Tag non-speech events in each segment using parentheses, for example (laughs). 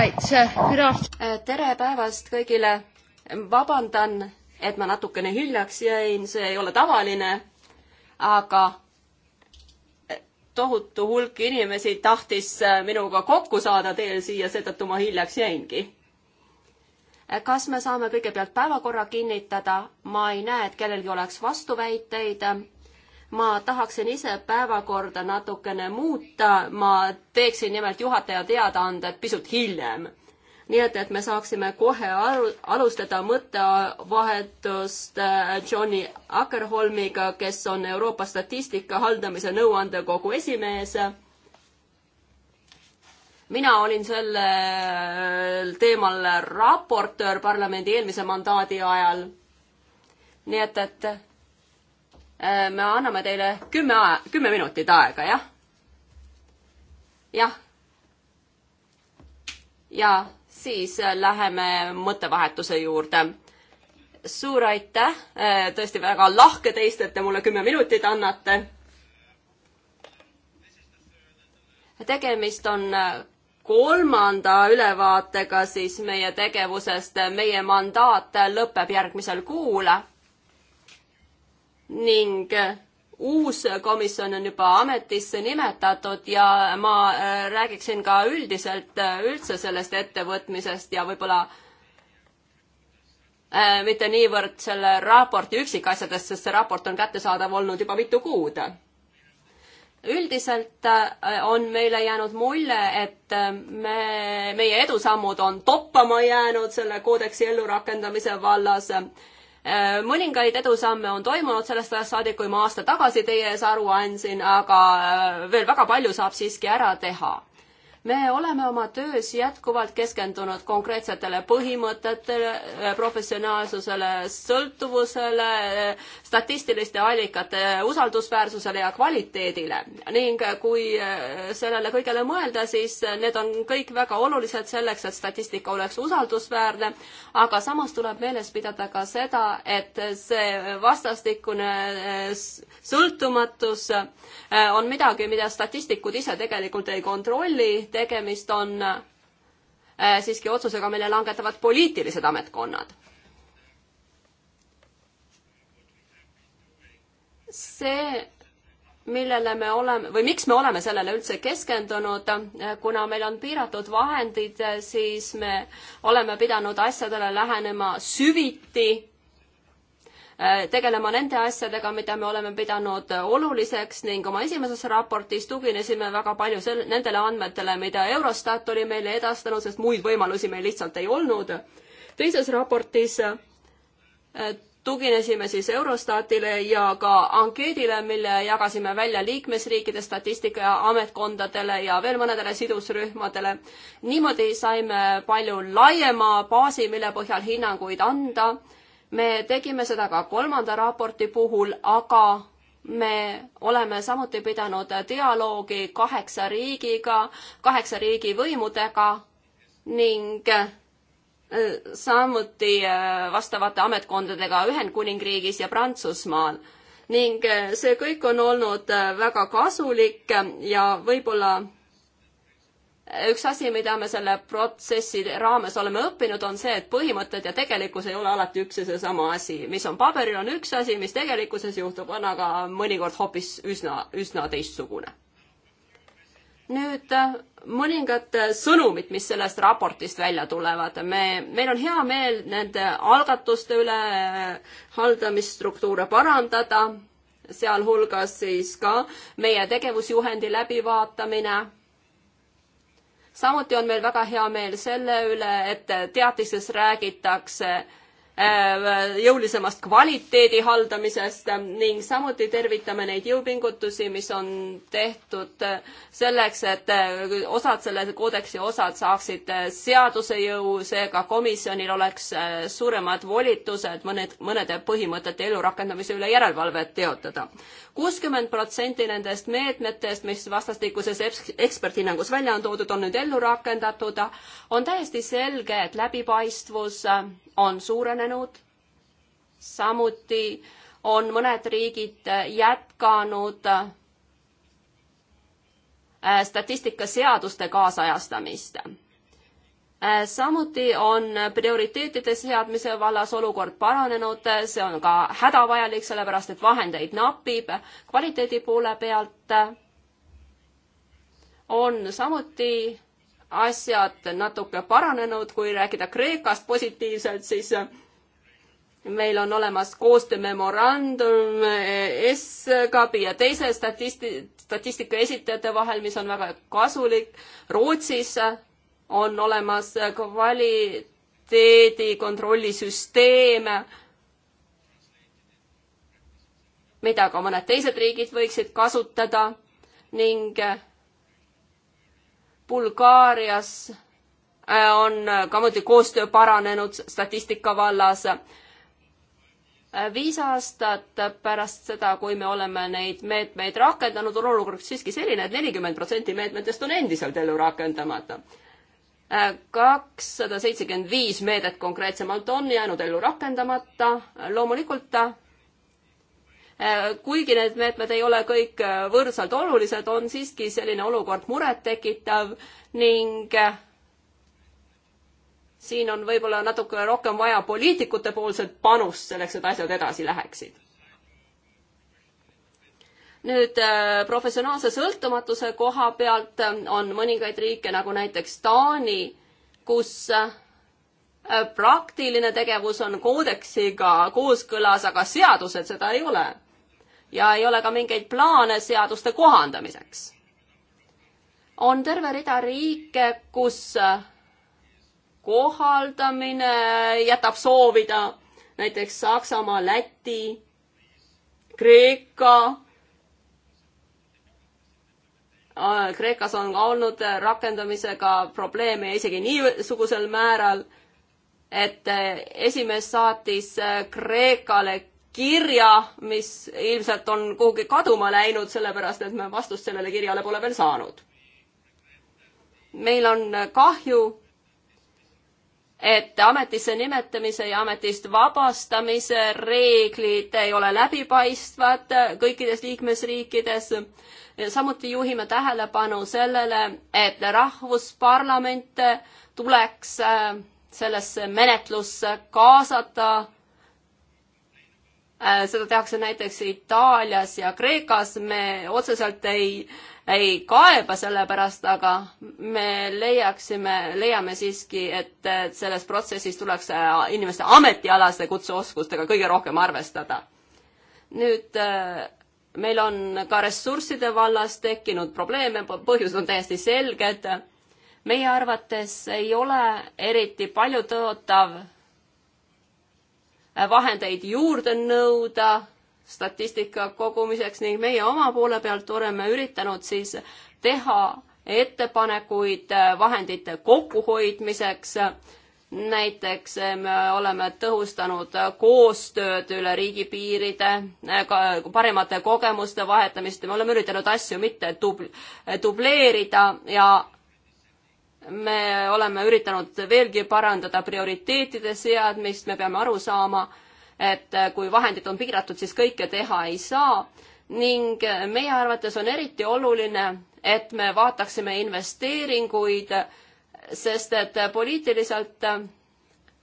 Right, uh, good afternoon. Äh, tere päevast kõigile. vabandan, et ma natukene hiljaks jäin, see ei ole tavaline, aga äh, tohutu hulk inimesi tahtis äh, minuga kokku saada teel siia, seetõttu ma hiljaks jäingi. kas me saame kõigepealt päevakorra kinnitada? ma ei näe, et kellelgi oleks vastuväiteid ma tahaksin ise päevakorda natukene muuta, ma teeksin nimelt juhataja teadaanded pisut hiljem. nii et, et me saaksime kohe aru, alustada mõttevahetust äh, Johnny Akkerholmiga, kes on Euroopa Statistika Haldamise Nõuandekogu esimees mina olin sellel äh, teemal raportöör parlamendi eelmise mandaadi ajal. nii et, et Äh, me anname teile kümme, kümme minutit aega, jah? jah. ja siis äh, läheme mõttevahetuse juurde. suur aitäh, äh, tõesti väga lahke teist, et te mulle kümme minutit annate. tegemist on kolmanda ülevaatega siis meie tegevusest, meie mandaat lõpeb järgmisel kuul ning uus komisjon on juba ametisse nimetatud ja ma äh, räägiksin ka üldiselt äh, üldse sellest ettevõtmisest ja võib-olla äh, mitte niivõrd selle raporti üksikasjadest, sest see raport on kättesaadav olnud juba mitu kuud. üldiselt on meile jäänud mulje, et me, meie edusammud on toppama jäänud selle koodeksi ellurakendamise vallas Äh, mõningaid edusamme on toimunud sellest ajast saadik, kui ma aasta tagasi teie ees aru andsin, aga äh, veel väga palju saab siiski ära teha me oleme oma töös jätkuvalt keskendunud konkreetsetele põhimõtetele, professionaalsusele, sõltuvusele, statistiliste allikate usaldusväärsusele ja kvaliteedile ning kui äh, sellele kõigele mõelda, siis need on kõik väga olulised selleks, et statistika oleks usaldusväärne, aga samas tuleb meeles pidada ka seda, et see vastastikune äh, sõltumatus äh, on midagi, mida statistikud ise tegelikult ei kontrolli, tegemist on äh, siiski otsusega, mille langetavad poliitilised ametkonnad. see, millele me oleme või miks me oleme sellele üldse keskendunud, äh, kuna meil on piiratud vahendid, äh, siis me oleme pidanud asjadele lähenema süviti Äh, tegelema nende asjadega, mida me oleme pidanud oluliseks ning oma esimeses raportis tuginesime väga palju sel-, nendele andmetele, mida Eurostat oli meile edastanud, sest muid võimalusi meil lihtsalt ei olnud. teises raportis äh, tuginesime siis Eurostatile ja ka ankeedile, mille jagasime välja liikmesriikide statistikaametkondadele ja veel mõnedele sidusrühmadele. niimoodi saime palju laiema baasi, mille põhjal hinnanguid anda me tegime seda ka kolmanda raporti puhul, aga me oleme samuti pidanud dialoogi kaheksa riigiga, kaheksa riigi võimudega ning äh, samuti äh, vastavate ametkondadega Ühendkuningriigis ja Prantsusmaal. ning äh, see kõik on olnud väga kasulik ja võib-olla üks asi, mida me selle protsessi raames oleme õppinud, on see, et põhimõtted ja tegelikkus ei ole alati üks ja seesama asi. mis on paberil, on üks asi, mis tegelikkuses juhtub, on aga mõnikord hoopis üsna, üsna teistsugune. nüüd äh, mõningad äh, sõnumid, mis sellest raportist välja tulevad. me, meil on hea meel nende algatuste üle äh, haldamisstruktuure parandada, sealhulgas siis ka meie tegevusjuhendi läbivaatamine samuti on meil väga hea meel selle üle, et teatises räägitakse äh, jõulisemast kvaliteedi haldamisest ning samuti tervitame neid jõupingutusi, mis on tehtud selleks, et äh, osad selle koodeksi osad saaksid äh, seaduse jõu, seega komisjonil oleks suuremad volitused mõned, mõnede põhimõtete elurakendamise üle järelevalvet teotada kuuskümmend protsenti nendest meetmetest, mis vastastikuses eksperthinnangus välja on toodud, on nüüd ellu rakendatud. on täiesti selge, et läbipaistvus äh, on suurenenud. samuti on mõned riigid äh, jätkanud äh, statistikaseaduste kaasajastamist Äh, samuti on prioriteetide seadmise vallas olukord paranenud, see on ka hädavajalik, sellepärast et vahendeid napib. kvaliteedi poole pealt äh, on samuti asjad natuke paranenud, kui rääkida Kreekast positiivselt, siis äh, meil on olemas koostöömemorandum S-kabi ja teise statisti-, statistika esitajate vahel, mis on väga kasulik. Rootsis on olemas kvaliteedikontrollisüsteem, mida ka mõned teised riigid võiksid kasutada ning Bulgaarias äh, on samuti koostöö paranenud statistika vallas. Äh, viis aastat pärast seda, kui me oleme neid meetmeid rakendanud, on olukord siiski selline et, et nelikümmend protsenti meetmetest on endiselt ellu rakendamata kakssada seitsekümmend viis meedet konkreetsemalt on jäänud ellu rakendamata, loomulikult äh, kuigi need meetmed ei ole kõik äh, võrdselt olulised, on siiski selline olukord murettekitav ning äh, siin on võib-olla natuke rohkem vaja poliitikute poolset panust selleks, et asjad edasi läheksid nüüd äh, professionaalse sõltumatuse koha pealt äh, on mõningaid riike, nagu näiteks Taani, kus äh, praktiline tegevus on koodeksiga kooskõlas, aga seadused seda ei ole. ja ei ole ka mingeid plaane seaduste kohandamiseks. on terve rida riike, kus kohaldamine jätab soovida, näiteks Saksamaa, Läti, Kreeka Kreekas on olnud rakendamisega probleeme isegi niisugusel määral, et e, esimees saatis e, Kreekale kirja, mis ilmselt on kuhugi kaduma läinud, sellepärast et me vastust sellele kirjale pole veel saanud. meil on kahju, et ametisse nimetamise ja ametist vabastamise reeglid ei ole läbipaistvad kõikides liikmesriikides samuti juhime tähelepanu sellele, et rahvusparlamente tuleks äh, sellesse menetlusse kaasata. Äh, seda tehakse näiteks Itaalias ja Kreekas, me otseselt ei, ei kaeba selle pärast, aga me leiaksime, leiame siiski, et selles protsessis tuleks äh, inimeste ametialaste kutseoskustega kõige rohkem arvestada. nüüd meil on ka ressursside vallas tekkinud probleeme, põhjused on täiesti selged. meie arvates ei ole eriti paljutõotav vahendeid juurde nõuda statistika kogumiseks ning meie oma poole pealt oleme üritanud siis teha ettepanekuid vahendite kokkuhoidmiseks näiteks eh, me oleme tõhustanud koostööd üle riigipiiride, eh, paremate kogemuste vahetamist ja me oleme üritanud asju mitte dubl-, eh, dubleerida ja me oleme üritanud veelgi parandada prioriteetide seadmist, me peame aru saama, et kui vahendid on piiratud, siis kõike teha ei saa ning meie arvates on eriti oluline, et me vaataksime investeeringuid äh, sest et poliitiliselt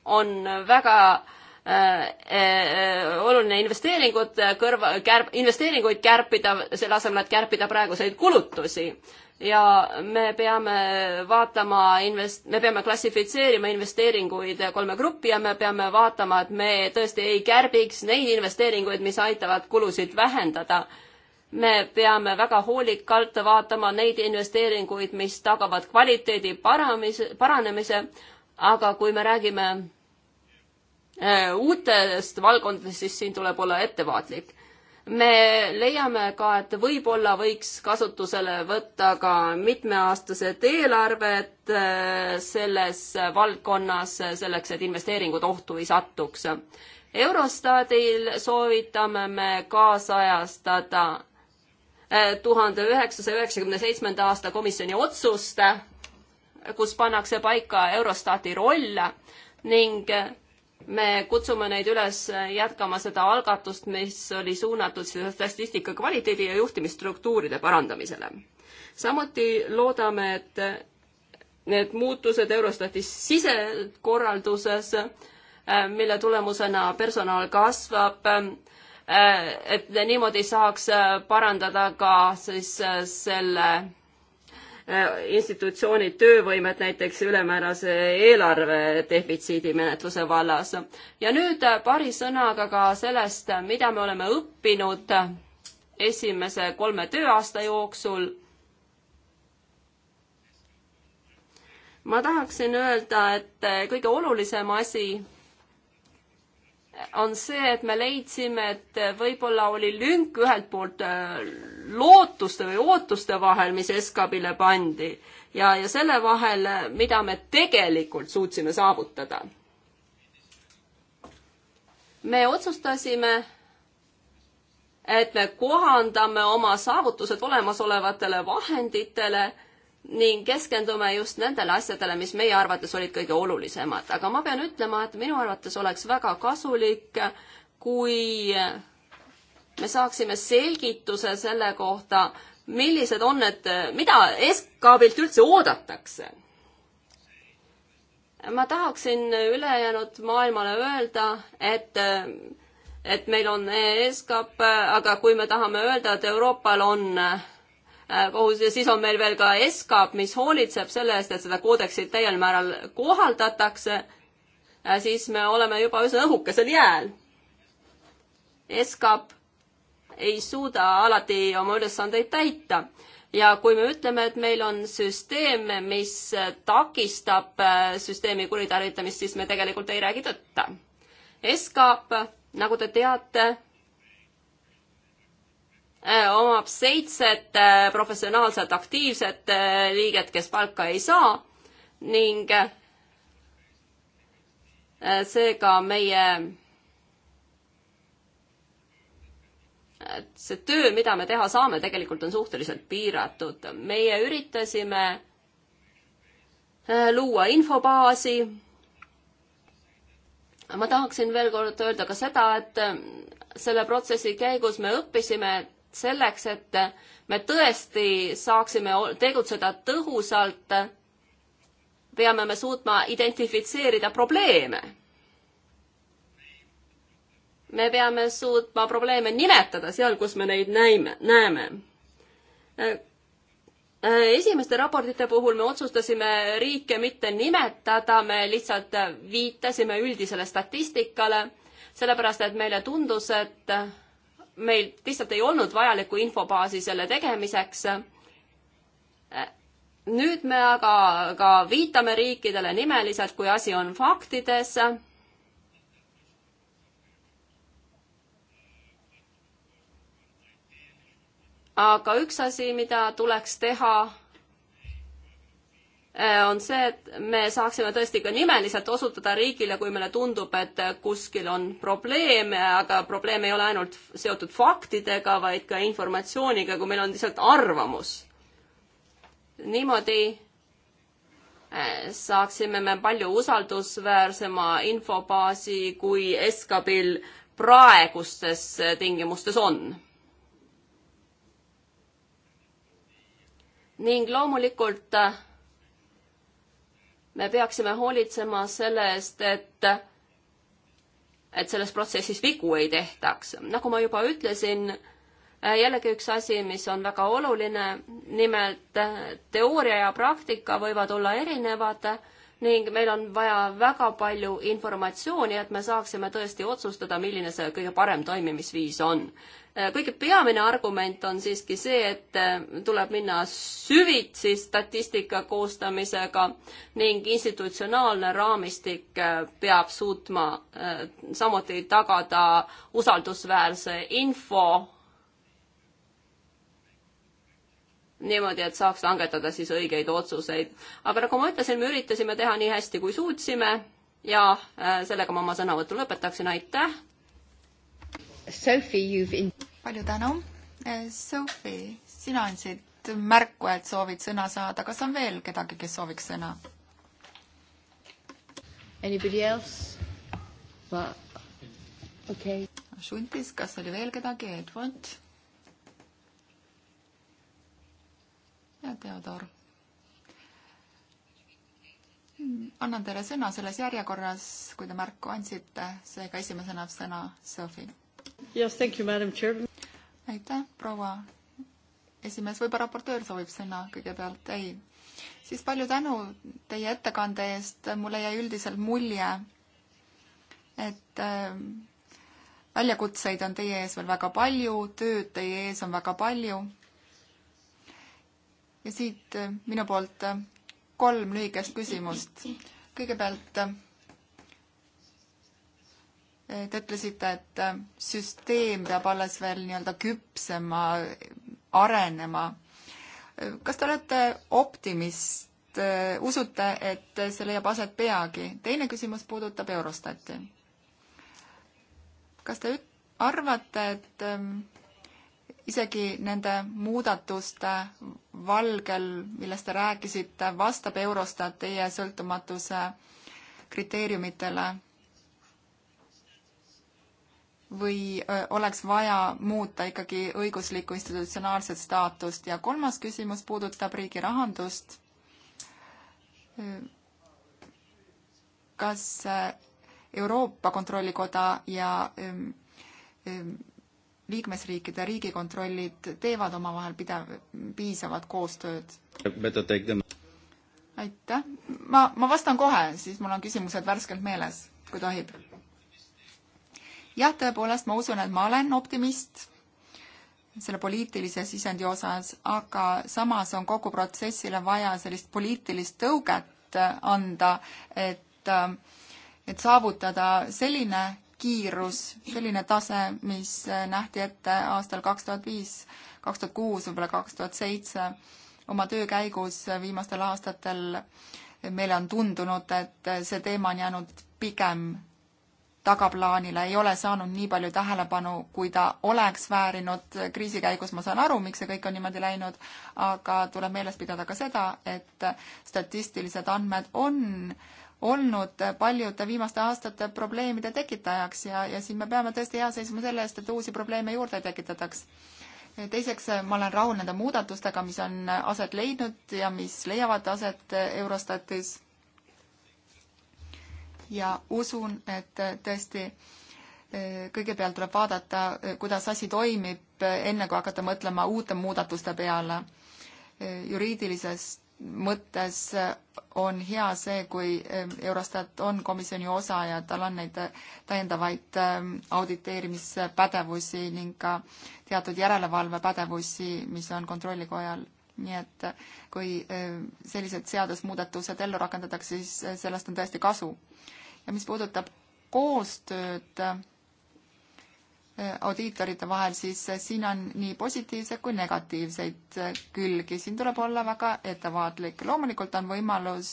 on väga äh, äh, oluline investeeringud kõrva, kärb, investeeringuid kärpida, selle asemel, et kärpida praeguseid kulutusi. ja me peame vaatama invest-, me peame klassifitseerima investeeringuid kolme gruppi ja me peame vaatama, et me tõesti ei kärbiks neid investeeringuid, mis aitavad kulusid vähendada me peame väga hoolikalt vaatama neid investeeringuid, mis tagavad kvaliteedi paramise, paranemise, aga kui me räägime eh, uutest valdkondadest, siis siin tuleb olla ettevaatlik. me leiame ka, et võib-olla võiks kasutusele võtta ka mitmeaastased eelarved eh, selles valdkonnas, selleks et investeeringud ohtu ei satuks. Eurostaadil soovitame me kaasajastada tuhande üheksasaja üheksakümne seitsmenda aasta komisjoni otsust, kus pannakse paika Eurostati roll ning me kutsume neid üles jätkama seda algatust, mis oli suunatud statistika kvaliteedi ja juhtimisstruktuuride parandamisele. samuti loodame, et need muutused Eurostati sisekorralduses, mille tulemusena personal kasvab, Äh, et niimoodi saaks äh, parandada ka siis äh, selle institutsiooni töövõimet näiteks ülemäärase eelarve defitsiidi menetluse vallas. ja nüüd paari sõnaga ka sellest, mida me oleme õppinud esimese kolme tööaasta jooksul. ma tahaksin öelda, et kõige olulisem asi on see, et me leidsime, et võib-olla oli lünk ühelt poolt äh, lootuste või ootuste vahel, mis SKP-le pandi ja, ja selle vahel, äh, mida me tegelikult suutsime saavutada. me otsustasime, et me kohandame oma saavutused olemasolevatele vahenditele ning keskendume just nendele asjadele, mis meie arvates olid kõige olulisemad, aga ma pean ütlema, et minu arvates oleks väga kasulik, kui me saaksime selgituse selle kohta, millised on need, mida SKB-lt üldse oodatakse. ma tahaksin ülejäänud maailmale öelda, et et meil on SKP, aga kui me tahame öelda, et Euroopal on äh, Äh, kohus ja siis on meil veel ka ESCAP, mis hoolitseb selle eest, et seda koodeksit täiel määral kohaldatakse, äh, siis me oleme juba üsna õhukesel jääl. ESCAP ei suuda alati oma ülesandeid täita ja kui me ütleme, et meil on süsteem, mis takistab äh, süsteemi kuritarvitamist, siis me tegelikult ei räägi tõtt. SKAP, nagu te teate, Äh, omab seitset äh, professionaalset aktiivset äh, liiget, kes palka ei saa ning seega meie see töö, mida me teha saame, tegelikult on suhteliselt piiratud. meie üritasime luua infobaasi. ma tahaksin veel kord öelda ka seda, et selle protsessi käigus me õppisime, et selleks, et me tõesti saaksime tegutseda tõhusalt, peame me suutma identifitseerida probleeme. me peame suutma probleeme nimetada seal, kus me neid näime, näeme. esimeste raportite puhul me otsustasime riike mitte nimetada, me lihtsalt viitasime üldisele statistikale, sellepärast et meile tundus, et meil lihtsalt ei olnud vajalikku infobaasi selle tegemiseks. nüüd me aga ka viitame riikidele nimeliselt, kui asi on faktides. aga üks asi, mida tuleks teha Äh, on see, et me saaksime tõesti ka nimeliselt osutada riigile, kui meile tundub, et kuskil on probleeme, aga probleem ei ole ainult seotud faktidega, vaid ka informatsiooniga, kui meil on lihtsalt arvamus. niimoodi äh, saaksime me palju usaldusväärsema infobaasi, kui SKP-l praegustes tingimustes on ning loomulikult äh, me peaksime hoolitsema selle eest, et et selles protsessis vigu ei tehtaks. nagu ma juba ütlesin, äh, jällegi üks asi, mis on väga oluline, nimelt äh, teooria ja praktika võivad olla erinevad ning meil on vaja väga palju informatsiooni, et me saaksime tõesti otsustada, milline see kõige parem toimimisviis on. Äh, kõige peamine argument on siiski see, et äh, tuleb minna süvitsi statistika koostamisega ning institutsionaalne raamistik äh, peab suutma samuti tagada usaldusväärse info niimoodi, et saaks langetada siis õigeid otsuseid. aga nagu ma ütlesin, me üritasime teha nii hästi, kui suutsime ja sellega ma oma sõnavõtu lõpetaksin, aitäh Sophie, you've in-. palju tänu. Eh, Sophie, sina andsid märku, et soovid sõna saada, kas on veel kedagi, kes sooviks sõna? Anybody else? But... okei okay.. Šuntis, kas oli veel kedagi? Edward? ja Theodor hmm, annan teile sõna selles järjekorras, kui te märku andsite, seega esimesena sõna Sophie. Yes, thank you, madam chair. aitäh, proua esimees, võib-olla raportöör soovib sõna kõigepealt, ei. siis palju tänu teie ettekande eest, mulle jäi üldiselt mulje, et äh, väljakutseid on teie ees veel väga palju, tööd teie ees on väga palju. ja siit äh, minu poolt äh, kolm lühikest küsimust. kõigepealt äh, Te ütlesite, et äh, süsteem peab alles veel nii-öelda küpsema, arenema. kas te olete optimist, äh, usute, et see leiab aset peagi? teine küsimus puudutab Eurostati. kas te arvate, et ähm, isegi nende muudatuste valgel, millest te rääkisite, vastab Eurostat teie sõltumatuse kriteeriumitele? või oleks vaja muuta ikkagi õiguslikku institutsionaalset staatust ja kolmas küsimus puudutab riigi rahandust. kas Euroopa Kontrollikoda ja liikmesriikide riigikontrollid teevad omavahel pidev, piisavat koostööd? aitäh, ma, ma vastan kohe, siis mul on küsimused värskelt meeles, kui tohib jah, tõepoolest, ma usun, et ma olen optimist selle poliitilise sisendi osas, aga samas on kogu protsessile vaja sellist poliitilist tõuget äh, anda, et, äh, et saavutada selline kiirus, selline tase, mis äh, nähti ette aastal kaks tuhat viis, kaks tuhat kuus, võib-olla kaks tuhat seitse. oma töö käigus viimastel aastatel meile on tundunud, et see teema on jäänud pigem tagaplaanile, ei ole saanud nii palju tähelepanu, kui ta oleks väärinud. kriisi käigus ma saan aru, miks see kõik on niimoodi läinud, aga tuleb meeles pidada ka seda, et statistilised andmed on olnud paljude viimaste aastate probleemide tekitajaks ja, ja siin me peame tõesti hea seisma selle eest, et uusi probleeme juurde ei tekitataks. teiseks, ma olen rahul nende muudatustega, mis on aset leidnud ja mis leiavad aset Eurostatis ja usun, et tõesti eh, kõigepealt tuleb vaadata, eh, kuidas asi toimib, eh, enne kui hakata mõtlema uute muudatuste peale. juriidilises mõttes on hea see, kui Eurostat on komisjoni osa ja tal on neid täiendavaid auditeerimispädevusi ning ka teatud järelevalvepädevusi, mis on kontrollikojal. nii et kui sellised seadusmuudatused ellu rakendatakse, siis sellest on tõesti kasu ja mis puudutab koostööd äh, audiitorite vahel, siis äh, siin on nii positiivseid kui negatiivseid äh, külgi. siin tuleb olla väga ettevaatlik. loomulikult on võimalus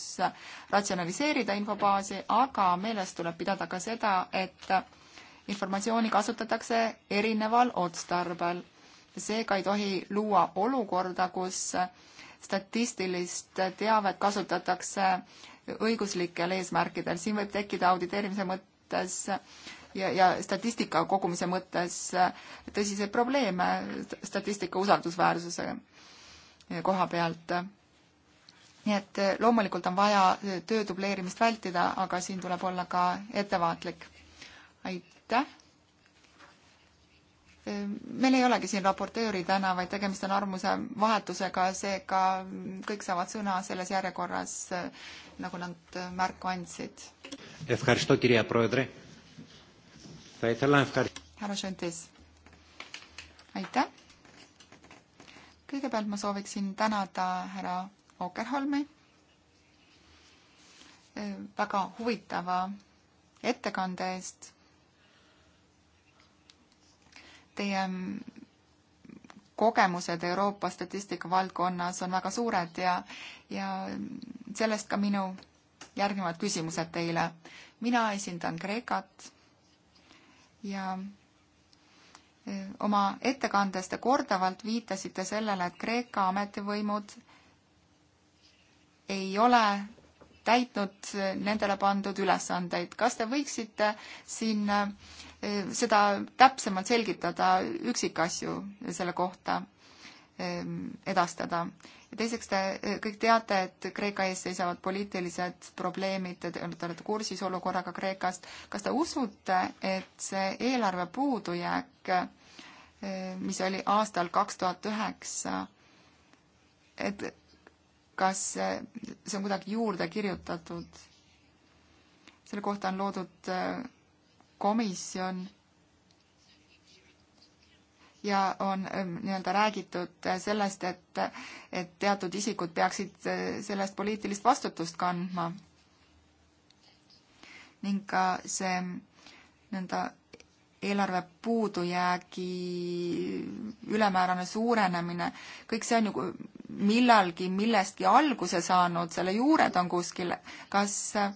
ratsionaliseerida infobaasi, aga meeles tuleb pidada ka seda, et informatsiooni kasutatakse erineval otstarbel. seega ei tohi luua olukorda, kus statistilist teavet kasutatakse õiguslikel eesmärkidel, siin võib tekkida auditeerimise mõttes ja, ja statistika kogumise mõttes tõsiseid probleeme statistika usaldusväärsuse koha pealt. nii et loomulikult on vaja töö dubleerimist vältida, aga siin tuleb olla ka ettevaatlik. aitäh! Ehm, meil ei olegi siin raportööri täna, vaid tegemist on arvamuse vahetusega, seega kõik saavad sõna selles järjekorras, eh, nagu nad eh, märku andsid. härra Šuntis, aitäh! kõigepealt ma sooviksin tänada härra Okerholmi eh, väga huvitava ettekande eest Teie mm, kogemused Euroopa statistika valdkonnas on väga suured ja, ja sellest ka minu järgnevad küsimused teile. mina esindan Kreekat ja e, oma ettekandes te kordavalt viitasite sellele, et Kreeka ametivõimud ei ole täitnud nendele pandud ülesandeid. kas te võiksite siin äh, seda täpsemalt selgitada, üksikasju selle kohta ehm, edastada. ja teiseks te eh, kõik teate, et Kreeka ees seisavad poliitilised probleemid, te olete kursis olukorraga Kreekast. kas te usute, et see eelarve puudujääk, eh, mis oli aastal kaks tuhat üheksa, et kas see on kuidagi juurde kirjutatud? selle kohta on loodud eh, komisjon ja on ähm, nii-öelda räägitud äh, sellest, et, et teatud isikud peaksid äh, sellest poliitilist vastutust kandma. ning ka see mm, nii-öelda eelarve puudujäägi ülemäärane suurenemine, kõik see on ju millalgi millestki alguse saanud, selle juured on kuskil. kas äh,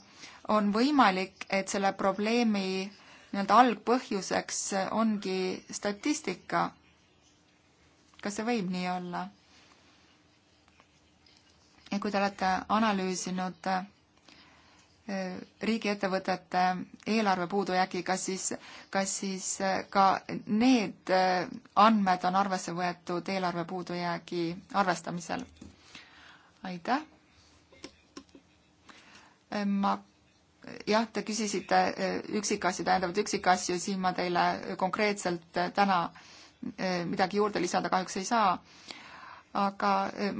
on võimalik, et selle probleemi nii-öelda algpõhjuseks ongi statistika. kas see võib nii olla? ja kui te olete analüüsinud äh, riigiettevõtete eelarve puudujäägiga, siis kas siis äh, ka need äh, andmed on arvesse võetud eelarve puudujäägi arvestamisel? aitäh! ma jah, te küsisite e, üksikasju, täiendavaid üksikasju, siin ma teile konkreetselt e, täna e, midagi juurde lisada kahjuks ei saa. aga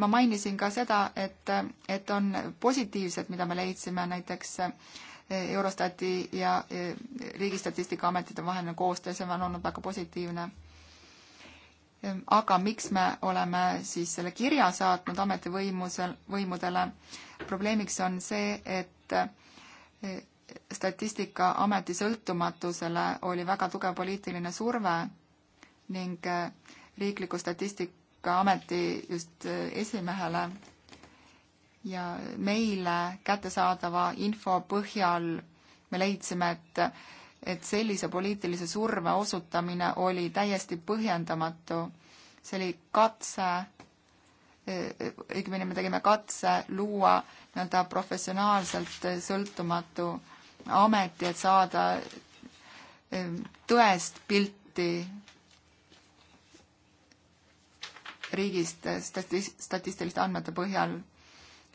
ma mainisin ka seda, et, et on positiivsed, mida me leidsime näiteks Eurostati ja Riigistatistika Ametite vaheline koostöö, see on olnud väga positiivne. aga miks me oleme siis selle kirja saatnud ametivõimusel, võimudele? probleemiks on see, et statistikaameti sõltumatusele oli väga tugev poliitiline surve ning äh, riikliku statistikaameti just äh, esimehele ja meile kättesaadava info põhjal me leidsime, et, et sellise poliitilise surve osutamine oli täiesti põhjendamatu. see oli katse õigemini me tegime katse luua nii-öelda professionaalselt sõltumatu ameti, et saada ehm, tõest pilti riigist statistiliste andmete põhjal.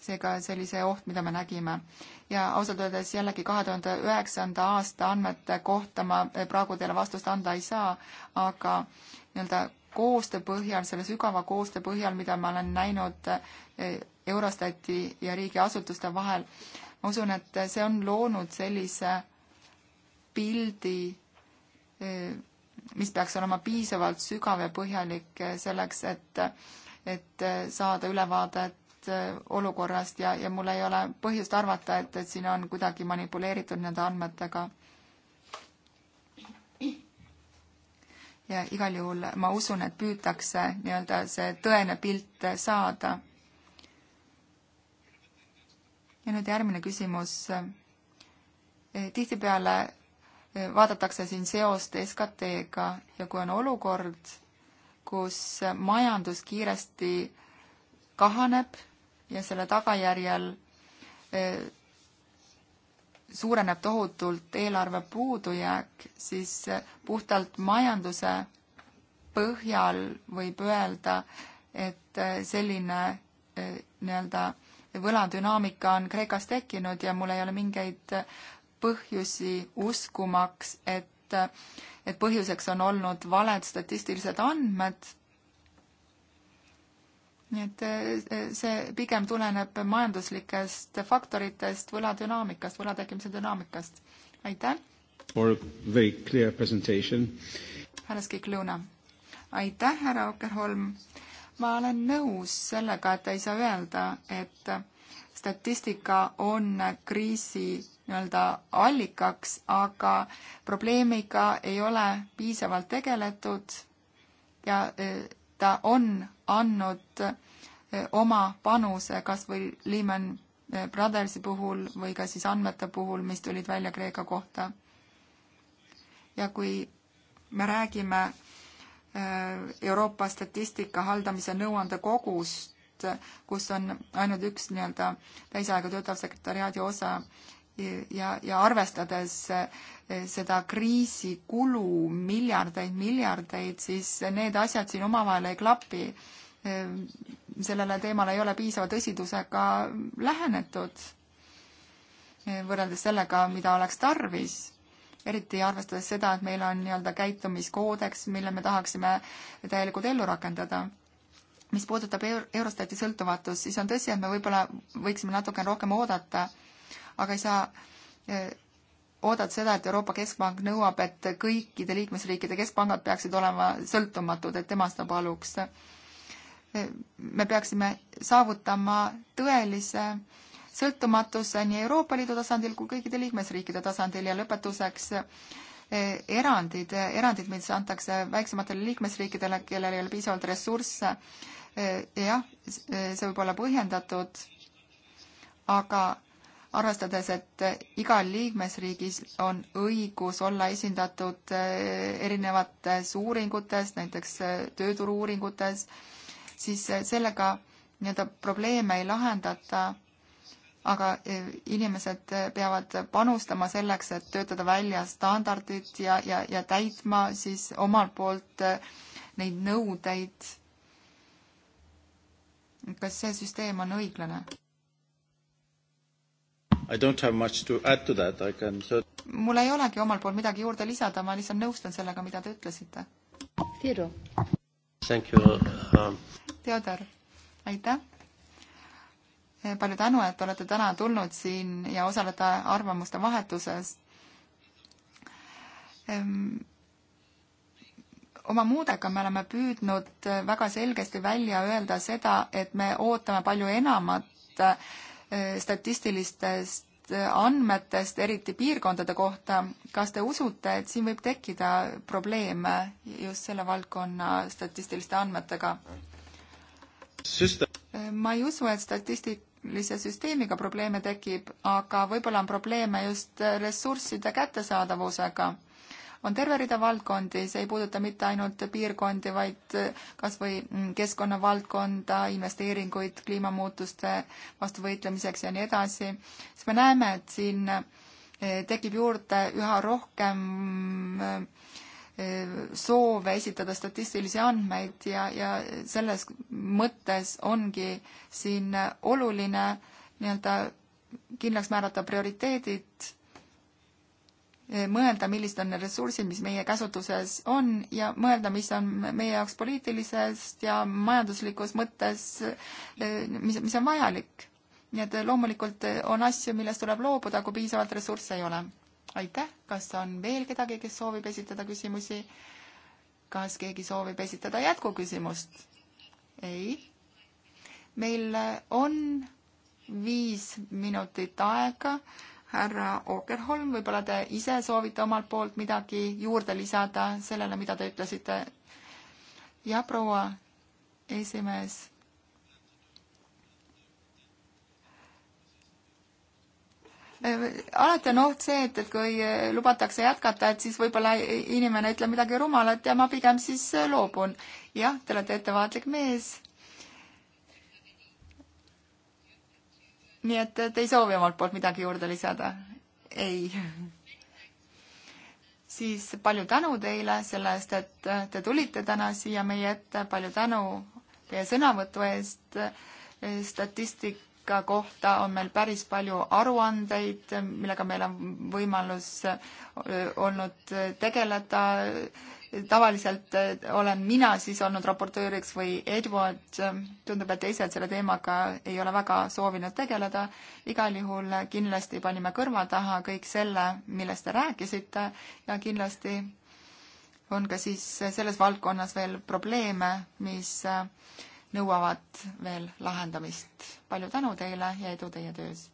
seega see oli see oht, mida me nägime. ja ausalt öeldes jällegi kahe tuhande üheksanda aasta andmete kohta ma eh, praegu teile vastust anda ei saa, aga nii-öelda koostöö põhjal, selle sügava koostöö põhjal, mida ma olen näinud eh, Eurostati ja riigiasutuste vahel. ma usun, et see on loonud sellise pildi, eh, mis peaks olema piisavalt sügav ja põhjalik eh, selleks, et, et saada ülevaadet olukorrast ja, ja mul ei ole põhjust arvata, et, et siin on kuidagi manipuleeritud nende andmetega ja igal juhul ma usun, et püütakse nii-öelda see tõene pilt saada. ja nüüd järgmine küsimus. E, tihtipeale e, vaadatakse siin seost SKT-ga ja kui on olukord, kus majandus kiiresti kahaneb ja selle tagajärjel e, suureneb tohutult eelarve puudujääk, siis puhtalt majanduse põhjal võib öelda, et äh, selline äh, nii-öelda võladünaamika on Kreekas tekkinud ja mul ei ole mingeid põhjusi uskumaks, et, äh, et põhjuseks on olnud valed statistilised andmed nii et eh, eh, see pigem tuleneb majanduslikest faktoritest, võladünaamikast, võla tekkimise dünaamikast. aitäh! härra Skikluna. aitäh, härra Okerholm! ma olen nõus sellega, et ei saa öelda, et statistika on kriisi nii-öelda allikaks, aga probleemiga ei ole piisavalt tegeletud ja eh, ta on andnud eh, oma panuse kas või Lehman eh, Brothersi puhul või ka siis andmete puhul, mis tulid välja Kreeka kohta. ja kui me räägime eh, Euroopa statistika haldamise nõuandekogust, kus on ainult üks nii-öelda täisaega töötav sekretäriaadi osa ja, ja arvestades Eh, seda kriisikulu miljardeid, miljardeid, siis need asjad siin omavahel ei klapi. Eh, sellele teemale ei ole piisava tõsidusega lähenetud eh, võrreldes sellega, mida oleks tarvis eriti arvestades seda, et meil on nii-öelda käitumiskoodeks, mille me tahaksime täielikult ellu rakendada. mis puudutab Eurostati sõltumatust, siis on tõsi, et me võib-olla võiksime natukene rohkem oodata, aga ei saa oodata seda, et Euroopa Keskpank nõuab, et kõikide liikmesriikide keskpangad peaksid olema sõltumatud, et tema seda paluks. me peaksime saavutama tõelise sõltumatuse nii Euroopa Liidu tasandil kui kõikide liikmesriikide tasandil ja lõpetuseks eh, erandid, erandid, mis antakse väiksematele liikmesriikidele, kellel ei ole piisavalt ressursse. Eh, jah, eh, see võib olla põhjendatud, aga arvestades, et igal liikmesriigis on õigus olla esindatud eh, erinevates uuringutes, näiteks eh, tööturu-uuringutes, siis eh, sellega nii-öelda probleeme ei lahendata, aga inimesed peavad panustama selleks, et töötada välja standardid ja, ja, ja täitma siis omalt poolt neid nõudeid. kas see süsteem on õiglane? I don't have much to add to that, I can mul ei olegi omalt poolt midagi juurde lisada, ma lihtsalt nõustun sellega, mida te ütlesite. Tiidu. Thank you uh, um.... Theodor, aitäh. Eh, palju tänu, et olete täna tulnud siin ja osalete arvamuste vahetuses um oma muudega me oleme püüdnud eh, väga selgesti välja öelda seda, et me ootame palju enamat eh, Äh, statistilistest äh, andmetest, eriti piirkondade kohta, kas te usute, et siin võib tekkida probleeme just selle valdkonna statistiliste andmetega? Äh, ma ei usu, et statistilise süsteemiga probleeme tekib, aga võib-olla on probleeme just ressursside kättesaadavusega on terve rida valdkondi, see ei puuduta mitte ainult piirkondi, vaid kas või mm, keskkonnavaldkonda, investeeringuid kliimamuutuste vastu võitlemiseks ja nii edasi, siis me näeme, et siin eh, tekib juurde üha rohkem eh, soove esitada statistilisi andmeid ja, ja selles mõttes ongi siin oluline nii-öelda kindlaks määrata prioriteedid Eh, mõelda, millised on need ressursid, mis meie käsutuses on ja mõelda, mis on meie jaoks poliitilisest ja majanduslikus mõttes, eh, mis, mis on vajalik. nii et eh, loomulikult on asju, millest tuleb loobuda, kui piisavalt ressursse ei ole. aitäh, kas on veel kedagi, kes soovib esitada küsimusi? kas keegi soovib esitada jätkuküsimust? ei. meil on viis minutit aega härra Okerholm, võib-olla te ise soovite omalt poolt midagi juurde lisada sellele, mida te ütlesite? jah, proua esimees. Äh, alati on oht see, et, et kui äh, lubatakse jätkata, et siis võib-olla inimene ütleb midagi rumalat ja ma pigem siis äh, loobun. jah, te olete ettevaatlik mees nii et te ei soovi omalt poolt midagi juurde lisada? ei. siis palju tänu teile selle eest, et te tulite täna siia meie ette, palju tänu teie sõnavõtu eest. statistika kohta on meil päris palju aruandeid, millega meil on võimalus olnud tegeleda tavaliselt äh, olen mina siis olnud raportööriks või Edward, äh, tundub, et teised selle teemaga ei ole väga soovinud tegeleda. igal juhul kindlasti panime kõrva taha kõik selle, millest te rääkisite ja kindlasti on ka siis selles valdkonnas veel probleeme, mis äh, nõuavad veel lahendamist. palju tänu teile ja edu teie töös!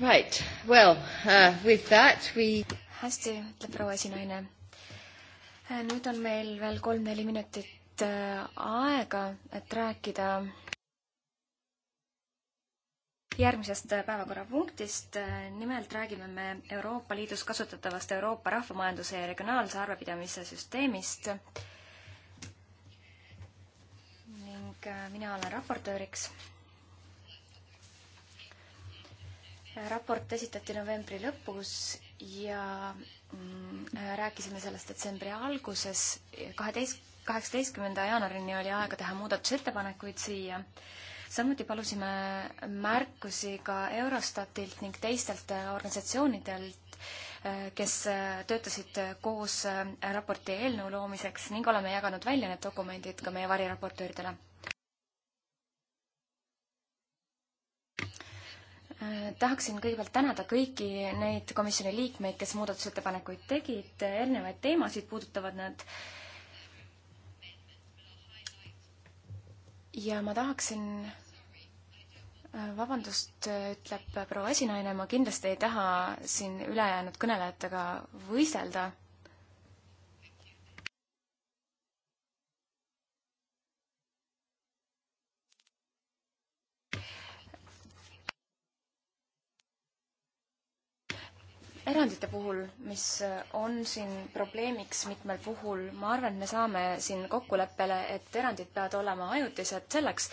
Right, well uh,, with that we. hästi, ütleb proua esinaine. Äh, nüüd on meil veel kolm-neli minutit äh, aega, et rääkida järgmisest äh, päevakorrapunktist. nimelt räägime me Euroopa Liidus kasutatavast Euroopa rahvamajanduse ja regionaalse arvepidamise süsteemist. ning mina olen raportööriks raport esitati novembri lõpus ja mm, rääkisime sellest detsembri alguses. kaheteist, kaheksateistkümnenda jaanuarini oli aega teha muudatusettepanekuid siia. samuti palusime märkusi ka Eurostatilt ning teistelt organisatsioonidelt, eh, kes eh, töötasid koos eh, raporti eelnõu loomiseks ning oleme jaganud välja need dokumendid ka meie variraportööridele tahaksin kõigepealt tänada kõiki neid komisjoni liikmeid, kes muudatusettepanekuid tegid, erinevaid teemasid puudutavad nad. ja ma tahaksin, äh, vabandust, ütleb proua esinaine, ma kindlasti ei taha siin ülejäänud kõnelejatega võistelda erandite puhul, mis äh, on siin probleemiks mitmel puhul, ma arvan, et me saame siin kokkuleppele, et erandid peavad olema ajutised selleks,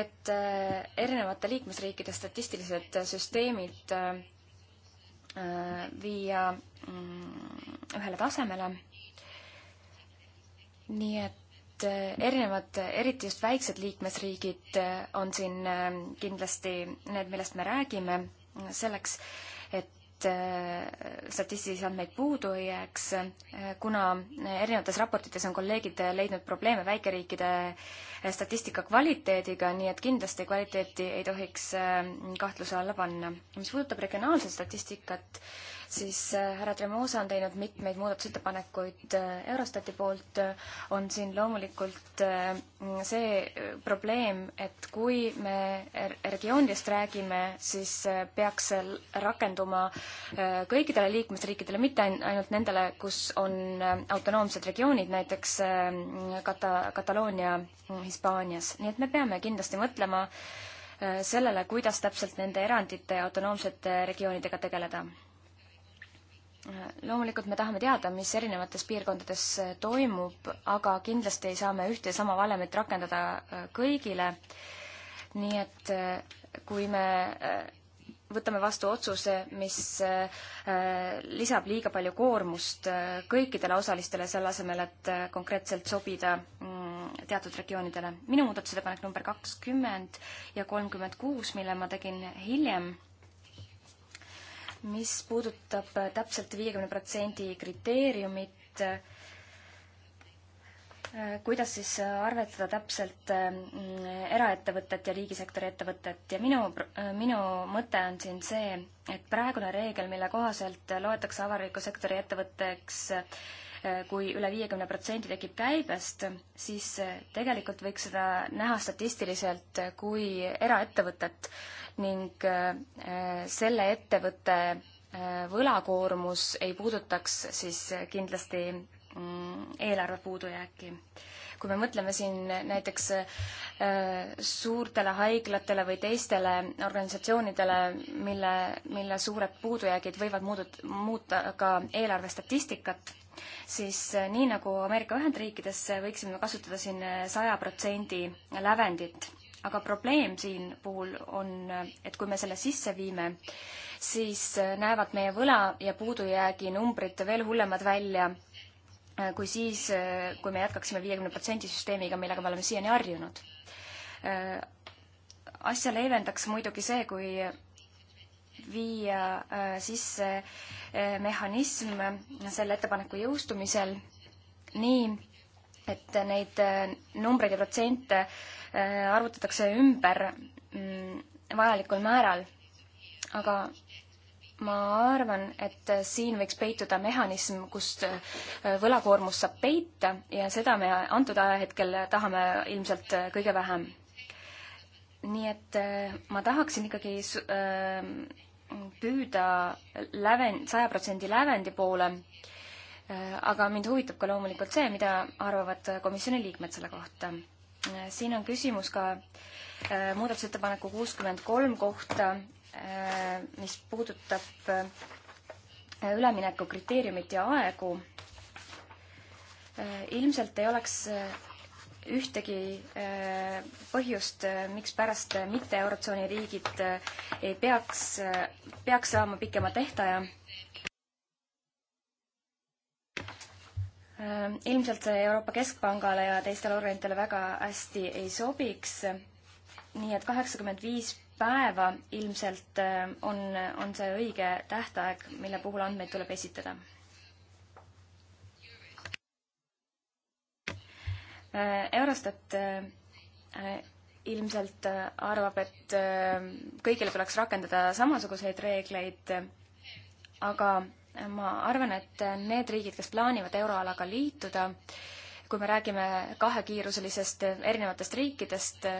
et äh, erinevate liikmesriikide statistilised süsteemid äh, viia mm, ühele tasemele. nii et erinevad, eriti just väiksed liikmesriigid on siin kindlasti need, millest me räägime, selleks, et äh, statistilisi andmeid puudu ei jääks, äh, kuna erinevates raportites on kolleegid leidnud probleeme väikeriikide äh, statistika kvaliteediga, nii et kindlasti kvaliteeti ei tohiks kahtluse alla panna. mis puudutab regionaalset statistikat, siis äh, härra Tremosa on teinud mitmeid muudatusettepanekuid äh, Eurostati poolt, äh, on siin loomulikult see probleem, et kui me regioonidest räägime, siis peaks see rakenduma kõikidele liikmesriikidele, mitte ainult nendele, kus on autonoomsed regioonid, näiteks Kata-, Kataloonia Hispaanias, nii et me peame kindlasti mõtlema sellele, kuidas täpselt nende erandite ja autonoomsete regioonidega tegeleda loomulikult me tahame teada, mis erinevates piirkondades äh, toimub, aga kindlasti ei saa me ühte ja sama valemit rakendada äh, kõigile. nii et äh, kui me võtame vastu otsuse, mis lisab liiga palju koormust kõikidele osalistele, selle asemel, et konkreetselt sobida mm, teatud regioonidele. minu muudatusettepanek number kakskümmend ja kolmkümmend kuus, mille ma tegin hiljem mis puudutab täpselt viiekümne protsendi kriteeriumit, kuidas siis arvetada täpselt mm, eraettevõtet ja riigisektori ettevõtet ja minu, minu mõte on siin see, et praegune reegel, mille kohaselt loetakse avaliku sektori ettevõtteks kui üle viiekümne protsendi tekib käibest, siis eh, tegelikult võiks seda näha statistiliselt kui eraettevõtet ning eh, selle ettevõtte eh, võlakoormus ei puudutaks siis kindlasti mm, eelarve puudujääki kui me mõtleme siin näiteks suurtele haiglatele või teistele organisatsioonidele, mille, mille suured puudujäägid võivad muudut-, muuta ka eelarve statistikat, siis eh, nii nagu Ameerika Ühendriikides eh, võiksime kasutada siin eh, saja protsendi lävendit. aga probleem siin puhul on, et kui me selle sisse viime, siis näevad meie võla ja puudujäägi numbrid veel hullemad välja kui siis, kui me jätkaksime viiekümne protsendi süsteemiga, millega me oleme siiani harjunud asja leevendaks muidugi see, kui viia äh, sisse äh, mehhanism selle ettepaneku jõustumisel nii, et neid äh, numbreid ja protsente arvutatakse ümber mm, vajalikul määral. aga ma arvan, et siin võiks peituda mehhanism, kust võlakoormus saab peita ja seda me antud ajahetkel tahame ilmselt kõige vähem. nii et ma tahaksin ikkagi püüda lävend, saja protsendi lävendi poole, aga mind huvitab ka loomulikult see, mida arvavad komisjoni liikmed selle kohta. siin on küsimus ka äh, muudatusettepaneku kuuskümmend kolm kohta, äh, mis puudutab äh, ülemineku kriteeriumit ja aegu. ilmselt ei oleks ühtegi äh, põhjust, äh, mikspärast mitte Eurotsooni riigid äh, ei peaks, peaks saama pikema tähtaja. ilmselt see Euroopa Keskpangale ja teistele organitele väga hästi ei sobiks. nii et kaheksakümmend viis päeva ilmselt on, on see õige tähtaeg, mille puhul andmeid tuleb esitada Äh, Eurostat äh, ilmselt äh, arvab, et kõigile tuleks rakendada samasuguseid reegleid, aga ma arvan, et need riigid, kes plaanivad euroalaga liituda, kui me räägime kahekiiruselisest erinevatest riikidest,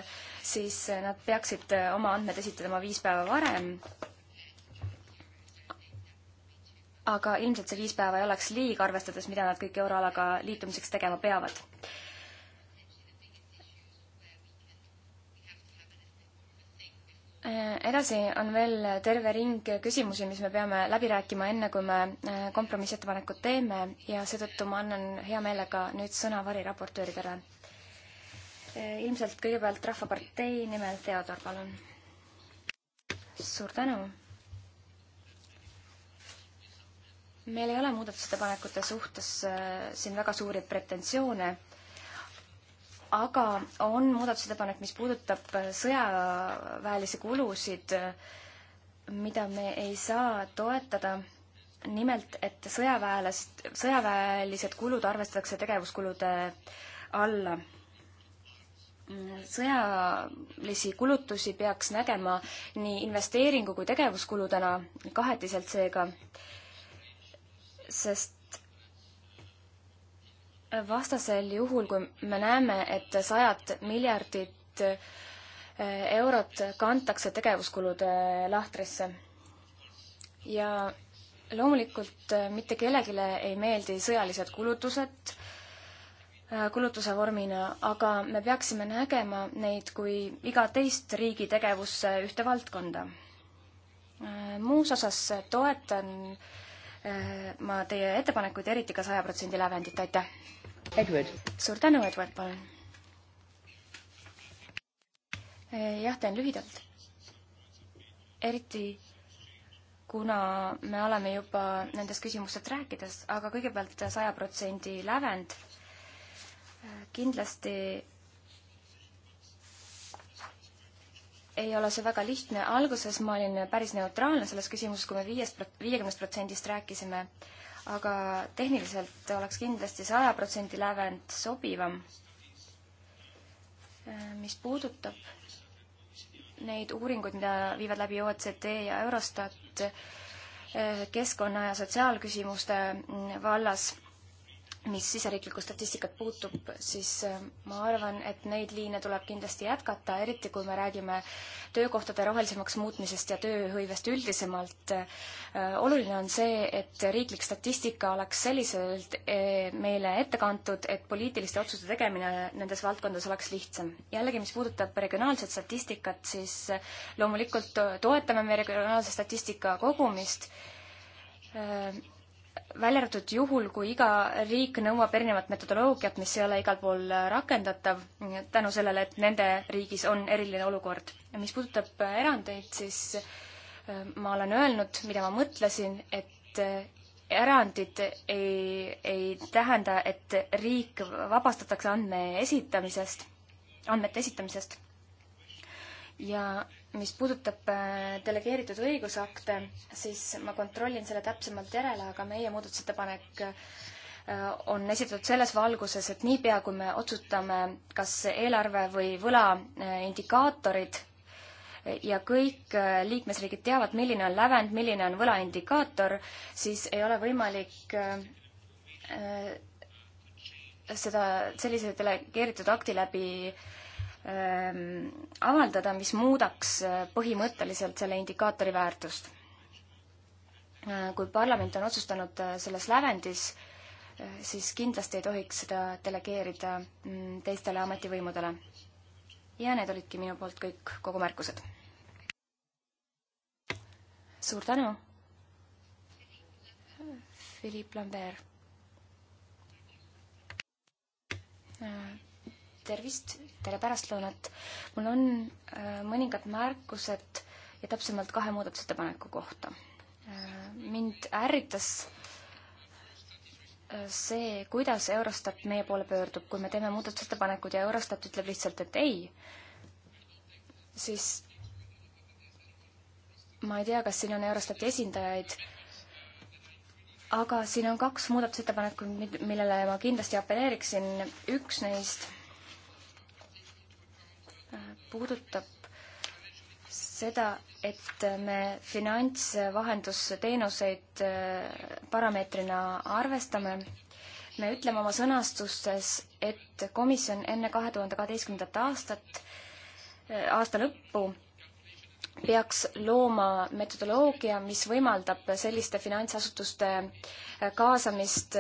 siis nad peaksid oma andmed esitama viis päeva varem. aga ilmselt see viis päeva ei oleks liig, arvestades, mida nad kõik euroalaga liitumiseks tegema peavad Äh, edasi on veel terve ring küsimusi, mis me peame läbi rääkima, enne kui me äh, kompromissettepanekud teeme ja seetõttu ma annan hea meelega nüüd sõna variraportööridele. Äh, ilmselt kõigepealt Rahvapartei nimel Theodor, palun. suur tänu. meil ei ole muudatusettepanekute suhtes siin väga suuri pretensioone aga on muudatusettepanek, mis puudutab äh, sõjaväelisi kulusid, äh, mida me ei saa toetada. nimelt, et sõjaväelast, sõjaväelised kulud arvestatakse tegevuskulude alla mm, sõjalisi kulutusi peaks nägema nii investeeringu kui tegevuskuludena kahetiselt seega, sest vastasel juhul, kui me näeme, et sajad miljardid eh, eurot kantakse tegevuskulude eh, lahtrisse. ja loomulikult eh, mitte kellelegi ei meeldi sõjalised kulutused kulutuse vormina, aga me peaksime nägema neid kui iga teist riigi tegevusse ühte valdkonda. muus osas toetan ma teie ettepanekuid, eriti ka saja protsendi lävendit, aitäh! Edward. suur tänu, Edward, palun. Eh, jah, teen lühidalt. eriti kuna me oleme juba nendest küsimustest rääkides, aga kõigepealt saja protsendi lävend. Eh, kindlasti ei ole see väga lihtne, alguses ma olin päris neutraalne selles küsimuses, kui me viiest, viiekümnest protsendist rääkisime, aga tehniliselt oleks kindlasti saja protsendi lävend sobivam. mis puudutab neid uuringuid, mida viivad läbi OECD ja Eurostat keskkonna ja sotsiaalküsimuste vallas mis siseriiklikku statistikat puutub, siis äh, ma arvan, et neid liine tuleb kindlasti jätkata, eriti kui me räägime töökohtade rohelisemaks muutmisest ja tööhõivest üldisemalt. Äh, oluline on see, et riiklik statistika oleks selliselt äh, meile ette kantud, et poliitiliste otsuste tegemine nendes valdkondades oleks lihtsam. jällegi, mis puudutab regionaalset statistikat, siis loomulikult toetame me regionaalse statistika kogumist välja arvatud juhul, kui iga riik nõuab erinevat metodoloogiat, mis ei ole igal pool rakendatav, tänu sellele, et nende riigis on eriline olukord. mis puudutab erandeid, siis äh, ma olen öelnud, mida ma mõtlesin, et äh, erandid ei, ei tähenda, et riik vabastatakse andme esitamisest, andmete esitamisest. ja mis puudutab äh, delegeeritud õigusakte, siis ma kontrollin selle täpsemalt järele, aga meie muudatusettepanek äh, on esitatud selles valguses, et niipea, kui me otsustame, kas eelarve või võla äh, indikaatorid ja kõik liikmesriigid teavad, milline on lävend, milline on võla indikaator, siis ei ole võimalik seda sellise delegeeritud akti läbi äh, Ähm, avaldada, mis muudaks äh, põhimõtteliselt selle indikaatori väärtust. Äh, kui parlament on otsustanud äh, selles lävendis, siis kindlasti ei tohiks seda delegeerida mm, teistele ametivõimudele. ja need olidki minu poolt kõik, kogu märkused. suur tänu! Philippe Lambert tervist, tere pärastlõunat. mul on äh, mõningad märkused ja täpsemalt kahe muudatusettepaneku kohta. Äh, mind ärritas äh, see, kuidas Eurostat meie poole pöördub, kui me teeme muudatusettepanekud ja Eurostat ütleb lihtsalt, et ei, siis ma ei tea, kas siin on Eurostati esindajaid, aga siin on kaks muudatusettepanekut, millele ma kindlasti apelleeriksin. üks neist puudutab seda, et me finantsvahendusteenuseid äh, parameetrina arvestame. me ütleme oma sõnastustes, et komisjon enne kahe tuhande kaheteistkümnendat aastat, äh, aasta lõppu, peaks looma metodoloogia, mis võimaldab selliste finantsasutuste äh, kaasamist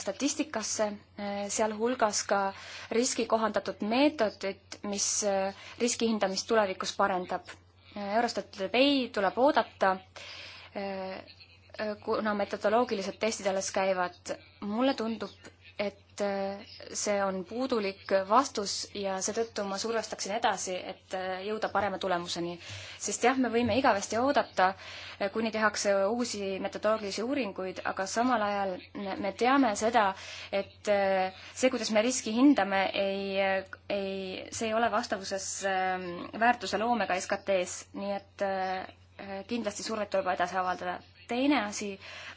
statistikasse, sealhulgas ka riskikohandatud meetodid, mis eh, riski hindamist tulevikus parendab. Eurostat ütleb ei, tuleb oodata, eh, kuna metodoloogilised testid alles käivad. mulle tundub, et äh, see on puudulik vastus ja seetõttu ma survestaksin edasi, et äh, jõuda parema tulemuseni. sest jah, me võime igavesti oodata, äh, kuni tehakse uusi metodoloogilisi uuringuid, aga samal ajal me teame seda, et see, kuidas me riski hindame, ei, ei, see ei ole vastavuses ähm, väärtuse loomega SKT-s, nii et kindlasti survet tuleb edasi avaldada teine asi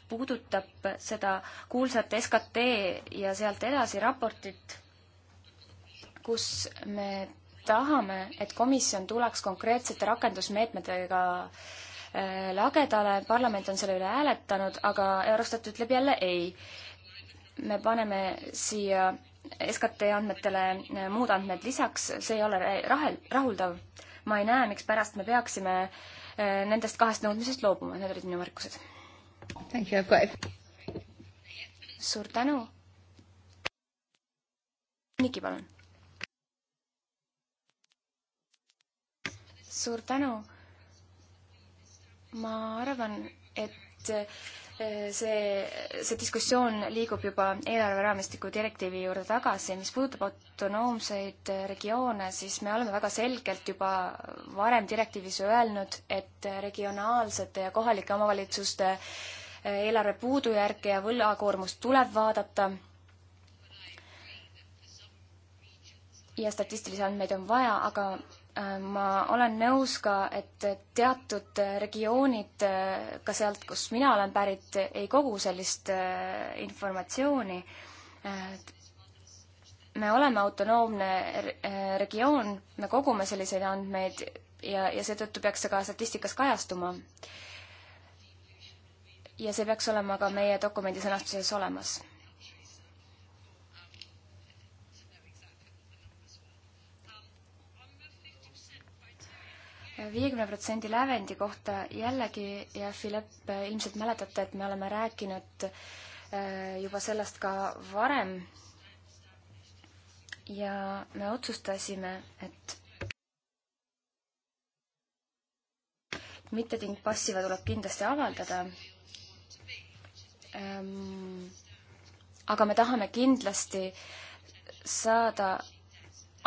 puudutab seda kuulsat SKT ja sealt edasi raportit, kus me tahame, et komisjon tuleks konkreetsete rakendusmeetmetega äh, lagedale, parlament on selle üle hääletanud, aga Eurostat ütleb jälle ei. me paneme siia SKT andmetele äh, muud andmed lisaks, see ei ole rahel-, rahuldav. ma ei näe, mikspärast me peaksime äh, Äh, nendest kahest nõudmisest loobuma, need olid minu märkused. suur tänu. Niki, palun. suur tänu. ma arvan, et et eh, see, see diskussioon liigub juba eelarveraamistiku direktiivi juurde tagasi, mis puudutab autonoomseid eh, regioone, siis me oleme väga selgelt juba varem direktiivis öelnud, et regionaalsete ja kohalike omavalitsuste eh, eelarve puudujärke ja võlakoormust tuleb vaadata ja statistilisi andmeid on vaja, aga Äh, ma olen nõus ka, et teatud regioonid, äh, ka sealt, kus mina olen pärit, ei kogu sellist äh, informatsiooni. me oleme autonoomne regioon, me kogume selliseid andmeid ja, ja seetõttu peaks see ka statistikas kajastuma. ja see peaks olema ka meie dokumendi sõnastuses olemas viiekümne protsendi lävendi kohta jällegi ja Philipp, ilmselt mäletate, et me oleme rääkinud äh, juba sellest ka varem. ja me otsustasime, et mitteting passiva tuleb kindlasti avaldada. Ähm, aga me tahame kindlasti saada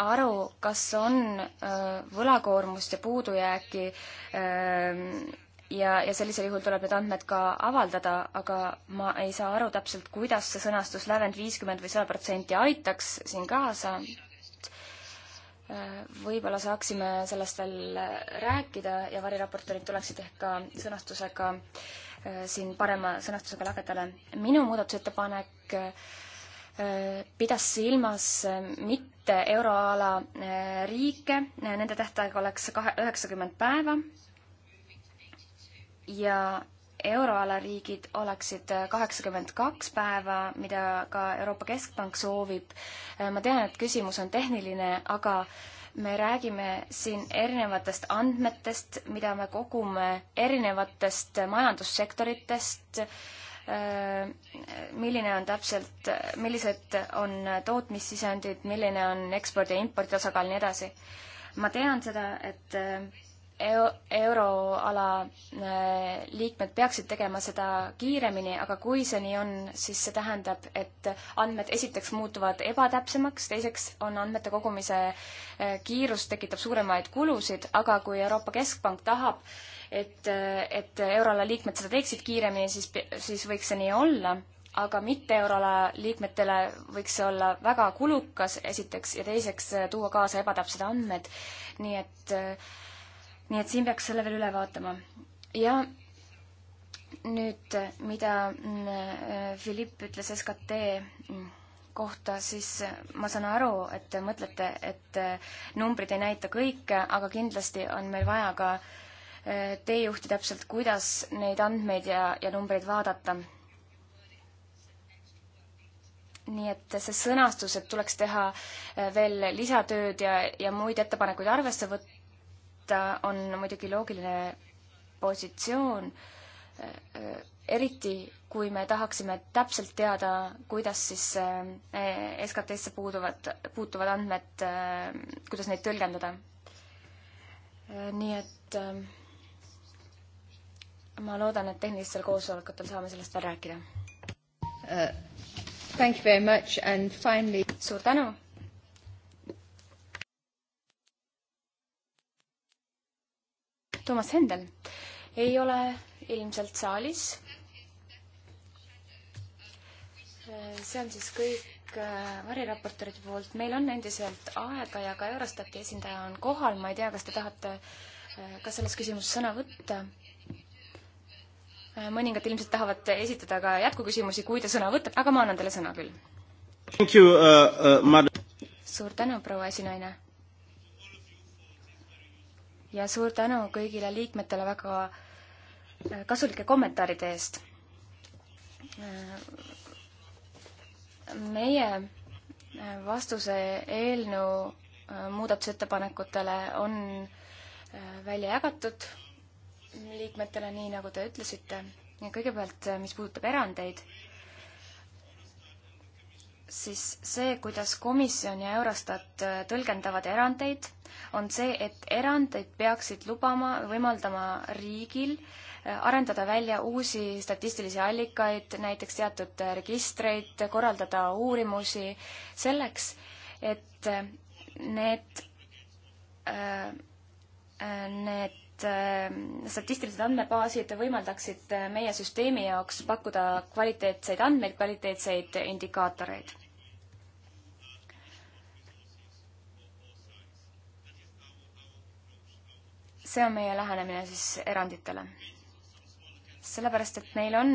aru, kas on võlakoormust ja puudujääki ja, ja sellisel juhul tuleb need andmed ka avaldada, aga ma ei saa aru täpselt, kuidas see sõnastus lävend viiskümmend või sada protsenti aitaks siin kaasa. võib-olla saaksime sellest veel rääkida ja variraportorid tuleksid ehk ka sõnastusega siin parema sõnastusega lagedale. minu muudatusettepanek äh, pidas silmas mitte euroala eh, riike, nende tähtaeg oleks kahe, üheksakümmend päeva ja euroala riigid oleksid kaheksakümmend kaks päeva, mida ka Euroopa Keskpank soovib. Eh, ma tean, et küsimus on tehniline, aga me räägime siin erinevatest andmetest, mida me kogume erinevatest majandussektoritest äh,, Äh, milline on täpselt, millised on tootmissisendid, milline on ekspordi ja impordi osakaal ja nii edasi. ma tean seda, et äh, euroala äh, liikmed peaksid tegema seda kiiremini, aga kui see nii on, siis see tähendab, et andmed esiteks muutuvad ebatäpsemaks, teiseks on andmete kogumise kiirus, tekitab suuremaid kulusid, aga kui Euroopa Keskpank tahab äh, et, et euroala liikmed seda teeksid kiiremini, siis, siis võiks see nii olla, aga mitte euroala liikmetele võiks see olla väga kulukas, esiteks, ja teiseks tuua kaasa ebatäpsed andmed, nii et, nii et siin peaks selle veel üle vaatama. ja nüüd, mida mm, Philipp ütles SKT kohta, siis ma saan aru, et te mõtlete, et numbrid ei näita kõike, aga kindlasti on meil vaja ka äh, teejuhti täpselt, kuidas neid andmeid ja, ja numbreid vaadata. nii et see sõnastus, et tuleks teha eh, veel lisatööd ja, ja muid ettepanekuid arvesse võtta, on muidugi loogiline positsioon, eh, eriti kui me tahaksime täpselt teada, kuidas siis eh, SKT-sse puuduvad, puutuvad andmed, kuidas neid tõlgendada. nii et äh, ma loodan, et tehnilistel koosolekutel saame sellest veel rääkida uh,. Thank you very much and finally suur tänu! Toomas Hendel ei ole ilmselt saalis. see on siis kõik uh, variraportorite poolt, meil on endiselt aega ja ka Eurostati esindaja on kohal, ma ei tea, kas te tahate uh, ka selles küsimuses sõna võtta Äh, mõningad ilmselt tahavad esitada ka jätkuküsimusi, kui ta sõna võtab, aga ma annan talle sõna küll. Uh, uh, suur tänu, proua esinaine. ja suur tänu kõigile liikmetele väga äh, kasulike kommentaaride eest. Äh, meie vastuse eelnõu muudatusettepanekutele on välja jagatud liikmetele, nii nagu te ütlesite. kõigepealt, mis puudutab erandeid, siis see, kuidas komisjon ja Eurostat tõlgendavad erandeid, on see, et erandeid peaksid lubama, võimaldama riigil äh, arendada välja uusi statistilisi allikaid, näiteks teatud äh, registreid, korraldada uurimusi selleks, et äh, need, need et ehm, statistilised andmebaasid võimaldaksid ehm, meie süsteemi jaoks pakkuda kvaliteetseid andmeid, kvaliteetseid indikaatoreid. see on meie lähenemine siis eranditele. sellepärast, et meil on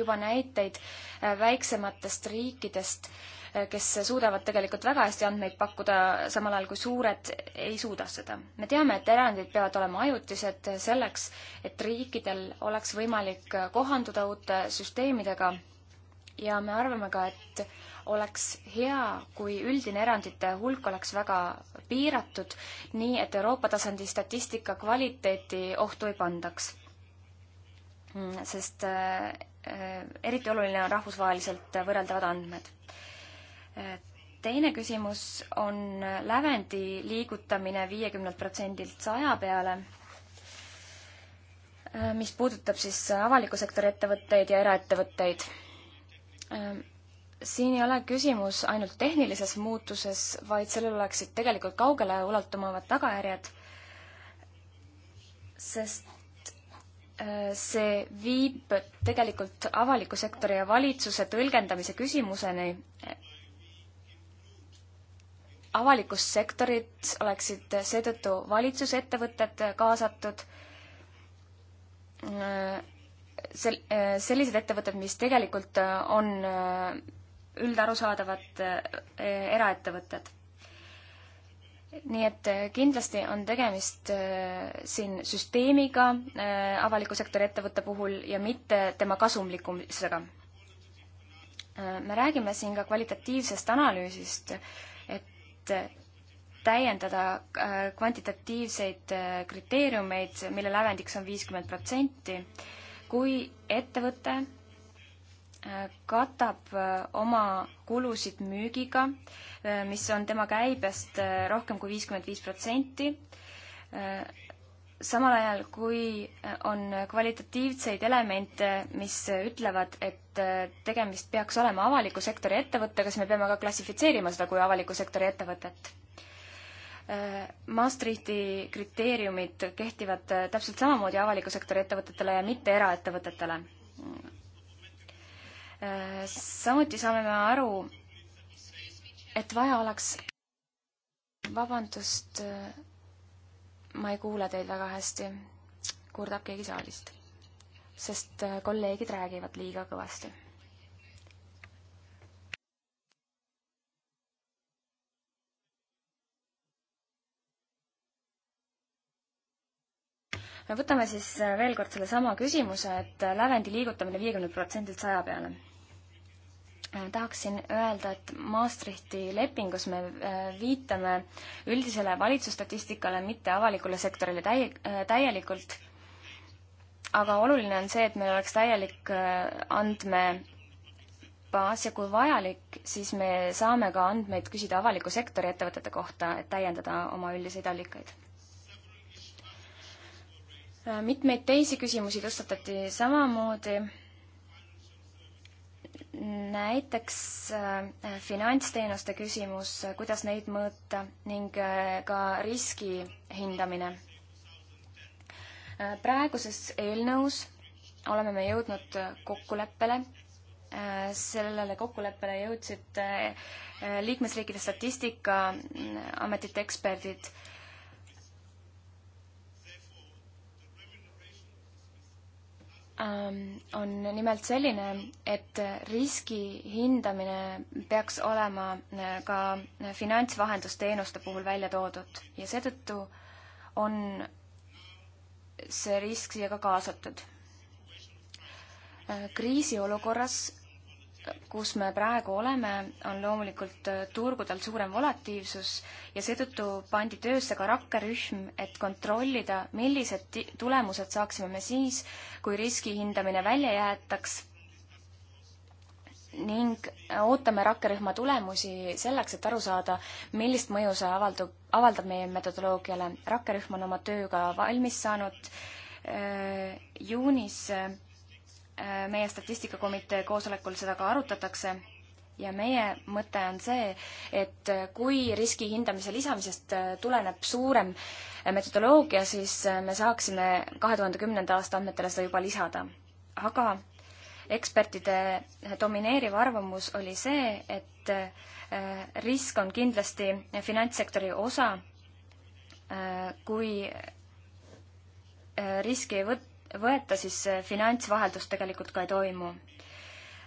juba näiteid ehm, väiksematest riikidest äh, Eh, kes suudavad tegelikult väga hästi andmeid pakkuda, samal ajal kui suured ei suuda seda. me teame, et erandid peavad olema ajutised selleks, et riikidel oleks võimalik kohanduda uute süsteemidega ja me arvame ka, et oleks hea, kui üldine erandite hulk oleks väga piiratud, nii et Euroopa tasandi statistika kvaliteeti ohtu ei pandaks. Hmm, sest eh, eh, eriti oluline on rahvusvaheliselt võrreldavad andmed teine küsimus on lävendi liigutamine viiekümnelt protsendilt saja peale, äh, mis puudutab siis avaliku sektori ettevõtteid ja eraettevõtteid. Äh, siin ei ole küsimus ainult tehnilises muutuses, vaid sellel oleksid tegelikult kaugele ulatumaavad tagajärjed, sest äh, see viib tegelikult avaliku sektori ja valitsuse tõlgendamise küsimuseni, avalikust sektorit oleksid seetõttu valitsusettevõtted kaasatud, sel-, sellised ettevõtted, mis tegelikult on üldarusaadavad eh, eraettevõtted. nii et kindlasti on tegemist eh, siin süsteemiga eh, avaliku sektori ettevõtte puhul ja mitte tema kasumlikkusega. me räägime siin ka kvalitatiivsest analüüsist täiendada äh, kvantitatiivseid äh, kriteeriumeid, mille lävendiks on viiskümmend protsenti. kui ettevõte äh, katab oma kulusid müügiga, mis on tema käibest rohkem kui viiskümmend viis protsenti, samal ajal, kui äh, on kvalitatiivseid elemente, mis ütlevad, et äh, tegemist peaks olema avaliku sektori ettevõttega, siis me peame ka klassifitseerima seda kui avaliku sektori ettevõtet. Äh, Maastrichti kriteeriumid kehtivad täpselt samamoodi avaliku sektori ettevõtetele ja mitte eraettevõtetele. samuti saame me aru, et vaja oleks, vabandust, ma ei kuule teid väga hästi, kurdab keegi saalist, sest äh, kolleegid räägivad liiga kõvasti no võtame siis äh, veel kord sellesama küsimuse, et äh, lävendi liigutamine viiekümne protsendilt saja peale Äh, tahaksin öelda, et Maastrichti lepingus me äh, viitame üldisele valitsusstatistikale, mitte avalikule sektorile täi-, äh, täielikult. aga oluline on see, et meil oleks täielik andmebaas ja kui vajalik, siis me saame ka andmeid küsida avaliku sektori ettevõtete kohta, et täiendada oma üldiseid allikaid mitmeid teisi küsimusi tõstatati samamoodi näiteks äh, finantsteenuste küsimus, kuidas neid mõõta ning äh, ka riski hindamine äh,. praeguses eelnõus oleme me jõudnud äh, kokkuleppele. Äh, sellele kokkuleppele jõudsid äh, liikmesriikide statistikaametite eksperdid Ähm, on nimelt selline, et riski hindamine peaks olema äh, ka finantsvahendusteenuste puhul välja toodud ja seetõttu on see risk siia ka kaasatud. Äh, kriisiolukorras kus me praegu oleme, on loomulikult äh, turgudel suurem volatiivsus ja seetõttu pandi töösse ka rakkerühm, et kontrollida, millised tulemused saaksime me siis, kui riski hindamine välja jäetaks. ning äh, ootame rakkerühma tulemusi selleks, et aru saada, millist mõju see avaldub, avaldab meie metodoloogiale. rakkerühm on oma tööga valmis saanud. Äh, juunis meie statistikakomitee koosolekul seda ka arutatakse ja meie mõte on see, et kui riski hindamise lisamisest tuleneb suurem metodoloogia, siis me saaksime kahe tuhande kümnenda aasta andmetele seda juba lisada. aga ekspertide domineeriv arvamus oli see, et äh, risk on kindlasti finantssektori osa, äh, kui äh, riski ei võt-, võeta, siis finantsvaheldust tegelikult ka ei toimu.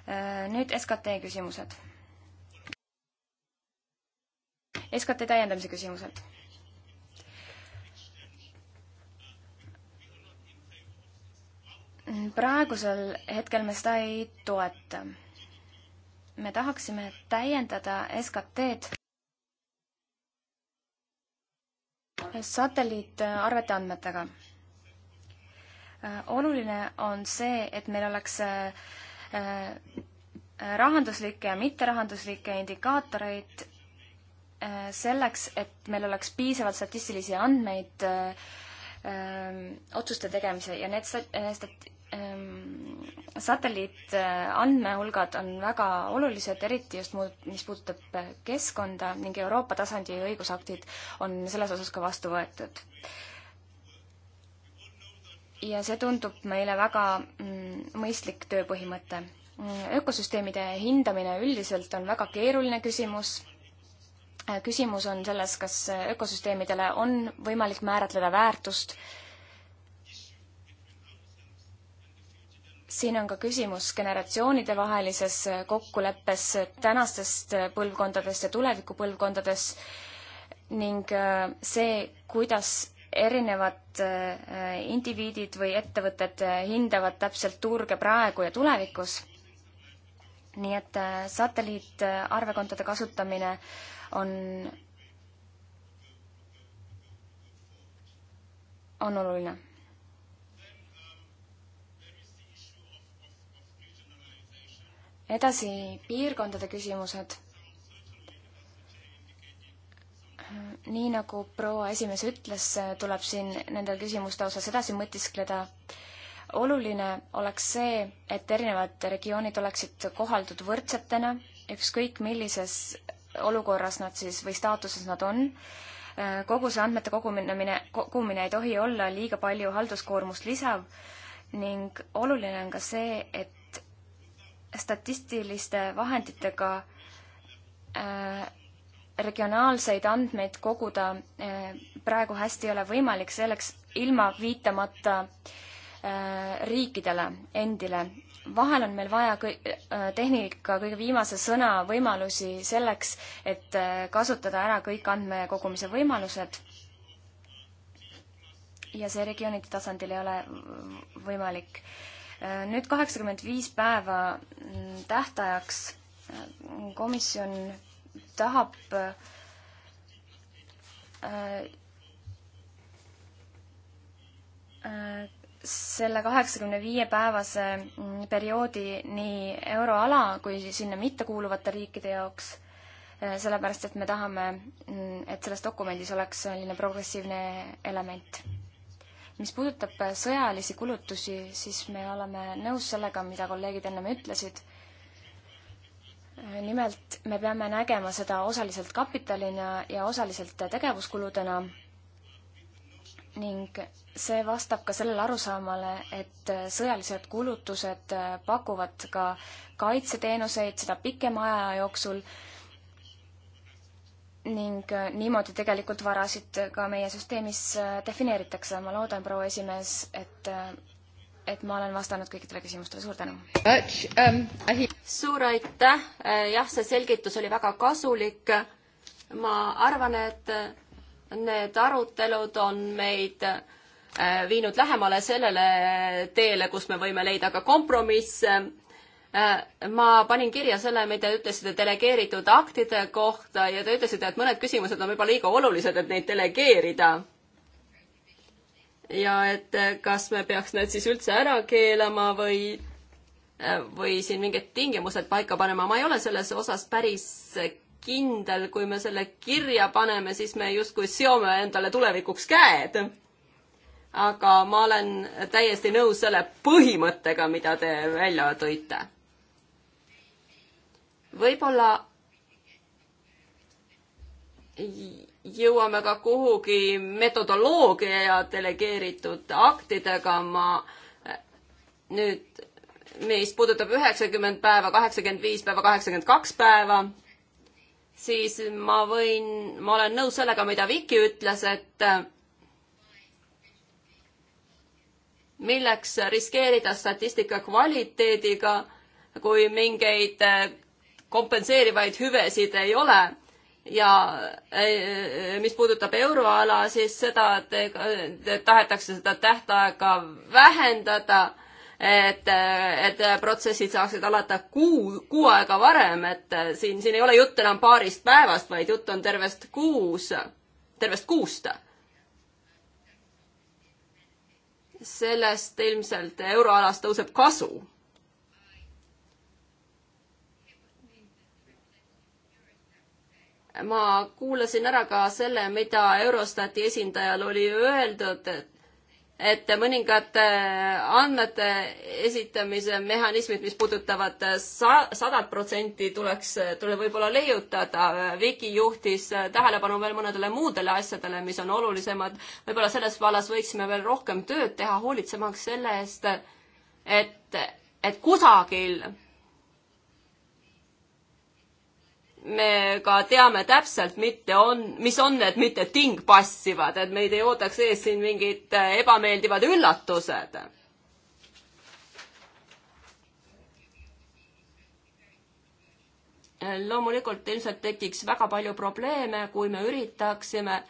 Äh, nüüd SKT küsimused. SKT täiendamise küsimused. praegusel hetkel me seda ei toeta. me tahaksime täiendada SKT-d satelliitarvete andmetega Äh, oluline on see, et meil oleks äh, äh, rahanduslikke ja mitterahanduslikke indikaatoreid selleks, et meil oleks piisavalt statistilisi andmeid ähm, otsuste tegemise ja need stat-, ähm, satelliitandmehulgad on väga olulised, eriti just muud, mis puudutab keskkonda ning Euroopa tasandi õigusaktid on selles osas ka vastu võetud ja see tundub meile väga mm, mõistlik tööpõhimõte. ökosüsteemide hindamine üldiselt on väga keeruline küsimus. küsimus on selles, kas ökosüsteemidele on võimalik määratleda väärtust. siin on ka küsimus generatsioonidevahelises kokkuleppes tänastest põlvkondadest ja tulevikupõlvkondades ning äh, see, kuidas erinevad äh, indiviidid või ettevõtted äh, hindavad täpselt turge praegu ja tulevikus. nii et äh, satelliitarvekontode kasutamine on, on oluline. edasi piirkondade küsimused nii nagu proua esimees ütles, tuleb siin nende küsimuste osas edasi mõtiskleda. oluline oleks see, et erinevad regioonid oleksid kohaldud võrdsetena, ükskõik millises olukorras nad siis või staatuses nad on. kogu see andmete kogumine, kogumine ei tohi olla liiga palju halduskoormust lisav ning oluline on ka see, et statistiliste vahenditega äh, regionaalseid andmeid koguda eh, praegu hästi ei ole võimalik, selleks ilma viitamata eh, riikidele endile. vahel on meil vaja kõi-, eh, tehnika kõige viimase sõna võimalusi selleks, et kasutada ära kõik andmekogumise võimalused ja see regioonide tasandil ei ole võimalik. nüüd kaheksakümmend viis päeva mm, tähtajaks komisjon tahab äh, äh, selle kaheksakümne viie päevase mm, perioodi nii euroala kui sinna mittekuuluvate riikide jaoks, äh, sellepärast et me tahame, mm, et selles dokumendis oleks selline progressiivne element. mis puudutab sõjalisi kulutusi, siis me oleme nõus sellega, mida kolleegid ennem ütlesid nimelt me peame nägema seda osaliselt kapitalina ja osaliselt tegevuskuludena ning see vastab ka sellele arusaamale, et sõjalised kulutused pakuvad ka kaitseteenuseid, seda pikema aja jooksul ning niimoodi tegelikult varasid ka meie süsteemis defineeritakse. ma loodan, proua esimees, et et ma olen vastanud kõikidele küsimustele, suur tänu! Um, suur aitäh, eh, jah, see selgitus oli väga kasulik. ma arvan, et eh, need arutelud on meid eh, viinud lähemale sellele teele, kus me võime leida ka kompromisse ma panin kirja selle, mida te ütlesite delegeeritud aktide kohta ja te ütlesite, et mõned küsimused on võib-olla liiga olulised, et neid delegeerida ja et eh, kas me peaks need siis üldse ära keelama või, eh, või siin mingid tingimused paika panema, ma ei ole selles osas päris kindel, kui me selle kirja paneme, siis me justkui seome endale tulevikuks käed. aga ma olen täiesti nõus selle põhimõttega, mida te välja tõite. võib-olla jõuame ka kuhugi metodoloogia ja delegeeritud aktidega, ma äh, nüüd, mis puudutab üheksakümmend päeva, kaheksakümmend viis päeva, kaheksakümmend kaks päeva, siis ma võin, ma olen nõus sellega, mida Viki ütles, et äh, milleks riskeerida statistika kvaliteediga, kui mingeid äh, kompenseerivaid hüvesid ei ole ja äh, äh, mis puudutab euroala, siis seda, et tahetakse seda tähtaega vähendada, et, et protsessid saaksid alata kuu, kuu aega varem, et äh, siin, siin ei ole jutt enam paarist päevast, vaid jutt on tervest kuus, tervest kuust sellest ilmselt euroalas tõuseb kasu. ma kuulasin ära ka selle, mida Eurostati esindajal oli öeldud, et mõningate andmete esitamise mehhanismid, mis puudutavad sa-, sadat protsenti, tuleks, tuleb võib-olla leiutada. Viki juhtis tähelepanu veel mõnedele muudele asjadele, mis on olulisemad. võib-olla selles vallas võiksime veel rohkem tööd teha, hoolitsemaks selle eest, et, et kusagil me ka teame täpselt, mitte on, mis on need mitte tingpassivad, et meid ei ootaks ees siin mingid äh, ebameeldivad üllatused. loomulikult ilmselt tekiks väga palju probleeme, kui me üritaksime äh,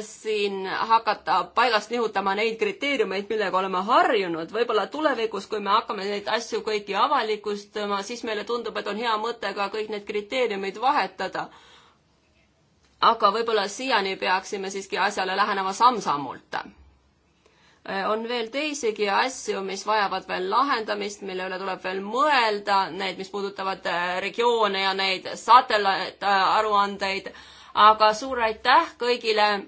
siin hakata paigast nihutama neid kriteeriumeid, millega oleme harjunud. võib-olla tulevikus, kui me hakkame neid asju kõiki avalikustama, siis meile tundub, et on hea mõte ka kõik need kriteeriumid vahetada. aga võib-olla siiani peaksime siiski asjale lähenema samm-sammult. Äh, on veel teisigi asju, mis vajavad veel lahendamist, mille üle tuleb veel mõelda, need, mis puudutavad äh, regioone ja neid satelliitaruandeid, aga suur aitäh kõigile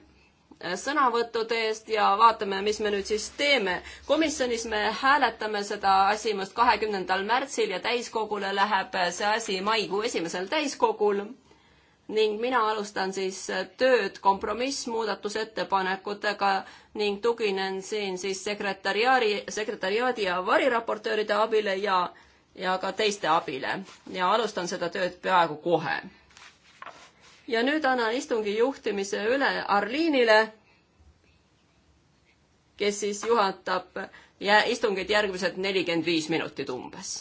Äh, sõnavõttude eest ja vaatame, mis me nüüd siis teeme. komisjonis me hääletame seda asi just kahekümnendal märtsil ja täiskogule läheb äh, see asi maikuu esimesel täiskogul ning mina alustan siis äh, tööd kompromissmuudatusettepanekutega ning tuginen siin siis sekretäriaari, sekretäriaadi ja variraportööride abile ja, ja ka teiste abile ja alustan seda tööd peaaegu kohe ja nüüd annan istungi juhtimise üle Arliinile, kes siis juhatab ja istungit järgmised nelikümmend viis minutit umbes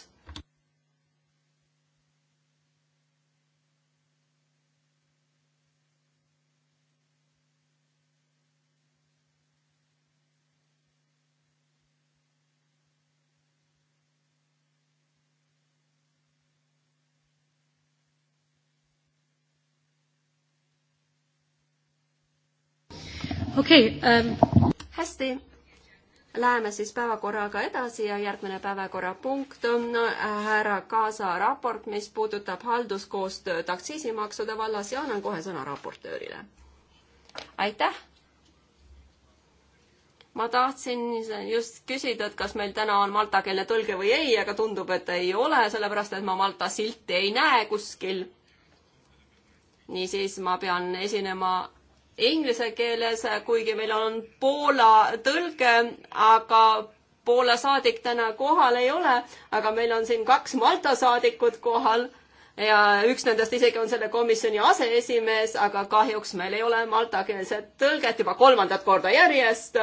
okei okay, um.... Ähm, hästi. Läheme siis päevakorraga edasi ja järgmine päevakorrapunkt on äh, härra Kaasa raport, mis puudutab halduskoostööd aktsiisimaksude vallas ja annan kohe sõna raportöörile. aitäh ma tahtsin just küsida, et kas meil täna on maltakeelne tõlge või ei, aga tundub, et ei ole, sellepärast et ma Malta silti ei näe kuskil. niisiis ma pean esinema inglise keeles, kuigi meil on Poola tõlge, aga Poola saadik täna kohal ei ole, aga meil on siin kaks Malta saadikut kohal ja üks nendest isegi on selle komisjoni aseesimees, aga kahjuks meil ei ole maltakeelset tõlget juba kolmandat korda järjest.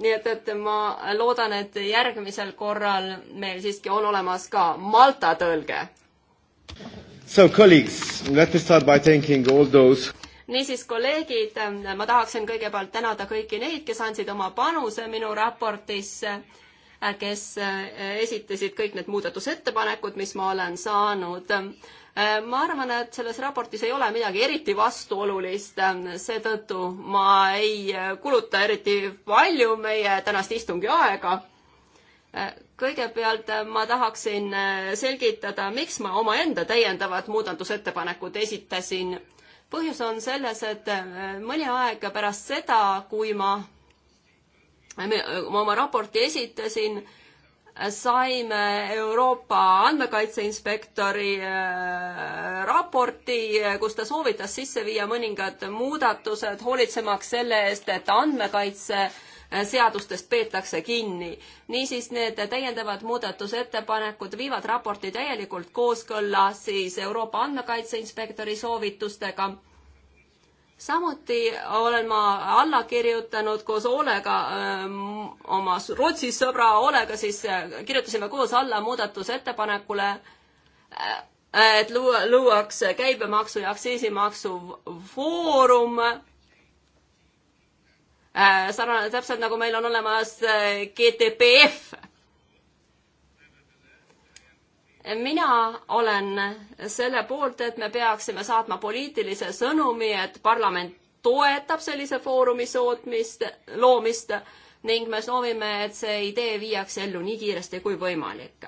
nii et, et ma loodan, et järgmisel korral meil siiski on olemas ka Malta tõlge. So colleagues, let me start by thanking all those niisiis, kolleegid, ma tahaksin kõigepealt tänada kõiki neid, kes andsid oma panuse minu raportisse, kes äh, esitasid kõik need muudatusettepanekud, mis ma olen saanud. Äh, ma arvan, et selles raportis ei ole midagi eriti vastuolulist, äh, seetõttu ma ei kuluta eriti palju meie tänast istungi aega kõigepealt ma tahaksin selgitada, miks ma omaenda täiendavat muudatusettepanekut esitasin põhjus on selles, et äh, mõni aeg pärast seda, kui ma, ma oma raporti esitasin, saime Euroopa andmekaitse inspektori äh, raporti, kus ta soovitas sisse viia mõningad muudatused, hoolitsemaks selle eest, et andmekaitse Äh, seadustest peetakse kinni. niisiis need täiendavad muudatusettepanekud viivad raporti täielikult kooskõlla siis Euroopa andmekaitse inspektori soovitustega. samuti olen ma alla kirjutanud koos Olega, ähm, oma Rootsi sõbra Olega, siis äh, kirjutasime koos alla muudatusettepanekule äh, et luua, luuakse käibemaksu ja aktsiisimaksu foorum Äh, sarnane, täpselt nagu meil on olemas äh, GTPF. mina olen selle poolt, et me peaksime saatma poliitilise sõnumi, et parlament toetab sellise foorumi sootmist, loomist ning me soovime, et see idee viiakse ellu nii kiiresti kui võimalik.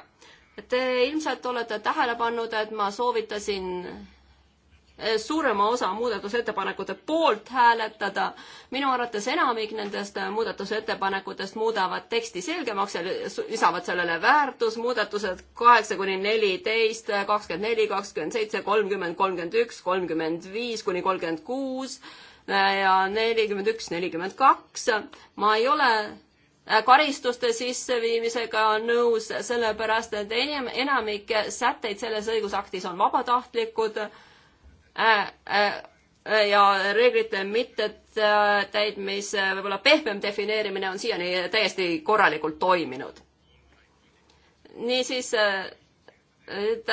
Te ilmselt olete tähele pannud, et ma soovitasin suurema osa muudatusettepanekute poolt hääletada. minu arvates enamik nendest muudatusettepanekutest muudavad teksti selgemaks ja lisavad sellele väärtusmuudatused kaheksa kuni neliteist, kakskümmend neli, kakskümmend seitse, kolmkümmend, kolmkümmend üks, kolmkümmend viis kuni kolmkümmend kuus ja nelikümmend üks, nelikümmend kaks. ma ei ole karistuste sisseviimisega nõus, sellepärast et enamik sätteid selles õigusaktis on vabatahtlikud Äh, äh, äh, ja reeglite mittetäitmise võib-olla pehmem defineerimine on siiani täiesti korralikult toiminud. niisiis, et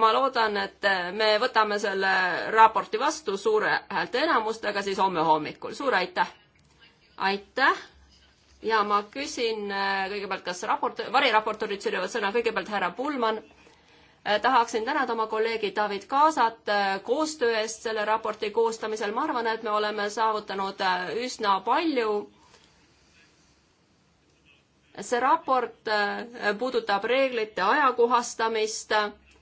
ma loodan, et me võtame selle raporti vastu suure häälteenamustega siis homme hommikul. suur aitäh! aitäh! ja ma küsin kõigepealt, kas raport, variraportorid soovivad sõna, kõigepealt härra Pullmann Äh, tahaksin tänada oma kolleegi David Kaasat äh, koostöö eest selle raporti koostamisel. ma arvan, et me oleme saavutanud äh, üsna palju. see raport puudutab reeglite ajakohastamist,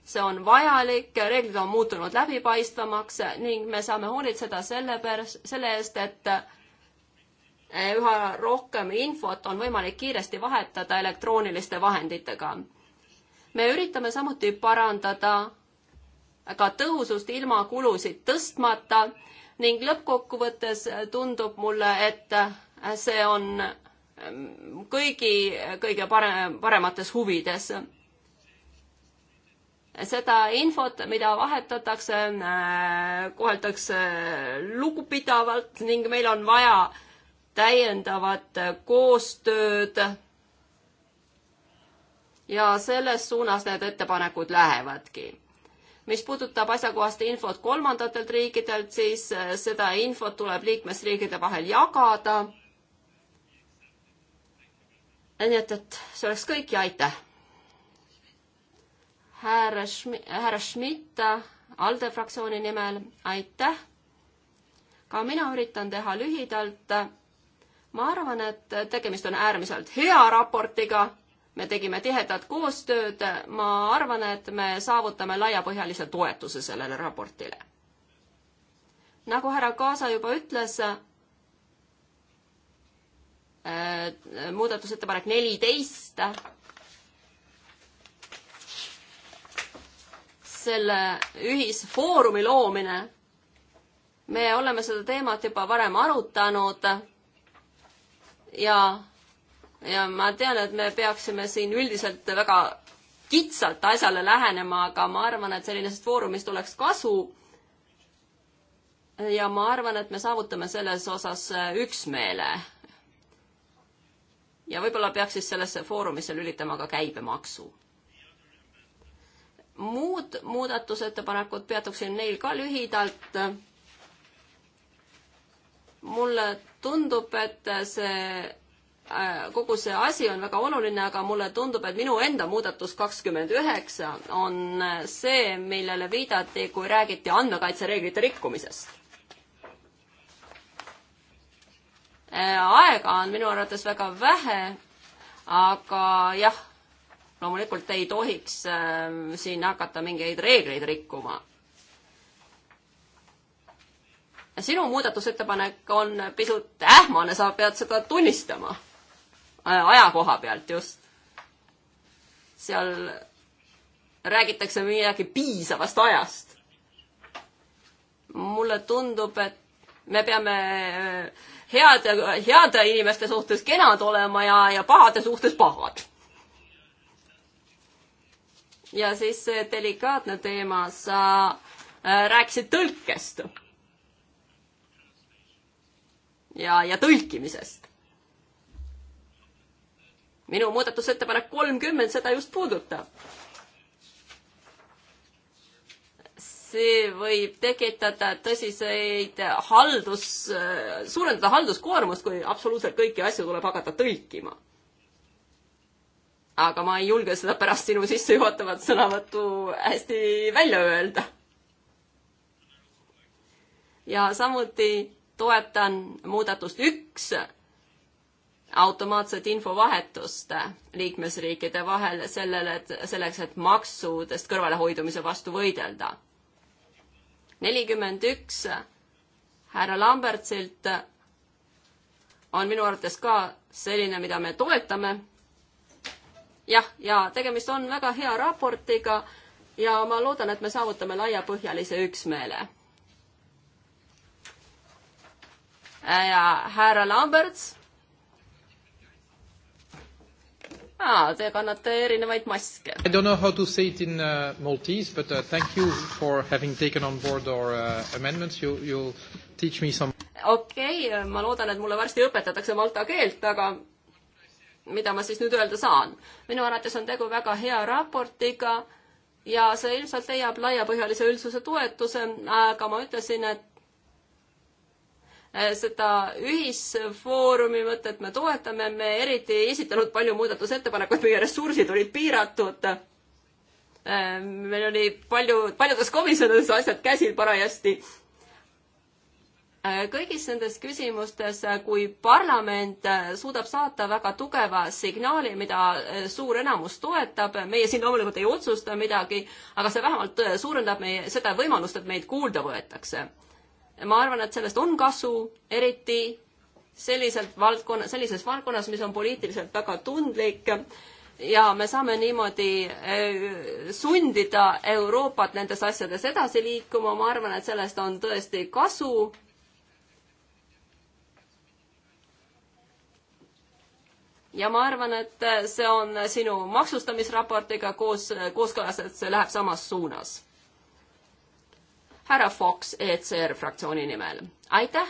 see on vajalik, reeglid on muutunud läbipaistvamaks ning me saame hoolitseda selle pärast, selle eest, et üha rohkem infot on võimalik kiiresti vahetada elektrooniliste vahenditega me üritame samuti parandada ka tõhusust ilma kulusid tõstmata ning lõppkokkuvõttes tundub mulle, et see on kõigi kõige parem, paremates huvides. seda infot, mida vahetatakse, koheldakse lugupidavalt ning meil on vaja täiendavat koostööd ja selles suunas need ettepanekud lähevadki. mis puudutab asjakohast infot kolmandatelt riikidelt, siis äh, seda infot tuleb liikmesriikide vahel jagada. nii et, et see oleks kõik ja aitäh. härra Schmidt, härra Schmidt ALDE fraktsiooni nimel, aitäh. ka mina üritan teha lühidalt. ma arvan, et tegemist on äärmiselt hea raportiga me tegime tihedat koostööd, ma arvan, et me saavutame laiapõhjalise toetuse sellele raportile. nagu härra Kaasa juba ütles, äh, muudatusettepanek neliteist, selle ühisfoorumi loomine, me oleme seda teemat juba varem arutanud ja ja ma tean, et me peaksime siin üldiselt väga kitsalt asjale lähenema, aga ma arvan, et sellisest foorumist oleks kasu. ja ma arvan, et me saavutame selles osas äh, üksmeele. ja võib-olla peaks siis sellesse foorumisse lülitama ka käibemaksu. muud muudatusettepanekud peatuksin neil ka lühidalt. mulle tundub, et see Äh, kogu see asi on väga oluline, aga mulle tundub, et minu enda muudatus kakskümmend üheksa on äh, see, millele viidati, kui räägiti andmekaitsereeglite rikkumisest. Äh, aega on minu arvates väga vähe, aga jah, loomulikult ei tohiks siin hakata mingeid reegleid rikkuma sinu muudatusettepanek on pisut ähmane, sa pead seda tunnistama Äh, aja koha pealt just. seal räägitakse midagi piisavast ajast. mulle tundub, et me peame äh, heade, heade inimeste suhtes kenad olema ja, ja pahade suhtes pahad. ja siis see delikaatne teema, sa äh, rääkisid tõlkest. ja, ja tõlkimisest minu muudatusettepanek kolmkümmend seda just puudutab. see võib tekitada tõsiseid haldus, suurendada halduskoormust, kui absoluutselt kõiki asju tuleb hakata tõlkima. aga ma ei julge seda pärast sinu sissejuhatavat sõnavõttu hästi välja öelda. ja samuti toetan muudatust üks automaatset infovahetust liikmesriikide vahel sellele, et selleks, et maksudest kõrvalehoidumise vastu võidelda. nelikümmend üks härra Lambertsilt on minu arvates ka selline, mida me toetame. jah, ja tegemist on väga hea raportiga ja ma loodan, et me saavutame laiapõhjalise üksmeele. ja härra Lamberts aa, te kannate erinevaid maske. I don't know how to say it in uh, Maltese, but uh, thank you for having taken on board our uh, amendments, you, you teach me some. okei okay,, ma loodan, et mulle varsti õpetatakse malta keelt, aga mida ma siis nüüd öelda saan? minu arvates on tegu väga hea raportiga ja see ilmselt leiab laiapõhjalise üldsuse toetuse, aga ma ütlesin, et Äh, seda ühisfoorumi mõtet me toetame, me eriti ei esitanud palju muudatusettepanekuid, meie ressursid olid piiratud. Äh, meil oli palju, paljudes komisjonides asjad käsil parajasti. Äh, kõigis nendes küsimustes, kui parlament suudab saata väga tugeva signaali, mida suur enamus toetab, meie siin loomulikult ei otsusta midagi, aga see vähemalt suurendab meie, seda võimalust, et meid kuulda võetakse ma arvan, et sellest on kasu, eriti selliselt valdkonna, sellises valdkonnas, mis on poliitiliselt väga tundlik ja me saame niimoodi äh, sundida Euroopat nendes asjades edasi liikuma, ma arvan, et sellest on tõesti kasu. ja ma arvan, et see on sinu maksustamisraportiga koos, kooskõlas, et see läheb samas suunas härra Fox ECR fraktsiooni nimel. aitäh!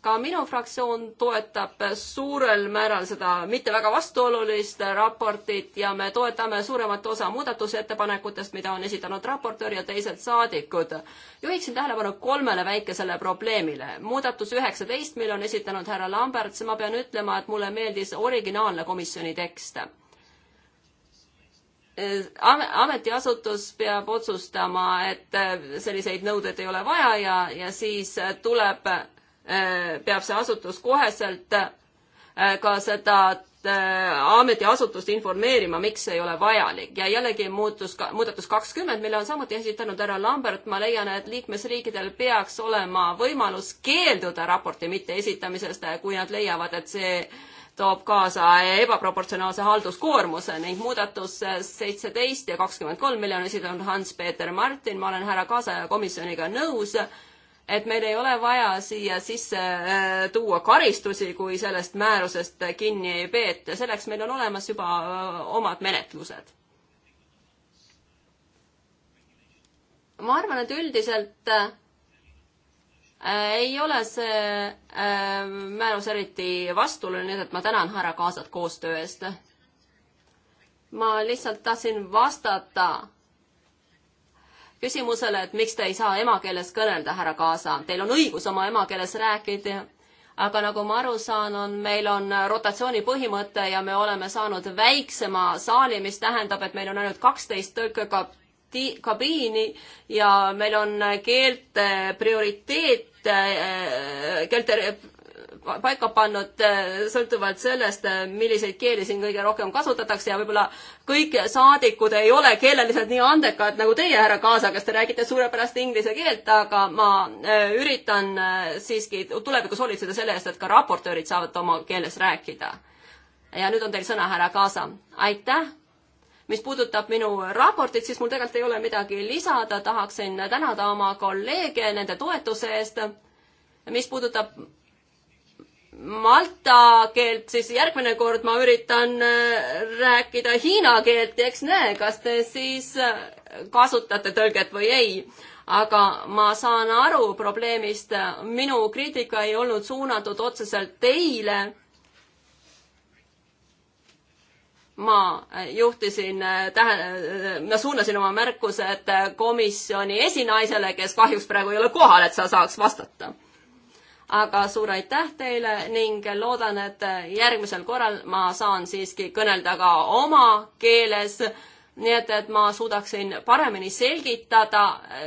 ka minu fraktsioon toetab suurel määral seda mitte väga vastuolulist raportit ja me toetame suuremat osa muudatusettepanekutest, mida on esitanud raportöör ja teised saadikud. juhiksin tähelepanu kolmele väikesele probleemile. muudatus üheksateist, mille on esitanud härra Lamberts, ma pean ütlema, et mulle meeldis originaalne komisjoni tekst ametiasutus peab otsustama, et äh, selliseid nõudeid ei ole vaja ja, ja siis äh, tuleb, äh, peab see asutus koheselt ka seda ametiasutust informeerima, miks see ei ole vajalik ja jällegi muutus, muudatus kakskümmend, mille on samuti esitanud härra Lambert, ma leian, et liikmesriikidel peaks olema võimalus keelduda raporti mitteesitamisest, kui nad leiavad, et see äh, toob kaasa ebaproportsionaalse halduskoormuse ning muudatus seitseteist ja kakskümmend kolm miljoni esitanud Hans-Peeter Martin, ma olen härra Kaasaja komisjoniga nõus, et meil ei ole vaja siia sisse äh, tuua karistusi, kui sellest määrusest kinni ei peeta, selleks meil on olemas juba äh, omad menetlused. ma arvan, et üldiselt äh, Äh, ei ole see äh, määrus eriti vastuoluline, nii et ma tänan härra Kaasat koostöö eest. ma lihtsalt tahtsin vastata küsimusele, et miks te ei saa emakeeles kõnelda, härra Kaasa. Teil on õigus oma emakeeles rääkida, aga nagu ma aru saan, on, meil on rotatsiooni põhimõte ja me oleme saanud väiksema saali, mis tähendab, et meil on ainult kaksteist tõlkega ti-, kabiini ja meil on keelte prioriteet, äh, keelte paika pannud äh, sõltuvalt sellest, äh, milliseid keeli siin kõige rohkem kasutatakse ja võib-olla kõik saadikud ei ole keeleliselt nii andekad nagu teie, härra Kaasa, kes te räägite suurepärast inglise keelt, aga ma üritan siiski tulevikus hoolitseda selle eest, et ka raportöörid saavad oma keeles rääkida. ja nüüd on teil sõna, härra Kaasa. aitäh mis puudutab minu raportit, siis mul tegelikult ei ole midagi lisada, tahaksin tänada oma kolleege nende toetuse eest. mis puudutab malta keelt, siis järgmine kord ma üritan äh, rääkida hiina keelt ja eks näe, kas te siis äh, kasutate tõlget või ei. aga ma saan aru probleemist, minu kriitika ei olnud suunatud otseselt teile ma juhtisin tähe-, ma suunasin oma märkused komisjoni esinaisele, kes kahjuks praegu ei ole kohal, et sa saaks vastata. aga suur aitäh teile ning loodan, et järgmisel korral ma saan siiski kõnelda ka oma keeles, nii et, et ma suudaksin paremini selgitada,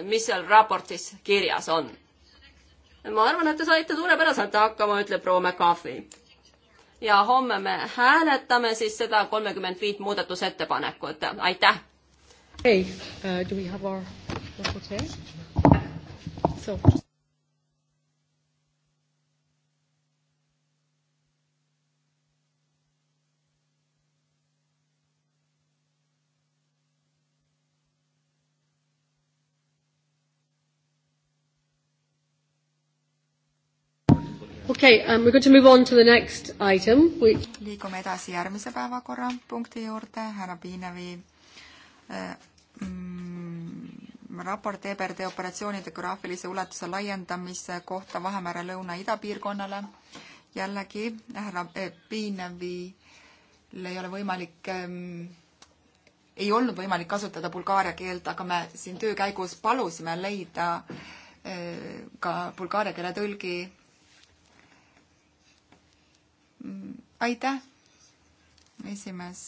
mis seal raportis kirjas on. ma arvan, et te saite suurepäraselt hakkama, ütleb proua McCarthy ja homme me hääletame siis seda kolmekümmend viit muudatusettepanekut, aitäh! Okay, uh, do we have our, okay? So. okei okay, um,, we are going to move on to the next item which.... liigume edasi järgmise päevakorrapunkti juurde, härra Piinevi äh, mm, raport EBRD operatsioonide graafilise ulatuse laiendamise kohta Vahemere lõuna-ida piirkonnale. jällegi härra äh, Piinevil ei ole võimalik ähm, ei olnud võimalik kasutada bulgaaria keelt, aga me siin töö käigus palusime leida äh, ka bulgaaria keele tõlgi Mm, aitäh, esimees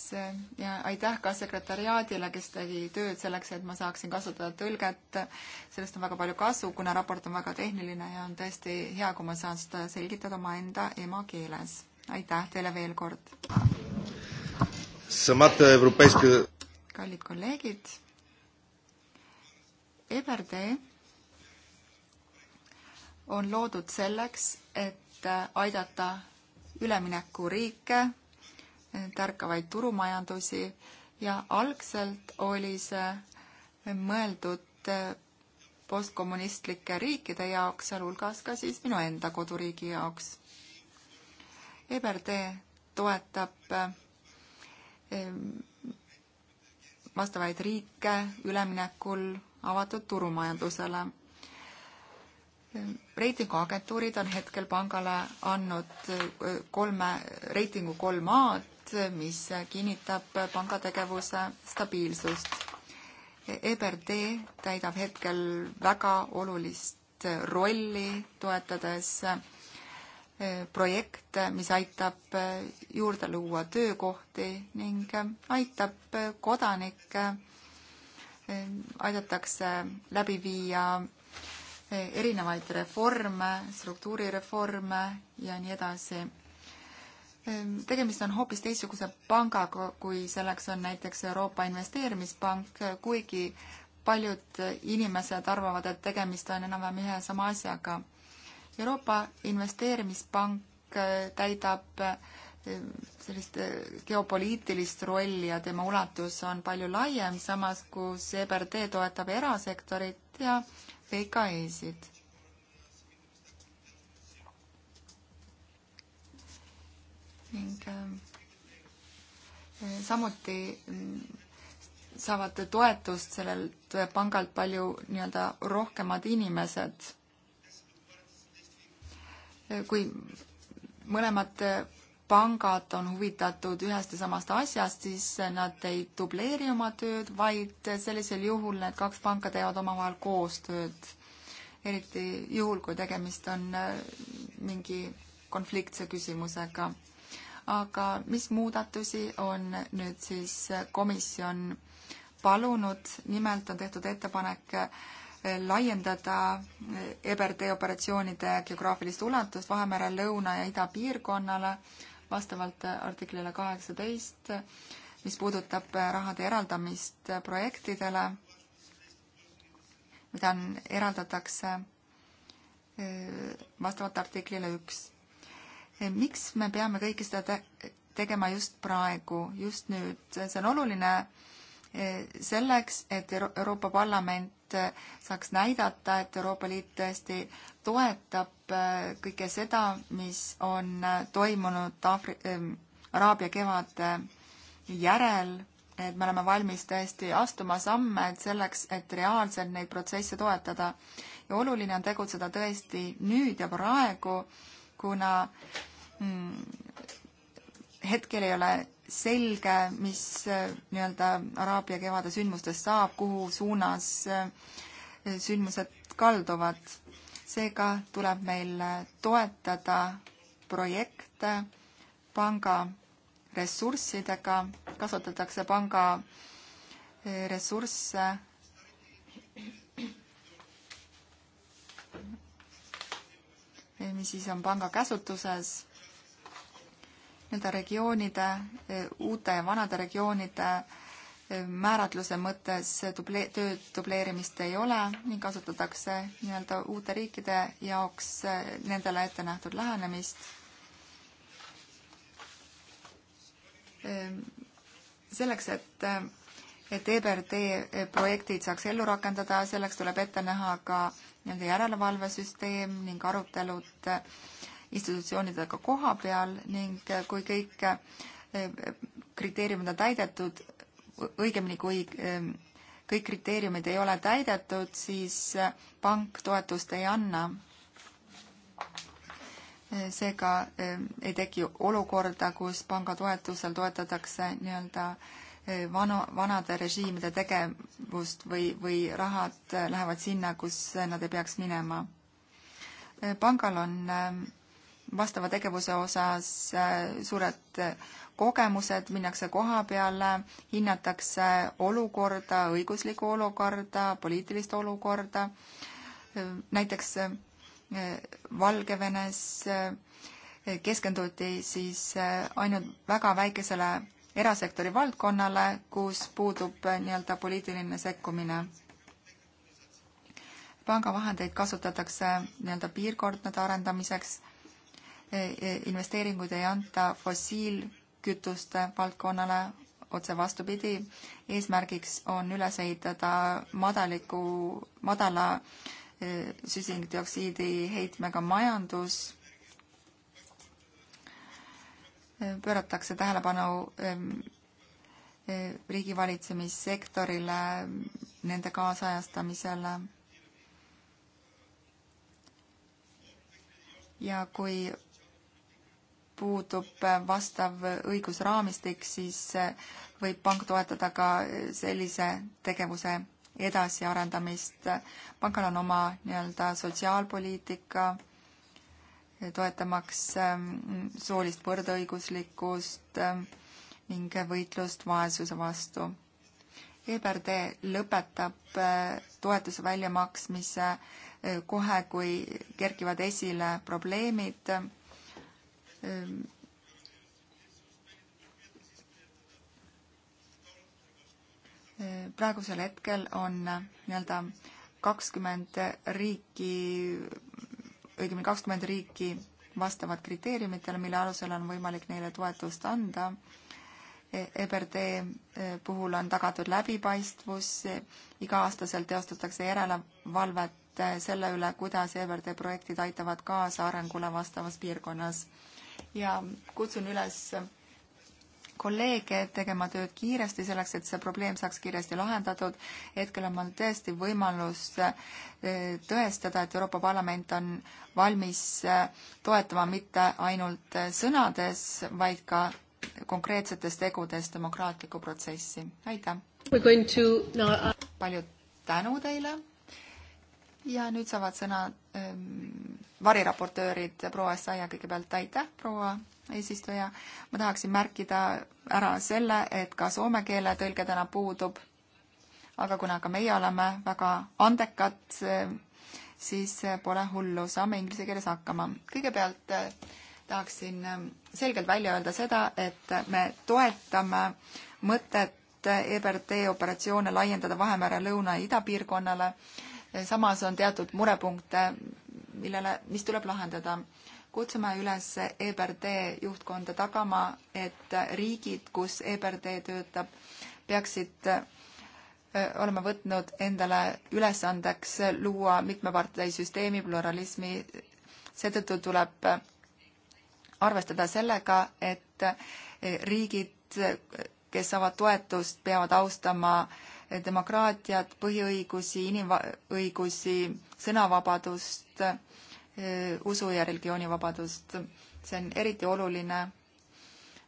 ja aitäh ka sekretäriaadile, kes tegi tööd selleks, et ma saaksin kasutada tõlget. sellest on väga palju kasu, kuna raport on väga tehniline ja on tõesti hea, kui ma saan seda selgitada omaenda emakeeles. aitäh teile veel kord. kallid kolleegid. EBRD on loodud selleks, et aidata üleminekuriike, tärkavaid turumajandusi ja algselt oli see mõeldud postkommunistlike riikide jaoks, sealhulgas ka siis minu enda koduriigi jaoks. EBRD toetab vastavaid riike üleminekul avatud turumajandusele reitinguagentuurid on hetkel pangale andnud äh, kolme, reitingu kolm A-d, mis kinnitab panga tegevuse stabiilsust. EBRD täidab hetkel väga olulist rolli, toetades äh, projekte, mis aitab äh, juurde luua töökohti ning aitab kodanikke, aidatakse läbi viia erinevaid reforme, struktuurireforme ja nii edasi. Ehm, tegemist on hoopis teistsuguse pangaga, kui selleks on näiteks Euroopa Investeerimispank, kuigi paljud inimesed arvavad, et tegemist on enam-vähem ühe ja sama asjaga. Euroopa Investeerimispank äh, täidab ehm, sellist äh, geopoliitilist rolli ja tema ulatus on palju laiem, samas kus EBRD toetab erasektorit ja VKE-sid. ning ähm, samuti mm, saavad toetust sellelt pangalt palju nii-öelda rohkemad inimesed. kui mõlemad pangad on huvitatud ühest ja samast asjast, siis nad ei dubleeri oma tööd, vaid sellisel juhul need kaks panka teevad omavahel koostööd. eriti juhul, kui tegemist on äh, mingi konfliktse küsimusega. aga mis muudatusi on nüüd siis komisjon palunud, nimelt on tehtud ettepanek äh, laiendada äh, EBRD operatsioonide geograafilist ulatust Vahemere lõuna ja ida piirkonnale, vastavalt artiklile kaheksateist, mis puudutab rahade eraldamist projektidele, mida on, eraldatakse äh, vastavalt artiklile üks. Äh, miks me peame kõike seda te tegema just praegu, just nüüd, see on oluline äh, selleks, et Euro Euroopa Parlament et saaks näidata, et Euroopa Liit tõesti toetab äh, kõike seda, mis on äh, toimunud Afri-, ähm, Araabia kevade järel, et me oleme valmis tõesti astuma samme selleks, et reaalselt neid protsesse toetada. ja oluline on tegutseda tõesti nüüd ja praegu, kuna mm, hetkel ei ole selge, mis äh, nii-öelda Araabia kevade sündmustest saab, kuhu suunas äh, sündmused kalduvad. seega tuleb meil äh, toetada projekte panga ressurssidega, kasutatakse panga ressursse mis siis on panga käsutuses nende regioonide, eh, uute ja vanade regioonide eh, määratluse mõttes duble-, töö dubleerimist ei ole ning kasutatakse nii-öelda uute riikide jaoks eh, nendele ette nähtud lähenemist. Ehm, selleks, et, et EBRD projektid saaks ellu rakendada, selleks tuleb ette näha ka nii-öelda järelevalvesüsteem ning arutelud äh, institutsioonidega koha peal ning eh, kui kõik eh, kriteeriumid on täidetud, õigemini kui eh, kõik kriteeriumid ei ole täidetud, siis pank toetust ei anna. seega ei teki olukorda, kus panga toetusel toetatakse nii-öelda vanu, vanade režiimide tegevust või, või rahad lähevad sinna, kus nad ei peaks minema. pangal on vastava tegevuse osas äh, suured äh, kogemused, minnakse koha peale, hinnatakse olukorda, õiguslikku olukorda, poliitilist olukorda, äh, näiteks Valgevenes keskenduti siis ainult väga väikesele erasektori valdkonnale, kus puudub nii-öelda poliitiline sekkumine pangavahendeid kasutatakse nii-öelda piirkondade arendamiseks E, e, investeeringuid ei anta fossiilkütuste valdkonnale, otse vastupidi, eesmärgiks on üles ehitada madaliku, madala e, süsinikdioksiidi heitmega majandus, pööratakse tähelepanu riigivalitsemissektorile, nende kaasajastamisele. ja kui puudub äh, vastav õigusraamistik, siis äh, võib pank toetada ka äh, sellise tegevuse edasiarendamist. pangal on oma nii-öelda sotsiaalpoliitika, toetamaks ähm, soolist võrdõiguslikkust ähm, ning võitlust vaesuse vastu. EBRD lõpetab toetuse väljamaksmise kohe, kui kerkivad esile probleemid Ähm, äh, praegusel hetkel on äh, nii-öelda kakskümmend riiki, õigemini kakskümmend riiki vastavad kriteeriumitele, mille alusel on võimalik neile toetust anda. EBRD e äh, puhul on tagatud läbipaistvus, iga-aastaselt teostatakse järelevalvet selle üle, kuidas EBRD projektid aitavad kaasa arengule vastavas piirkonnas ja kutsun üles kolleege tegema tööd kiiresti selleks, et see probleem saaks kiiresti lahendatud. hetkel on mul tõesti võimalus eh, tõestada, et Euroopa Parlament on valmis eh, toetama mitte ainult sõnades, vaid ka konkreetsetes tegudes demokraatlikku protsessi. aitäh! No, uh, palju tänu teile ja nüüd saavad sõna ähm, variraportöörid, proua Essaia kõigepealt, aitäh, proua eesistuja. ma tahaksin märkida ära selle, et ka soome keele tõlge täna puudub. aga kuna ka meie oleme väga andekad, siis pole hullu, saame inglise keeles hakkama. kõigepealt eh, tahaksin eh, selgelt välja öelda seda, et me toetame mõtet EBRD operatsioone laiendada Vahemere lõuna ja idapiirkonnale. samas on teatud murepunkte millele, mis tuleb lahendada. kutsume üles EBRD juhtkonda tagama, et riigid, kus EBRD töötab, peaksid oleme võtnud endale ülesandeks luua mitmeparteisüsteemi pluralismi. seetõttu tuleb arvestada sellega, et e, riigid, kes saavad toetust, peavad austama demokraatiat, põhiõigusi, inimõigusi, sõnavabadust, kaitset, eh, usu- ja religioonivabadust. see on eriti oluline,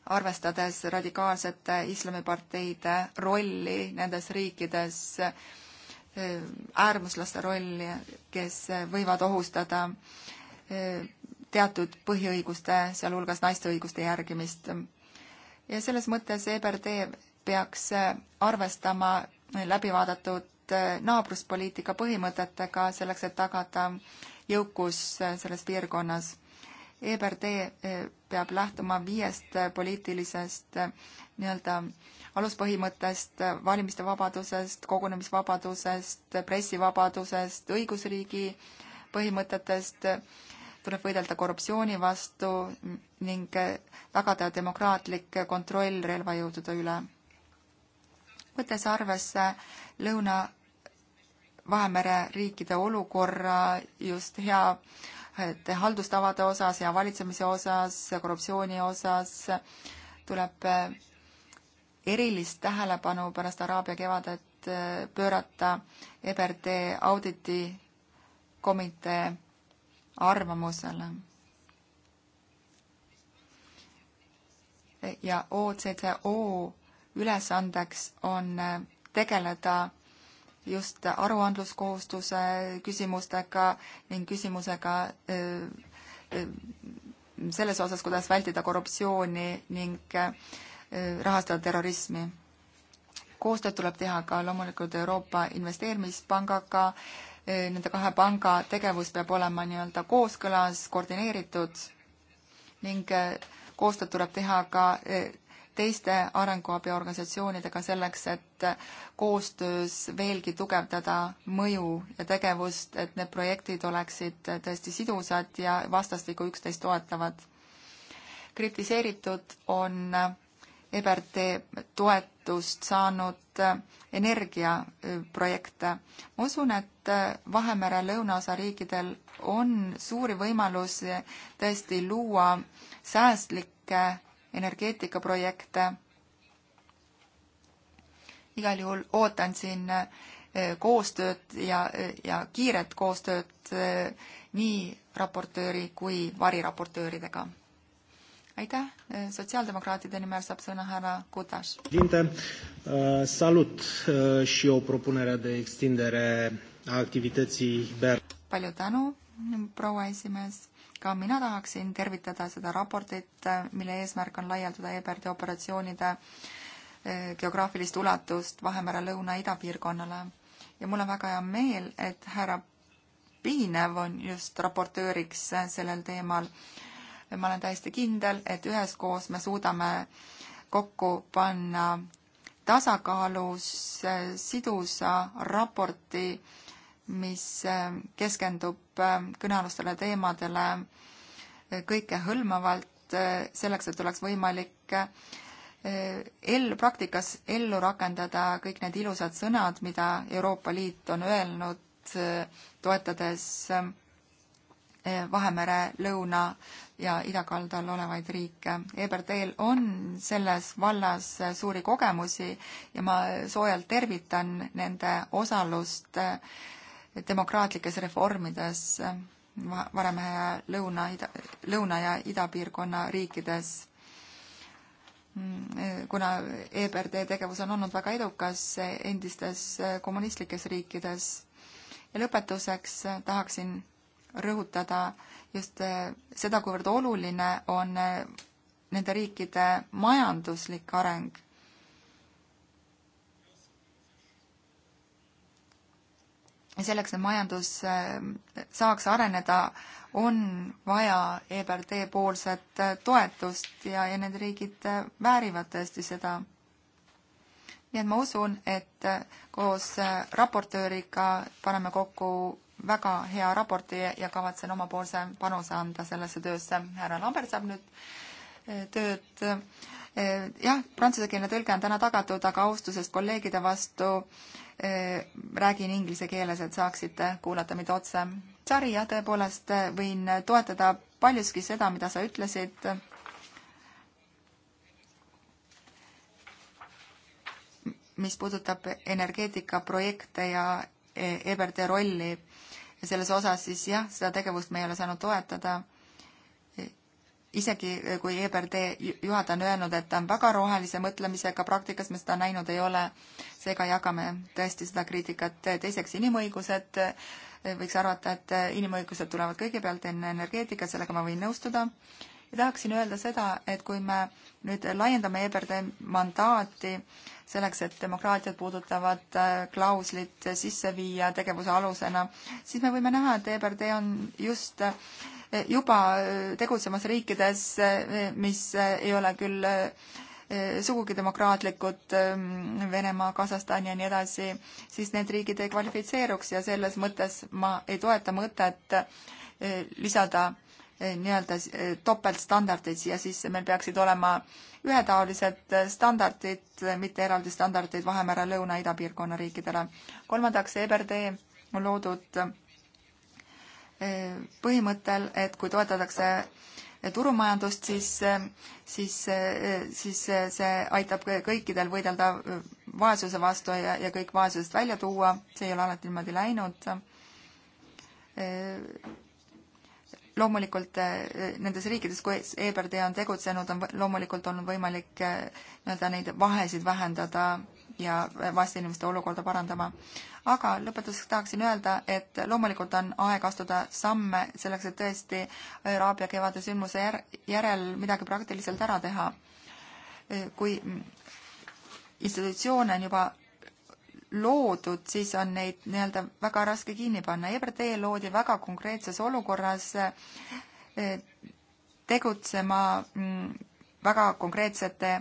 arvestades radikaalsete islamiparteide rolli nendes riikides, eh, äärmuslaste rolli, kes võivad ohustada eh, teatud põhiõiguste, sealhulgas naiste õiguste järgimist. ja selles mõttes EBRD peaks arvestama läbivaadatud naabruspoliitika põhimõtetega selleks, et tagada jõukus äh, selles piirkonnas. EBRD äh, peab lähtuma viiest äh, poliitilisest nii-öelda aluspõhimõttest, valimiste vabadusest, kogunemisvabadusest, pressivabadusest, õigusriigi põhimõtetest, tuleb võidelda korruptsiooni vastu ning tagada demokraatlik kontroll relvajõudude üle. võttes arvesse Lõuna Vahemere riikide olukorra just hea et haldustavade osas ja valitsemise osas, korruptsiooni osas tuleb erilist tähelepanu pärast Araabia kevadet pöörata EBRD auditi komitee arvamusele. ja OCCO ülesandeks on tegeleda just aruandluskohustuse küsimustega ning küsimusega selles osas, kuidas vältida korruptsiooni ning rahastada terrorismi. koostööd tuleb teha ka loomulikult Euroopa Investeerimispangaga, nende kahe panga tegevus peab olema nii-öelda kooskõlas, koordineeritud ning koostööd tuleb teha ka teiste arenguabiorganisatsioonidega selleks, et koostöös veelgi tugevdada mõju ja tegevust, et need projektid oleksid tõesti sidusad ja vastastikku üksteist toetavad. kritiseeritud on EBRD toetust saanud energiaprojekte. ma usun, et Vahemere lõunaosa riikidel on suuri võimalusi tõesti luua säästlikke energeetikaprojekte. igal juhul ootan siin eh, koostööd ja, eh, ja kiiret koostööd eh, nii raportööri kui variraportööridega. aitäh, sotsiaaldemokraatide nimel saab sõna härra Kutas. salut și o propunere de extindere a activității. palju tänu, proua esimees ka mina tahaksin tervitada seda raportit, mille eesmärk on laialdada EBRD operatsioonide eh, geograafilist ulatust Vahemere lõuna-ida piirkonnale. ja mul on väga hea meel, et härra Piinev on just raportööriks eh, sellel teemal. ma olen täiesti kindel, et üheskoos me suudame kokku panna tasakaalus eh, sidusa raporti, mis ähm, keskendub ähm, kõnealustele teemadele äh, kõikehõlmavalt äh, selleks, et oleks võimalik äh, ellu, praktikas ellu rakendada kõik need ilusad sõnad, mida Euroopa Liit on öelnud, toetades ähm, Vahemere lõuna ja idakaldal olevaid riike. EBRD-l on selles vallas suuri kogemusi ja ma soojalt tervitan nende osalust äh, demokraatlikes reformides Varemehe ja lõuna, ida, lõuna ja idapiirkonna riikides. Mm, eh, kuna EBRD tegevus on olnud väga edukas endistes eh, kommunistlikes riikides. ja lõpetuseks eh, tahaksin rõhutada just seda, kuivõrd oluline on nende riikide majanduslik areng selleks, et majandus äh, saaks areneda, on vaja EBRD poolset äh, toetust ja, ja need riigid äh, väärivad tõesti seda. nii et ma usun, et koos raportööriga paneme kokku väga hea raporti ja kavatsen omapoolse panuse anda sellesse töösse. härra Lamber saab nüüd tööd Eh, jah, prantsusekeelne tõlge on täna tagatud, aga austusest kolleegide vastu eh, räägin inglise keeles, et saaksite kuulata mind otse. Sari, jah, tõepoolest eh, võin toetada paljuski seda, mida sa ütlesid. mis puudutab energeetikaprojekte ja EBRD rolli selles osas, siis jah, seda tegevust me ei ole saanud toetada isegi eh, kui EBRD juhataja on öelnud, et ta on väga rohelise mõtlemisega, praktikas me seda näinud ei ole, seega jagame tõesti seda kriitikat. teiseks inimõigused, eh, võiks arvata, et eh, inimõigused tulevad kõigepealt enne energeetikat, sellega ma võin nõustuda. ja tahaksin öelda seda, et kui me nüüd laiendame EBRD mandaati selleks, et demokraatiat puudutavad klauslid sisse viia tegevuse alusena, siis me võime näha, et EBRD on just äh, juba äh, tegutsemas riikides, äh, mis äh, ei ole küll sugugi demokraatlikud, ähm, Venemaa, Kasahstan ja nii edasi, siis need riigid ei kvalifitseeruks ja selles mõttes ma ei toeta mõtet lisada nii-öelda topeltstandardeid siia sisse, meil peaksid olema ühetaolised standardid, mitte eraldi standardid Vahemere lõuna-idapiirkonna riikidele. kolmandaks, EBRD on loodud põhimõttel, et kui toetatakse turumajandust, siis, siis, siis see aitab kõikidel võidelda vaesuse vastu ja, ja kõik vaesusest välja tuua, see ei ole alati niimoodi läinud. loomulikult nendes riikides, kus EBRD on tegutsenud, on loomulikult olnud võimalik eh, nii-öelda neid vahesid vähendada ja vaeste inimeste olukorda parandama. aga lõpetuseks tahaksin öelda, et loomulikult on aeg astuda samme selleks, et tõesti Araabia kevade sündmuse järel midagi praktiliselt ära teha. kui institutsioone on juba loodud, siis on neid nii-öelda väga raske kinni panna. EBRD loodi väga konkreetses olukorras tegutsema mm, väga konkreetsete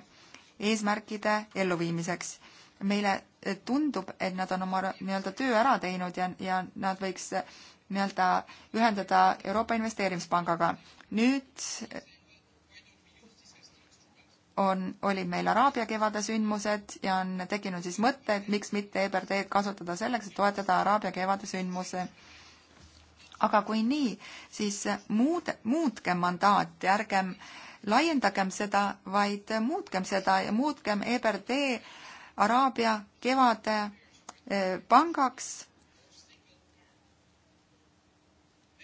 eesmärkide elluviimiseks meile eh, tundub, et nad on oma nii-öelda töö ära teinud ja, ja nad võiks eh, nii-öelda ühendada Euroopa Investeerimispangaga. nüüd eh, on, olid meil Araabia kevade sündmused ja on tekkinud siis mõte, et miks mitte EBRD-d kasutada selleks, et toetada Araabia kevade sündmuse. aga kui nii, siis muud, muutkem mandaati, ärgem laiendagem seda, vaid muutkem seda ja muutkem EBRD Araabia kevade eh, pangaks.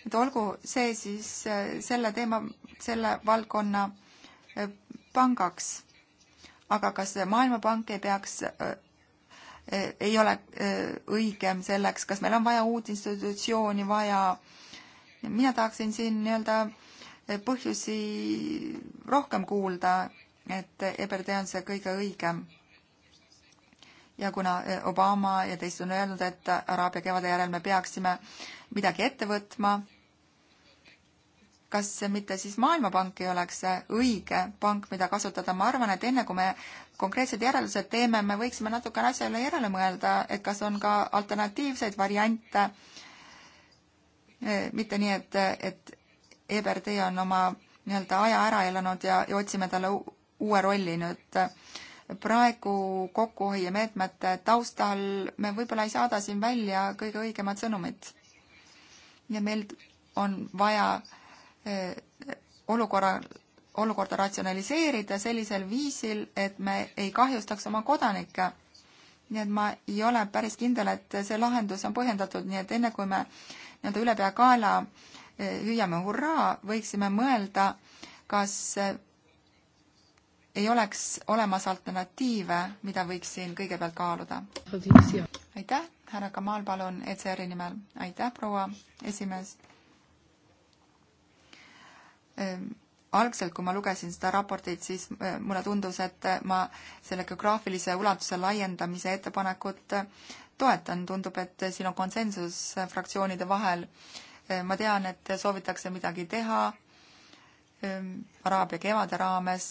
et olgu see siis eh, selle teema, selle valdkonna eh, pangaks. aga kas Maailmapank ei peaks ei ole õigem selleks, kas meil on vaja uut institutsiooni vaja. mina tahaksin siin nii-öelda põhjusi rohkem kuulda, et EBRD on see kõige õigem ja kuna eh, Obama ja teised on öelnud, et Araabia kevade järel me peaksime midagi ette võtma, kas mitte siis Maailmapank ei oleks õige pank, mida kasutada, ma arvan, et enne kui me konkreetsed järeldused teeme, me võiksime natukene asja üle järele mõelda, et kas on ka alternatiivseid variante, eh, mitte nii, et, et EBRD on oma nii-öelda aja ära elanud ja, ja otsime talle uue rolli nüüd äh, praegu kokkuhoiemeetmete taustal me võib-olla ei saada siin välja kõige õigemad sõnumid. ja meil on vaja eh, olukorra, olukorda ratsionaliseerida sellisel viisil, et me ei kahjustaks oma kodanikke. nii et ma ei ole päris kindel, et see lahendus on põhjendatud, nii et enne kui me nii-öelda ülepeakaela eh, hüüame hurraa, võiksime mõelda, kas eh, ei oleks olemas alternatiive, mida võiks siin kõigepealt kaaluda? aitäh, härra Kamal, palun, ECR-i nimel. aitäh, proua esimees ähm algselt, kui ma lugesin seda raportit, siis eh, mulle tundus, et ma selle geograafilise ulatuse laiendamise ettepanekut eh, toetan, tundub, et siin on konsensus eh, fraktsioonide vahel. ma tean, et soovitakse midagi teha ehm, Araabia kevade raames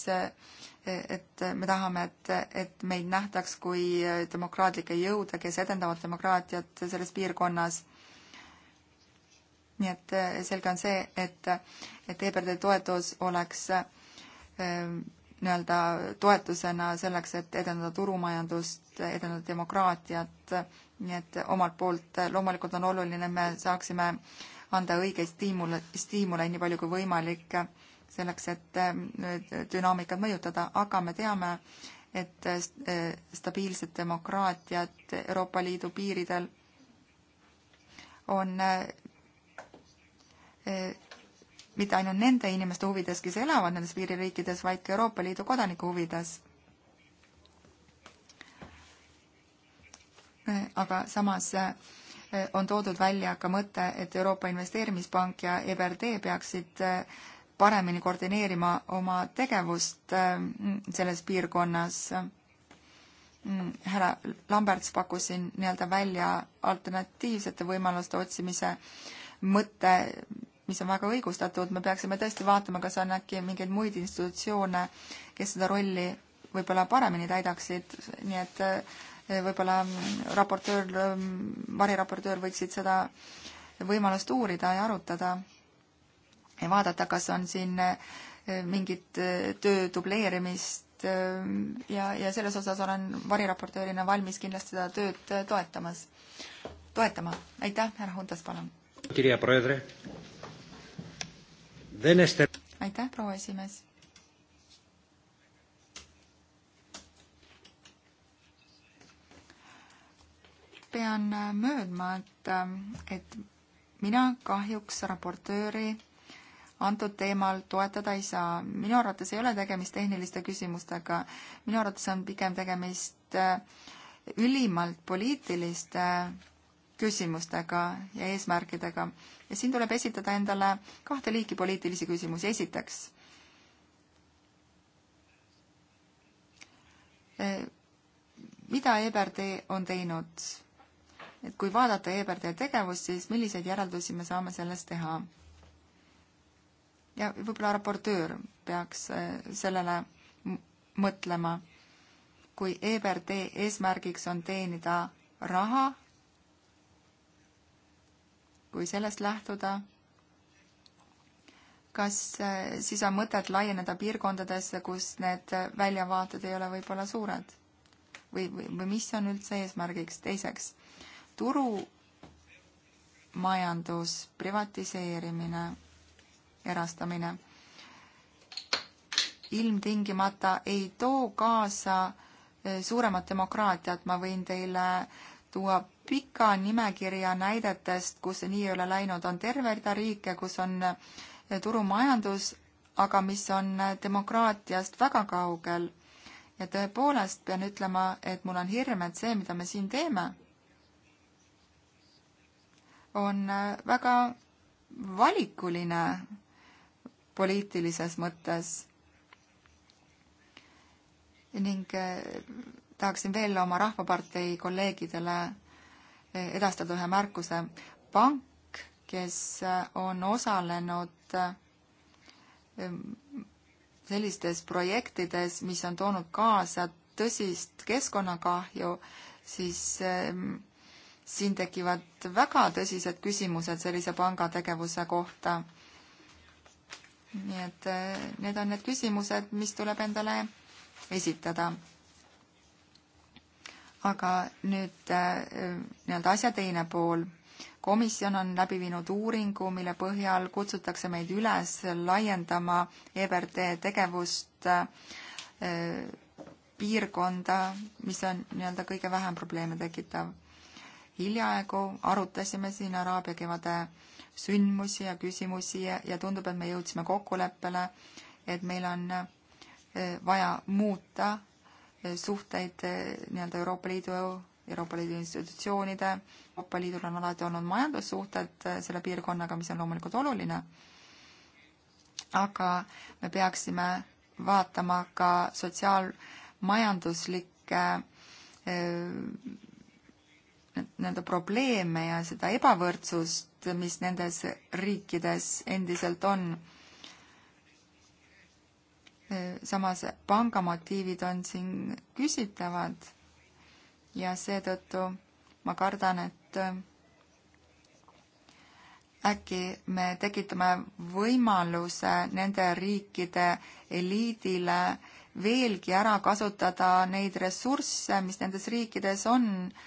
et me tahame, et, et meid nähtaks kui demokraatlikke jõude, kes edendavad demokraatiat selles piirkonnas. nii et selge on see, et, et EBRD toetus oleks ehm, nii-öelda toetusena selleks, et edendada turumajandust, edendada demokraatiat, nii et omalt poolt loomulikult on oluline, me saaksime anda õigeid stiimule, stiimuleid nii palju kui võimalik selleks, et äh, dünaamikat mõjutada, aga me teame, et äh, stabiilset demokraatiat Euroopa Liidu piiridel on äh, mitte ainult nende inimeste huvides, kes elavad nendes piiririikides, vaid ka Euroopa Liidu kodanike huvides. aga samas on toodud välja ka mõte, et Euroopa Investeerimispank ja EBRD peaksid paremini koordineerima oma tegevust äh, selles piirkonnas. Mm, härra Lamberts pakkus siin nii-öelda välja alternatiivsete võimaluste otsimise mõte, mis on väga õigustatud, me peaksime tõesti vaatama, kas on äkki mingeid muid institutsioone, kes seda rolli võib-olla paremini täidaksid, nii et äh, võib-olla mm, raportöör, mm, variraportöör võiksid seda võimalust uurida ja arutada vaadata, kas on siin eh, mingit eh, töö dubleerimist eh, ja, ja selles osas olen variraportöörina valmis kindlasti seda tööd toetamas, toetama. aitäh, härra Huntas, palun. aitäh, proua esimees. pean möödma, et, et mina kahjuks raportööri antud teemal toetada ei saa. minu arvates ei ole tegemist tehniliste küsimustega, minu arvates on pigem tegemist äh, ülimalt poliitiliste äh, küsimustega ja eesmärkidega ja siin tuleb esitada endale kahte liiki poliitilisi küsimusi. esiteks, äh, mida EBRD on teinud? et kui vaadata EBRD tegevust, siis milliseid järeldusi me saame sellest teha? ja võib-olla raportöör peaks äh, sellele mõtlema, kui EBRD eesmärgiks on teenida raha, kui sellest lähtuda, kas äh, siis on mõtet laieneda piirkondadesse, kus need väljavaated ei ole võib-olla suured? või, või, või mis on üldse eesmärgiks? teiseks, turumajandus, privatiseerimine erastamine ilmtingimata ei too kaasa eh, suuremat demokraatiat, ma võin teile tuua pika nimekirja näidetest, kus see nii ei ole läinud, on terve rida riike, kus on eh, turumajandus, aga mis on eh, demokraatiast väga kaugel. ja tõepoolest pean ütlema, et mul on hirm, et see, mida me siin teeme, on väga valikuline poliitilises mõttes. ning eh, tahaksin veel oma Rahvapartei kolleegidele eh, edastada ühe märkuse. pank, kes eh, on osalenud sellistes projektides, mis on toonud kaasa tõsist keskkonnakahju, siis siin tekivad väga tõsised küsimused sellise panga tegevuse kohta nii et äh, need on need küsimused, mis tuleb endale esitada. aga nüüd äh, nii-öelda asja teine pool. komisjon on läbi viinud uuringu, mille põhjal kutsutakse meid üles laiendama EBRD tegevust äh, piirkonda, mis on nii-öelda kõige vähem probleeme tekitav. hiljaaegu arutasime siin Araabia kevade äh, sündmusi ja küsimusi ja, ja tundub, et me jõudsime kokkuleppele, et meil on eh, vaja muuta eh, suhteid eh, nii-öelda Euroopa Liidu, Euroopa Liidu institutsioonide, Euroopa Liidul on alati olnud majandussuhted selle piirkonnaga, mis on loomulikult oluline, aga me peaksime vaatama ka sotsiaalmajanduslikke nii-öelda probleeme ja seda ebavõrdsust, mis nendes riikides endiselt on. samas pangamotiivid on siin küsitavad ja seetõttu ma kardan, et äkki me tekitame võimaluse nende riikide eliidile veelgi ära kasutada neid ressursse, mis nendes riikides on äh,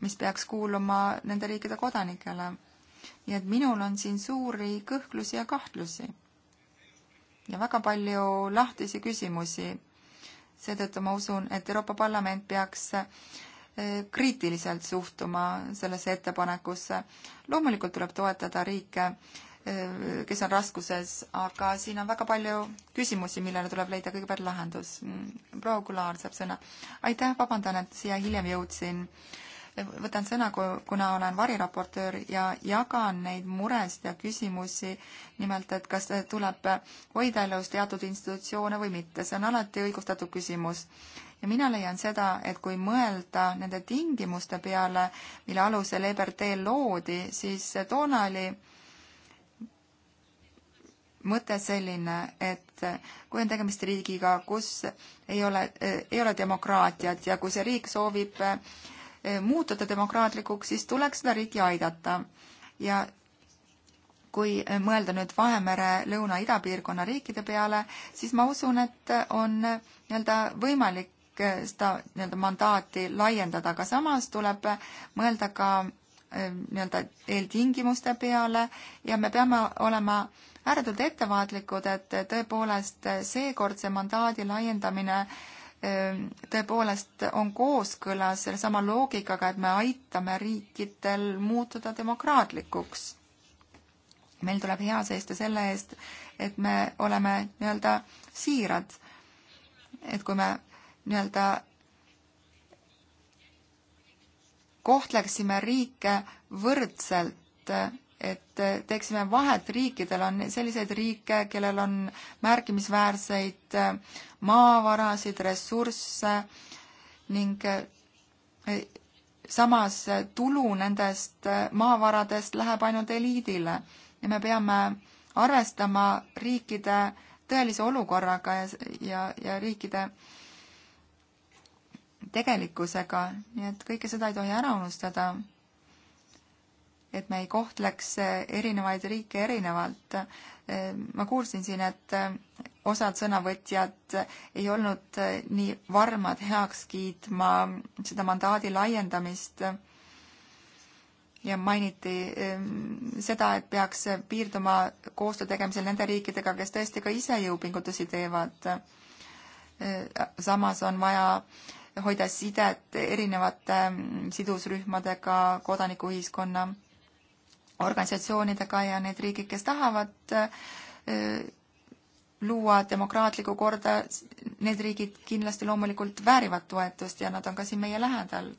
mis peaks kuuluma nende riikide kodanikele. nii et minul on siin suuri kõhklusi ja kahtlusi ja väga palju lahtisi küsimusi. seetõttu ma usun, et Euroopa Parlament peaks eh, kriitiliselt suhtuma sellesse ettepanekusse. loomulikult tuleb toetada riike, eh, kes on raskuses, aga siin on väga palju küsimusi, millele tuleb leida kõigepealt lahendus. Mm, proua Kular saab sõna. aitäh, vabandan, et siia hiljem jõudsin võtan sõna, kuna olen variraportöör ja jagan neid muresid ja küsimusi, nimelt, et kas tuleb hoida elus teatud institutsioone või mitte, see on alati õigustatud küsimus. ja mina leian seda, et kui mõelda nende tingimuste peale, mille alusel EBRD loodi, siis toona oli mõte selline, et kui on tegemist riigiga, kus ei ole, ei ole demokraatiat ja kui see riik soovib Eh, muutuda demokraatlikuks, siis tuleks seda riiki aidata. ja kui eh, mõelda nüüd Vahemere lõuna-ida piirkonna riikide peale, siis ma usun, et on eh, nii-öelda võimalik seda nii-öelda mandaati laiendada, aga samas tuleb mõelda ka nii-öelda eeltingimuste peale ja me peame olema ääretult ettevaatlikud, et tõepoolest seekord see mandaadi laiendamine äh, Ehm, tõepoolest on kooskõlas sellesama loogikaga, et me aitame riikidel muutuda demokraatlikuks. meil tuleb hea seista selle eest, et me oleme nii-öelda siirad. et kui me nii-öelda kohtleksime riike võrdselt et äh, teeksime vahet riikidel, on selliseid riike, kellel on märkimisväärseid äh, maavarasid, ressursse ning äh, samas tulu nendest maavaradest läheb ainult eliidile ja me peame arvestama riikide tõelise olukorraga ja, ja, ja riikide tegelikkusega, nii et kõike seda ei tohi ära unustada et me ei kohtleks eh, erinevaid riike erinevalt. Eh, ma kuulsin siin, et eh, osad sõnavõtjad ei olnud nii varmad heaks kiitma seda mandaadi laiendamist ja mainiti seda, et peaks piirduma koostöö tegemisel nende riikidega, kes tõesti ka ise jõupingutusi teevad. samas on vaja hoida sidet erinevate mm, sidusrühmadega, kodanikuühiskonna organisatsioonidega ja need riigid, kes tahavad eh, luua demokraatlikku korda, need riigid kindlasti loomulikult väärivad toetust ja nad on ka siin meie lähedal.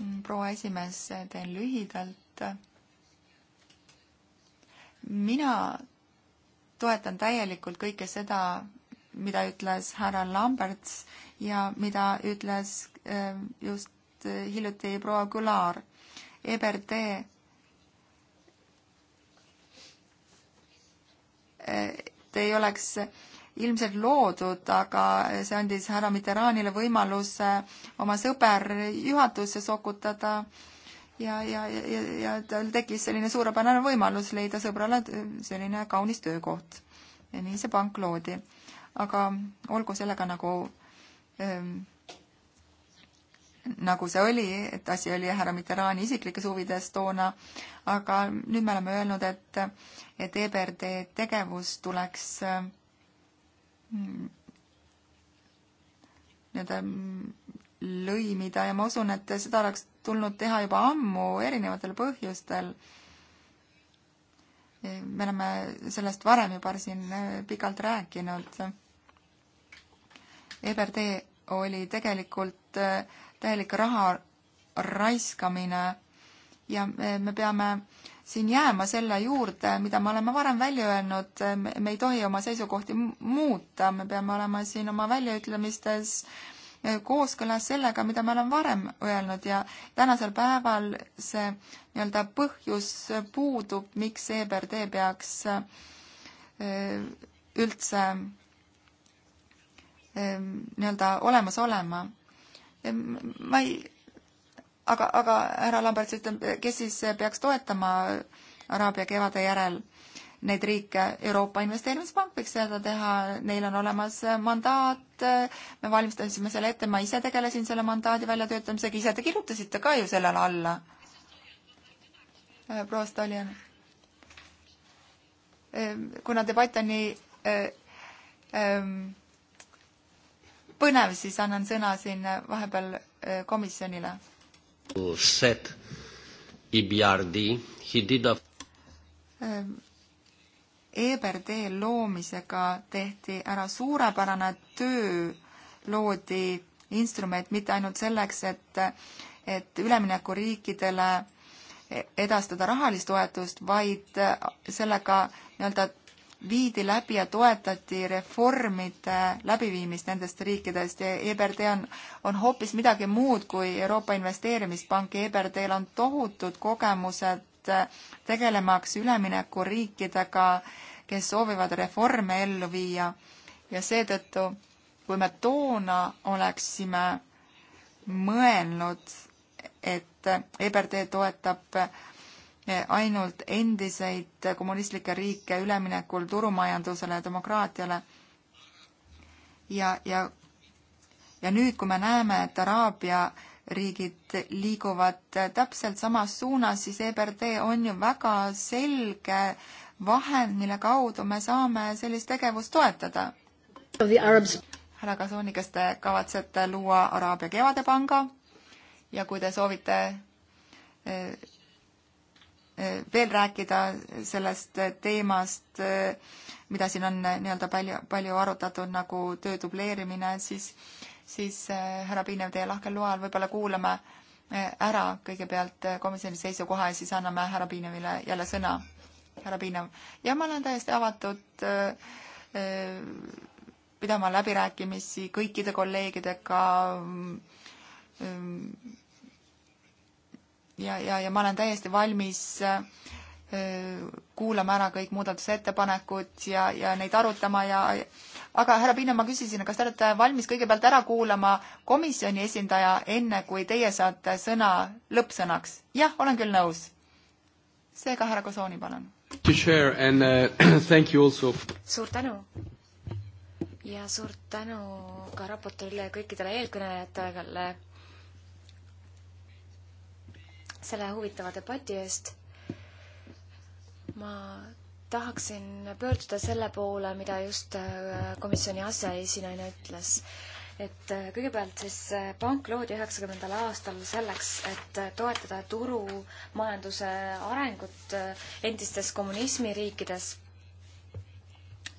Mm, proua esimees, teen lühidalt. mina toetan täielikult kõike seda, mida ütles härra Lamberts ja mida ütles eh, just eh, hiljuti proua Gular EBRD ei oleks ilmselt loodud, aga see andis härra Mitterrandile võimaluse oma sõber juhatusse sokutada ja, ja, ja, ja tal tekkis selline suurepärane võimalus leida sõbrale selline kaunis töökoht. ja nii see pank loodi. aga olgu sellega nagu ähm, nagu see oli, et asi oli härra Mitterrandi isiklikes huvides toona, aga nüüd me oleme öelnud, et, et EBRD tegevus tuleks mm, nii-öelda mm, lõimida ja ma usun, et seda oleks tulnud teha juba ammu erinevatel põhjustel. me oleme sellest varem juba siin äh, pikalt rääkinud. EBRD oli tegelikult äh, täielik raha raiskamine ja me peame siin jääma selle juurde, mida me oleme varem välja öelnud, me ei tohi oma seisukohti muuta, me peame olema siin oma väljaütlemistes e, kooskõlas sellega, mida me oleme varem öelnud ja tänasel päeval see nii-öelda põhjus puudub, miks EBRD peaks e, üldse e, nii-öelda olemas olema ma ei, aga, aga härra Lamberts ütleb, kes siis peaks toetama Araabia kevade järel neid riike, Euroopa Investeerimispank võiks seda teha, neil on olemas mandaat, me valmistasime selle ette, ma ise tegelesin selle mandaadi väljatöötamisega, ise te kirjutasite ka ju sellele alla. Äh, proua Stalin. Äh, kuna debatt on nii äh, äh, põnev, siis annan sõna siin äh, vahepeal äh, komisjonile. Set EBRD, he did a ähm, EBRD loomisega tehti ära suurepärane töö, loodi instrument mitte ainult selleks, et, et üleminekuriikidele e-, edastada rahalist toetust, vaid äh, sellega nii-öelda viidi läbi ja toetati reformide läbiviimist nendest riikidest ja EBRD on, on hoopis midagi muud kui Euroopa Investeerimispank. EBRD-l on tohutud kogemused äh, tegelemaks üleminekuriikidega, kes soovivad reforme ellu viia ja seetõttu, kui me toona oleksime mõelnud, et EBRD toetab ainult endiseid kommunistlikke riike üleminekul turumajandusele ja demokraatiale. ja, ja, ja nüüd, kui me näeme, et Araabia riigid liiguvad täpselt samas suunas, siis EBRD on ju väga selge vahend, mille kaudu me saame sellist tegevust toetada. härra Kasuni, kas te kavatsete luua Araabia Kevadepanga ja kui te soovite eh, veel rääkida sellest teemast, mida siin on nii-öelda palju, palju arutatud, nagu töö dubleerimine, siis, siis eh, härra Piinev, teie lahkel loal võib-olla kuulame eh, ära kõigepealt eh, komisjoni seisukoha ja siis anname härra Piinevile jälle sõna. härra Piinev, jah, ma olen täiesti avatud pidama läbirääkimisi kõikide kolleegidega mm, mm, ja, ja, ja ma olen täiesti valmis äh, kuulama ära kõik muudatusettepanekud ja, ja neid arutama ja aga härra Pinna, ma küsisin, kas te olete valmis kõigepealt ära kuulama komisjoni esindaja, enne kui teie saate sõna lõppsõnaks? jah, olen küll nõus. seega härra Kosooni, palun. Uh, (clears throat) suur tänu ja suur tänu ka raportöörile ja kõikidele eelkõnelejatele selle huvitava debati eest. ma tahaksin pöörduda selle poole, mida just äh, komisjoni aseesinaine ütles et äh, kõigepealt siis äh, pank loodi üheksakümnendal aastal selleks, et toetada turumajanduse arengut endistes kommunismiriikides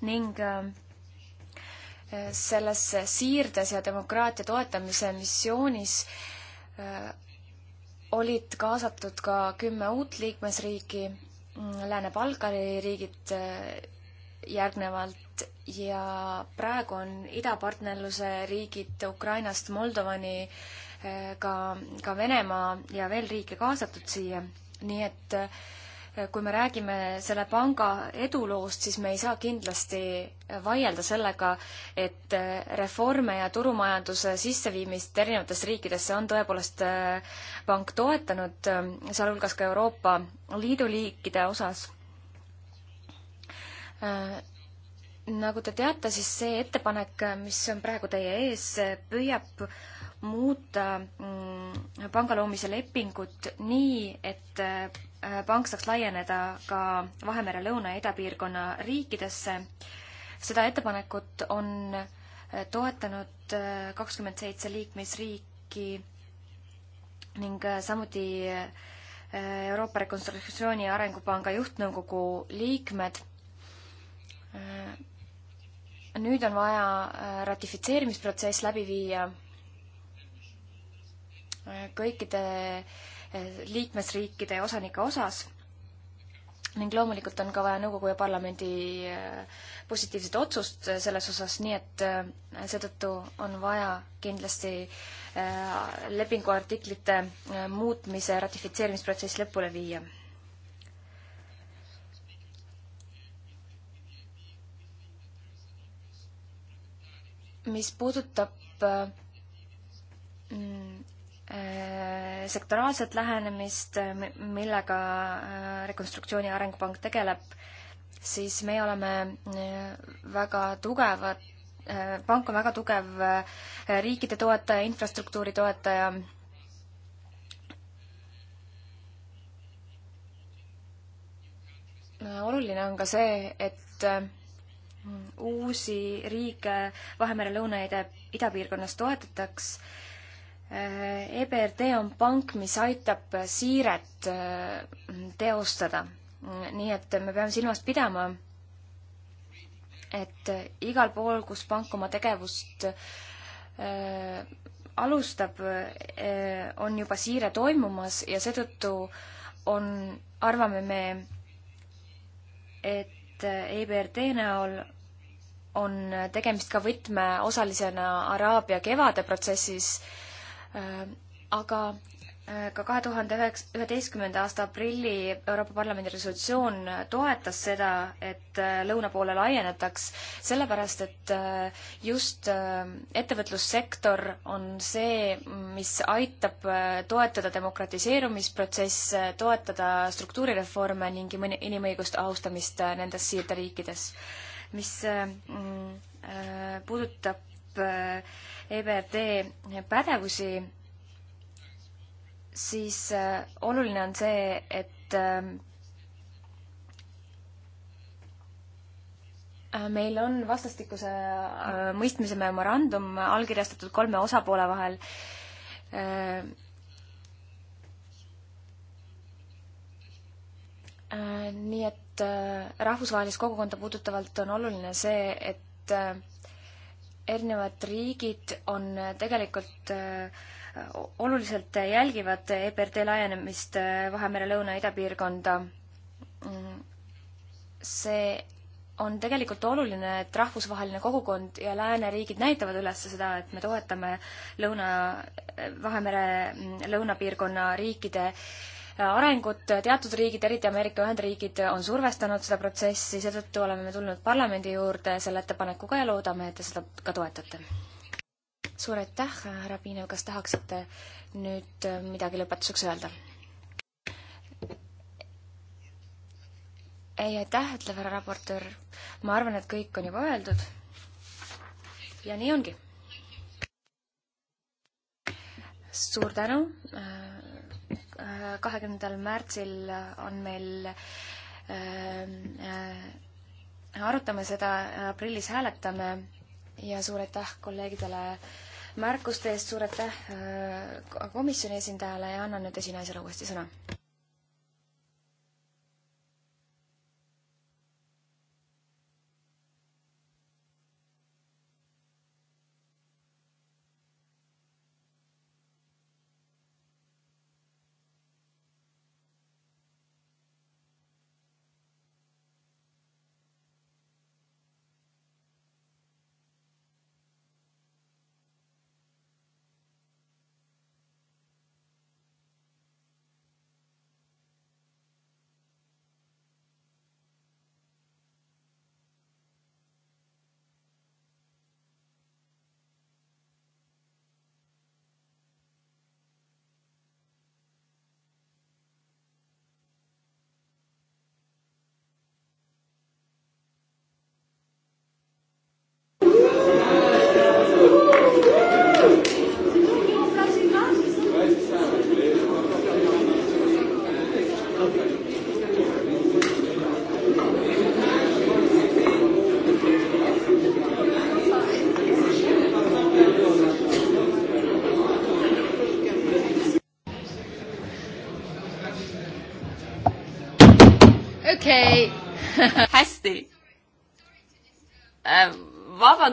ning selles siirdes ja demokraatia toetamise missioonis olid kaasatud ka kümme uut liikmesriiki, mm, Lääne-Balkani riigid eh, järgnevalt ja praegu on idapartnerluse riigid Ukrainast Moldovani eh, ka, ka Venemaa ja veel riike kaasatud siia, nii et äh, kui me räägime selle panga eduloost, siis me ei saa kindlasti vaielda sellega, et reforme ja turumajanduse sisseviimist erinevatesse riikidesse on tõepoolest äh, pank toetanud, äh, sealhulgas ka Euroopa Liidu liikide osas. Äh, nagu te teate, siis see ettepanek, mis on praegu teie ees, püüab muuta mm, panga loomise lepingut nii, et Äh, pank saaks laieneda ka Vahemere lõuna- ja idapiirkonna riikidesse. seda ettepanekut on äh, toetanud äh, kakskümmend seitse liikmesriiki ning samuti Euroopa Rekonstruktsiooni ja Arengupanga juhtnõukogu liikmed. nüüd on vaja ratifitseerimisprotsess läbi viia kõikide äh, liikmesriikide osanike osas ning loomulikult on ka vaja nõukogu ja parlamendi äh, positiivset otsust äh, selles osas, nii et äh, seetõttu on vaja kindlasti lepingu artiklite muutmise ratifitseerimisprotsess lõpule viia. mis puudutab mm, Äh, sektoraalset lähenemist, millega äh, Rekonstruktsiooni Arengupank tegeleb, siis meie oleme äh, väga tugevad, pank on väga tugev riikide toetaja, infrastruktuuri toetaja oluline on ka see, et uusi riike Vahemere lõuna- ja idapiirkonnas toetataks Äh, EBRD on pank, mis aitab äh, siiret äh, teostada. nii et me peame silmas pidama, et igal pool, kus pank oma tegevust äh, alustab äh,, on juba siire toimumas ja seetõttu on, arvame me, et EBRD näol on tegemist ka võtmeosalisena Araabia kevade protsessis äh,, Äh, aga äh, ka kahe tuhande üheks-, üheteistkümnenda aasta aprilli Euroopa Parlamendi resolutsioon toetas seda, et äh, lõuna poole laienetaks, sellepärast et just ettevõtlussektor on see, mis aitab toetada demokratiseerumisprotsesse, toetada struktuurireforme ning inimõiguste austamist nendes siirderiikides. mis mm, puudutab Äh, EBRD pädevusi, siis äh, oluline on see, et äh, meil on vastastikuse mõistmise memorandum allkirjastatud kolme osapoole vahel nii et rahvusvahelist kogukonda puudutavalt on oluline see, et erinevad riigid on tegelikult äh, oluliselt jälgivad EBRD laienemist äh, Vahemere lõuna-idapiirkonda. Mm, see on tegelikult oluline, et rahvusvaheline kogukond ja lääneriigid näitavad üles seda, et me toetame lõuna, Vahemere mm, lõunapiirkonna riikide äh, arengut, teatud riigid, eriti Ameerika Ühendriigid, on survestanud seda protsessi, seetõttu oleme me tulnud parlamendi juurde selle ettepanekuga ja loodame, et te seda ka toetate. suur aitäh, härra Piinev, kas tahaksite nüüd midagi lõpetuseks öelda? ei, aitäh, ütleb härra raportöör. ma arvan, et kõik on juba öeldud. ja nii ongi. suur tänu kahekümnendal märtsil on meil ähm, äh, arutame seda, aprillis hääletame ja suur aitäh kolleegidele märkuste eest, suur aitäh äh, komisjoni esindajale ja annan nüüd esinaisele uuesti sõna.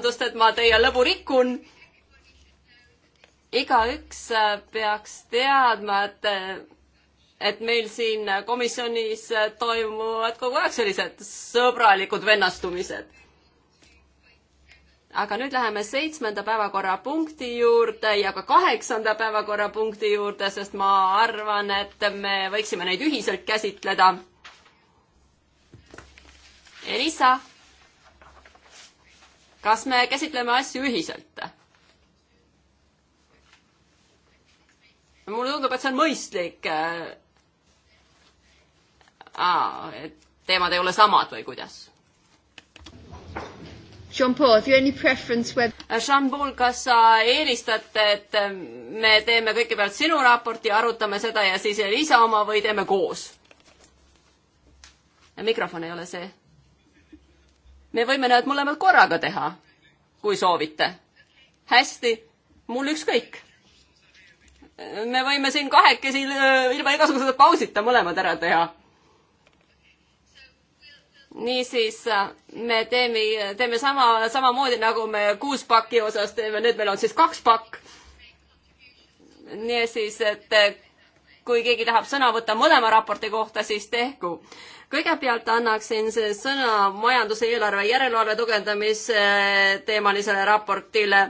vabandust, et ma teie lõbu rikun. igaüks äh, peaks teadma, et, äh, et meil siin komisjonis äh, toimuvad kogu aeg sellised sõbralikud vennastumised. aga nüüd läheme seitsmenda päevakorrapunkti juurde ja ka kaheksanda päevakorrapunkti juurde, sest ma arvan, et me võiksime neid ühiselt käsitleda. Elisa kas me käsitleme asju ühiselt? mulle tundub, et see on mõistlik. et teemad ei ole samad või kuidas? Jean-Paul, is there any preference where Jean-Paul, kas sa eelistad, et me teeme kõigepealt sinu raporti, arutame seda ja siis Elisa oma või teeme koos? mikrofon ei ole see me võime need mõlemad korraga teha, kui soovite. hästi, mul ükskõik. me võime siin kahekesi äh, ilma igasuguse pausita mõlemad ära teha niisiis äh, me teeme, teeme sama, samamoodi nagu me kuus pakki osas teeme, nüüd meil on siis kaks pakk. niisiis, et kui keegi tahab sõna võtta mõlema raporti kohta, siis tehku. kõigepealt annaksin sõna majanduse eelarve järelevalve tugevdamise teemalisele raportile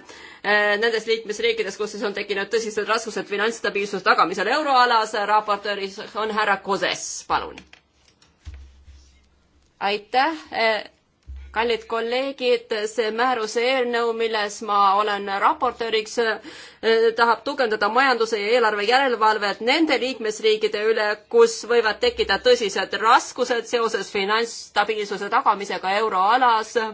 eh, nendes liikmesriikides, kus siis on tekkinud tõsised raskused finantsstabiilsuse tagamisel euroalas. raportööris on härra Koses, palun. aitäh eh, kallid kolleegid, see määruse eelnõu, milles ma olen raportööriks, eh, tahab tugevdada majanduse ja eelarve järelevalvet nende liikmesriikide üle, kus võivad tekkida tõsised raskused seoses finantsstabiilsuse tagamisega euroalas eh,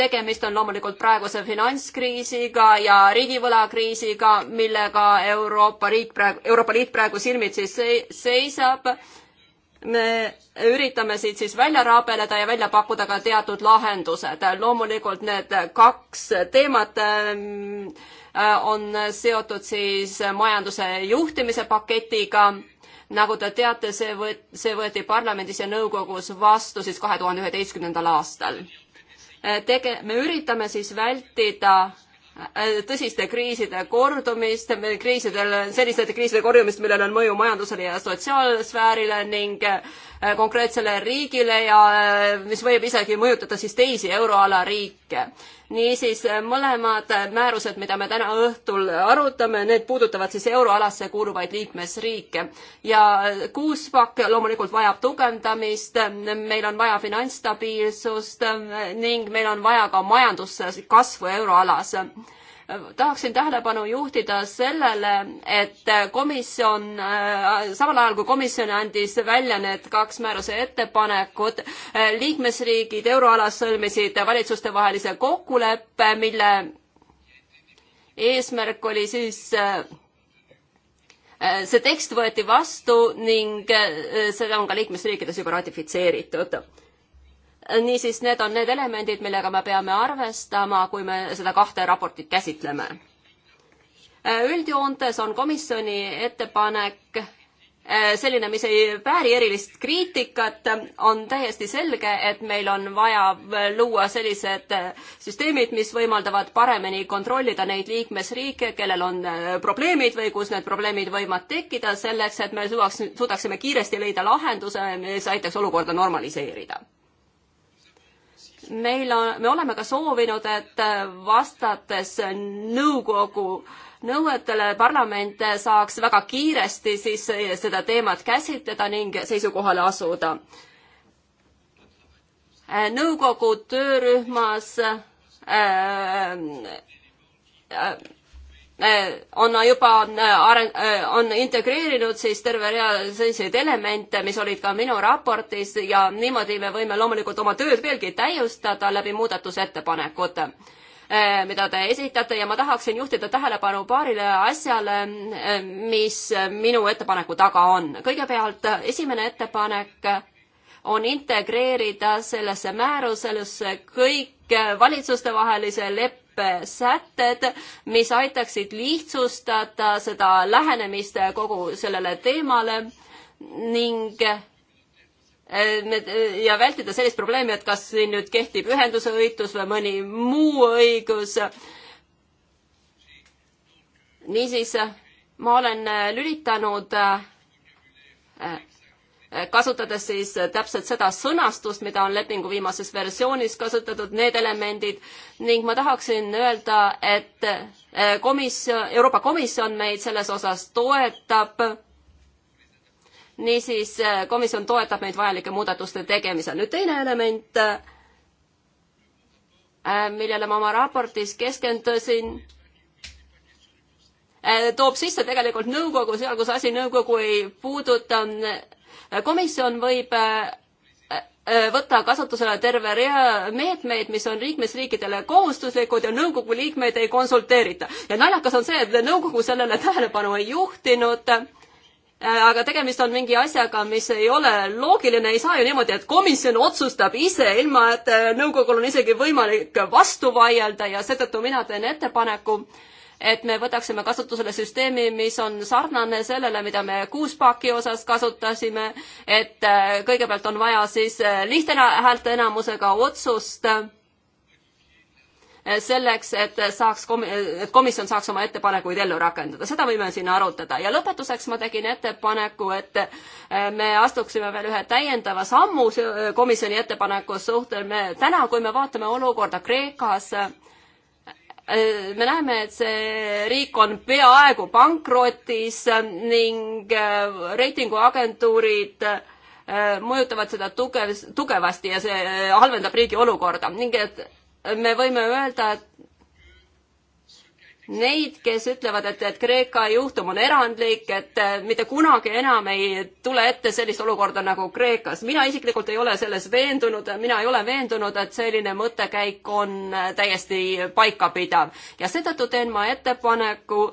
tegemist on loomulikult praeguse finantskriisiga ja riigivõlakriisiga, millega Euroopa riik praegu, Euroopa Liit praegu silmitsi seisab me üritame siit siis välja raabeleda ja välja pakkuda ka teatud lahendused. loomulikult need kaks teemat ähm, äh, on seotud siis majanduse juhtimise paketiga. nagu te teate, see võet-, see võeti parlamendis ja nõukogus vastu siis kahe tuhande üheteistkümnendal aastal. Äh, tege-, me üritame siis vältida Äh, tõsiste kriiside kordumist, kriisidel, selliste kriiside kordumist, millel on mõju majandusele ja sotsiaalsfäärile ning äh, konkreetsele riigile ja äh, mis võib isegi mõjutada siis teisi euroala riike niisiis mõlemad määrused, mida me täna õhtul arutame, need puudutavad siis euroalasse kuuluvaid liikmesriike. ja kuuspakk loomulikult vajab tugevdamist, meil on vaja finantsstabiilsust ning meil on vaja ka majanduskasvu euroalas tahaksin tähelepanu juhtida sellele, et komisjon, äh, samal ajal kui komisjon andis välja need kaks määruse ettepanekut, äh, liikmesriigid euroalas sõlmisid valitsustevahelise kokkuleppe, mille eesmärk oli siis äh, see tekst võeti vastu ning seda on ka liikmesriikides juba ratifitseeritud niisiis, need on need elemendid, millega me peame arvestama, kui me seda kahte raportit käsitleme. üldjoontes on komisjoni ettepanek eh, selline, mis ei vääri erilist kriitikat, on täiesti selge, et meil on vaja luua sellised eh, süsteemid, mis võimaldavad paremini kontrollida neid liikmesriike, kellel on eh, probleemid või kus need probleemid võivad tekkida, selleks et me suudaks, suudaksime kiiresti leida lahenduse, mis aitaks olukorda normaliseerida meil on, me oleme ka soovinud, et vastates nõukogu nõuetele parlament saaks väga kiiresti siis seda teemat käsitleda ning seisukohale asuda. nõukogu töörühmas äh, äh, Äh, on juba äh, areng, äh, on integreerinud siis terve rea selliseid elemente, mis olid ka minu raportis ja niimoodi me võime loomulikult oma tööd veelgi täiustada läbi muudatusettepanekute, mida te esitate ja ma tahaksin juhtida tähelepanu paarile asjale, mis minu ettepaneku taga on. kõigepealt esimene ettepanek on integreerida sellesse määrusesse kõik valitsustevahelise leppe sätted, mis aitaksid lihtsustada seda lähenemist kogu sellele teemale ning eh, ja vältida sellist probleemi, et kas siin nüüd kehtib ühenduse õigus või mõni muu õigus. niisiis, ma olen lülitanud eh, kasutades siis täpselt seda sõnastust, mida on lepingu viimases versioonis kasutatud, need elemendid ning ma tahaksin öelda, et eh, komisjon, Euroopa Komisjon meid selles osas toetab. niisiis, eh, komisjon toetab meid vajalike muudatuste tegemisel. nüüd teine element, eh, millele ma oma raportis keskendusin toob sisse tegelikult nõukogu, seal kus asi nõukogu ei puuduta, komisjon võib äh, äh, võtta kasutusele terve rea meetmeid, mis on liikmesriikidele kohustuslikud ja nõukogu liikmeid ei konsulteerita. ja naljakas on see, et nõukogu sellele (laughs) tähelepanu ei juhtinud äh, aga tegemist on mingi asjaga, mis ei ole loogiline, ei saa ju niimoodi, et komisjon otsustab ise, ilma et nõukogul on isegi võimalik vastu vaielda ja seetõttu mina teen ettepaneku äh, et me võtaksime kasutusele süsteemi, mis on sarnane sellele, mida me kuuspaki osas kasutasime, et äh, kõigepealt on vaja siis äh, lihte häälte enamusega otsust äh, selleks, et saaks kom-, et komisjon saaks oma ettepanekuid ellu rakendada, seda võime siin arutada ja lõpetuseks ma tegin ettepaneku, et me astuksime veel ühe täiendava sammu komisjoni ettepaneku suhtel, me täna, kui me vaatame olukorda Kreekas, Äh, me näeme, et see riik on peaaegu pankrotis ning äh, reitinguagentuurid äh, mõjutavad seda tugev, tugevasti ja see halvendab riigi olukorda ning et me võime öelda, et neid, kes ütlevad, et, et Kreeka juhtum on erandlik, et äh, mitte kunagi enam ei tule ette sellist olukorda nagu Kreekas. mina isiklikult ei ole selles veendunud, mina ei ole veendunud, et selline mõttekäik on äh, täiesti paikapidav ja seetõttu teen ma ettepaneku,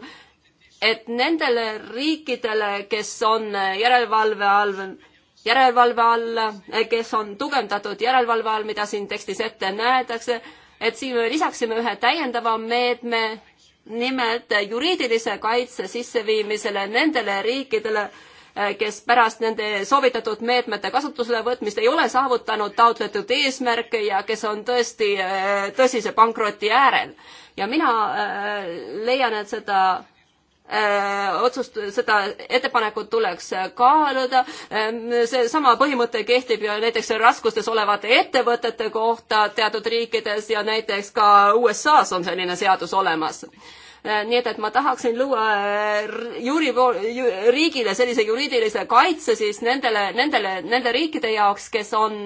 et nendele riikidele, kes on äh, järelevalve all, järelevalve all, kes on tugevdatud järelevalve all, mida siin tekstis ette näetakse, et siin lisaksime ühe täiendava meetme, nimelt juriidilise kaitse sisseviimisele nendele riikidele, eh, kes pärast nende soovitatud meetmete kasutusele võtmist ei ole saavutanud taotletud eesmärke ja kes on tõesti eh, tõsise pankroti äärel. ja mina eh, leian, et seda Äh, otsust, seda ettepanekut tuleks kaaluda. Ähm, seesama põhimõte kehtib ju näiteks raskustes olevate ettevõtete kohta teatud riikides ja näiteks ka USA-s on selline seadus olemas äh, nii et, et ma tahaksin luua äh, juuri, riigile sellise juriidilise kaitse siis nendele, nendele, nende riikide jaoks, kes on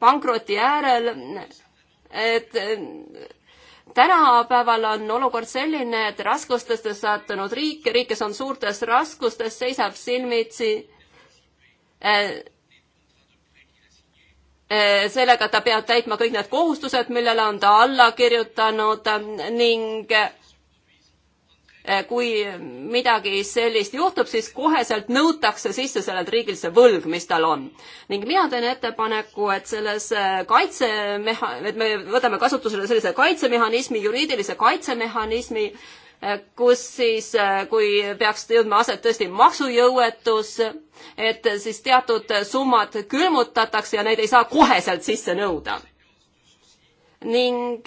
pankroti äärel, et tänapäeval on olukord selline, et raskustesse sattunud riik, riik, kes on suurtes raskustes, seisab silmitsi äh, äh, sellega, et ta peab täitma kõik need kohustused, millele on ta alla kirjutanud äh, ning Eh, kui midagi sellist juhtub, siis koheselt nõutakse sisse sellelt riigilt see võlg, mis tal on. ning mina teen ettepaneku, et selles eh, kaitsemeha-, et me võtame kasutusele sellise kaitsemehhanismi, juriidilise kaitsemehhanismi, eh, kus siis, kui peaks jõudma aset tõesti maksujõuetus, et siis teatud summad külmutatakse ja neid ei saa koheselt sisse nõuda. ning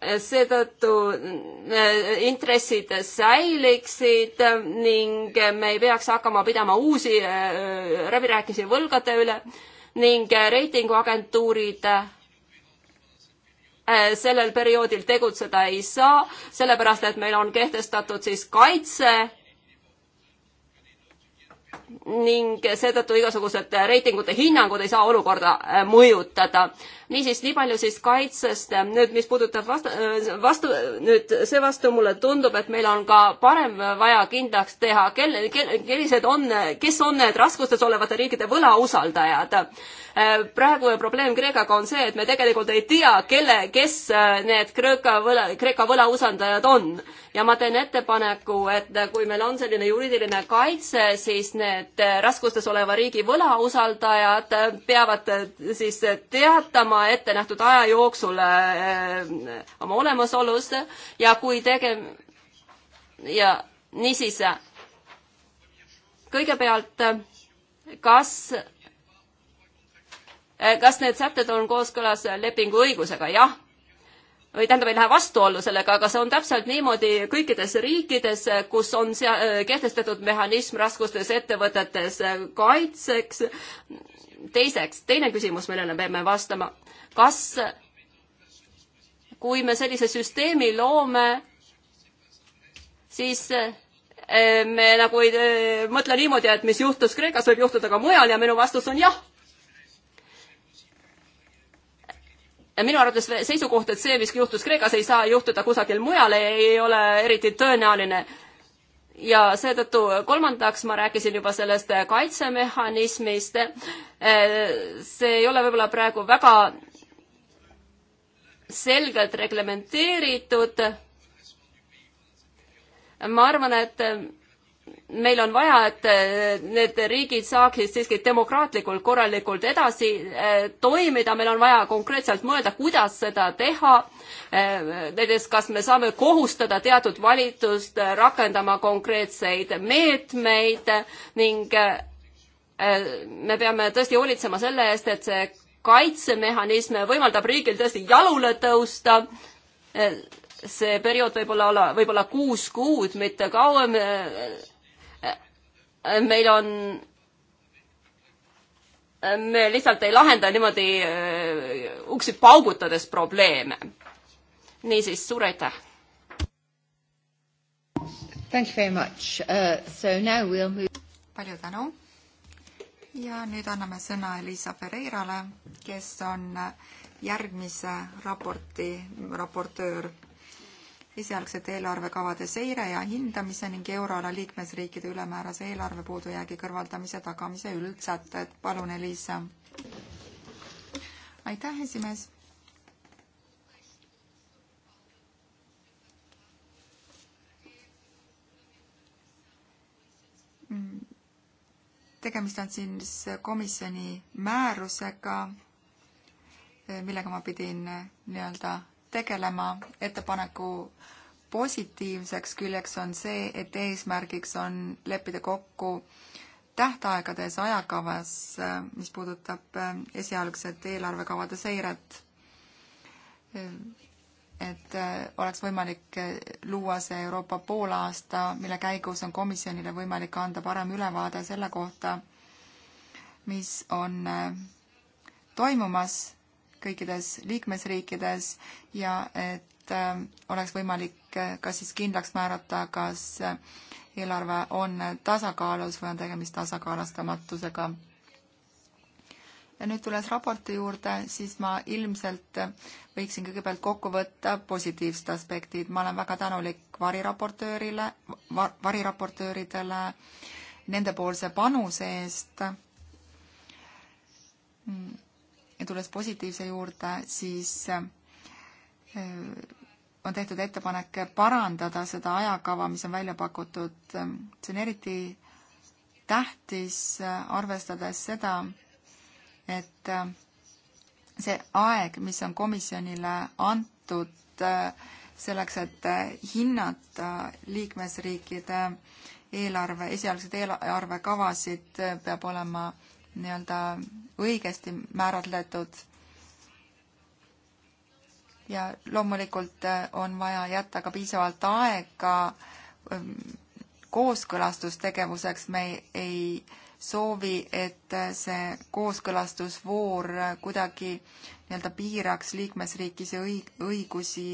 seetõttu äh, intressid säiliksid ning me ei peaks hakkama pidama uusi äh, läbirääkimisi võlgade üle ning äh, reitinguagentuurid sellel perioodil tegutseda ei saa, sellepärast et meil on kehtestatud siis kaitse ning seetõttu igasugused reitingute hinnangud ei saa olukorda mõjutada niisiis, nii palju siis kaitsest. nüüd, mis puudutab vastu, vastu, nüüd seevastu mulle tundub, et meil on ka parem vaja kindlaks teha, kelle, millised on, kes on need raskustes olevate riikide võlausaldajad. praegu probleem Kreekaga on see, et me tegelikult ei tea, kelle, kes need Kreeka võla, Kreeka võlausaldajad on. ja ma teen ettepaneku, et kui meil on selline juriidiline kaitse, siis need raskustes oleva riigi võlausaldajad peavad siis teatama, olema ette nähtud aja jooksul eh, oma olemasolus ja kui tege- ja niisiis kõigepealt, kas kas need sätted on kooskõlas lepingu õigusega, jah. või tähendab, ei lähe vastuollu sellega, aga see on täpselt niimoodi kõikides riikides, kus on sea-, kehtestatud mehhanism raskustes ettevõtetes kaitseks. teiseks, teine küsimus, millele peame vastama kas, kui me sellise süsteemi loome, siis eh, me nagu ei eh, mõtle niimoodi, et mis juhtus Kreekas, võib juhtuda ka mujal ja minu vastus on jah. ja minu arvates seisukoht, et see, mis juhtus Kreekas, ei saa juhtuda kusagil mujal, ei ole eriti tõenäoline. ja seetõttu kolmandaks ma rääkisin juba sellest kaitsemehhanismist. Eh, see ei ole võib-olla praegu väga selgelt reglementeeritud. ma arvan, et meil on vaja, et need riigid saaksid siiski demokraatlikult, korralikult edasi eh, toimida, meil on vaja konkreetselt mõelda, kuidas seda teha. Eh, näiteks, kas me saame kohustada teatud valitsust rakendama konkreetseid meetmeid ning eh, me peame tõesti hoolitsema selle eest, et see kaitsemehhanism võimaldab riigil tõesti jalule tõusta. see periood võib olla, võib olla kuus kuud, mitte kauem. meil on, me lihtsalt ei lahenda niimoodi äh, uksi paugutades probleeme. niisiis, suur aitäh! Thank you very much. Uh, so now we'll move... palju tänu ja nüüd anname sõna Elisa Pereirale, kes on järgmise raporti raportöör esialgsete eelarvekavade seire ja hindamise ning euroala liikmesriikide ülemäärase eelarve puudujäägi kõrvaldamise tagamise üldsätted. palun, Elisa. aitäh, esimees. Mm tegemist on siis komisjoni määrusega, eh, millega ma pidin eh, nii-öelda tegelema. ettepaneku positiivseks küljeks on see, et eesmärgiks on leppida kokku tähtaegades ajakavas, eh, mis puudutab esialgset eelarvekavade seiret et äh, oleks võimalik äh, luua see Euroopa poolaasta, mille käigus on komisjonile võimalik anda parem ülevaade selle kohta, mis on äh, toimumas kõikides liikmesriikides ja et oleks võimalik kas siis kindlaks määrata, kas eelarve on tasakaalus või on tegemist tasakaalustamatusega ja nüüd tulles raporti juurde, siis ma ilmselt võiksin kõigepealt kokku võtta positiivsed aspektid. ma olen väga tänulik variraportöörile va,, variraportööridele nendepoolse panuse eest. ja tulles positiivse juurde, siis äh, on tehtud ettepanek parandada seda ajakava, mis on välja pakutud. see on eriti tähtis, äh, arvestades seda, et äh, see aeg, mis on komisjonile antud äh, selleks, et äh, hinnata liikmesriikide eelarve, esialgseid eelarvekavasid, peab olema nii-öelda õigesti määratletud. ja loomulikult on vaja jätta ka piisavalt aega ähm, kooskõlastustegevuseks, me ei, ei soovi, et see kooskõlastusvoor kuidagi nii-öelda piiraks liikmesriikide õigusi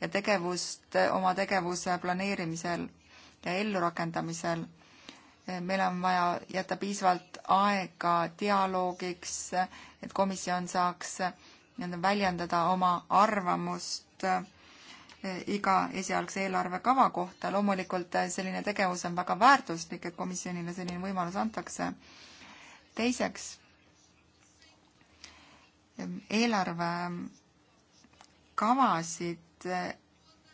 ja tegevust oma tegevuse planeerimisel ja ellurakendamisel. meil on vaja jätta piisavalt aega dialoogiks, et komisjon saaks nii-öelda väljendada oma arvamust äh, iga esialgse eelarvekava kohta. loomulikult äh, selline tegevus on väga väärtuslik, et komisjonile selline võimalus antakse. teiseks, ähm, eelarvekavasid, ähm, äh,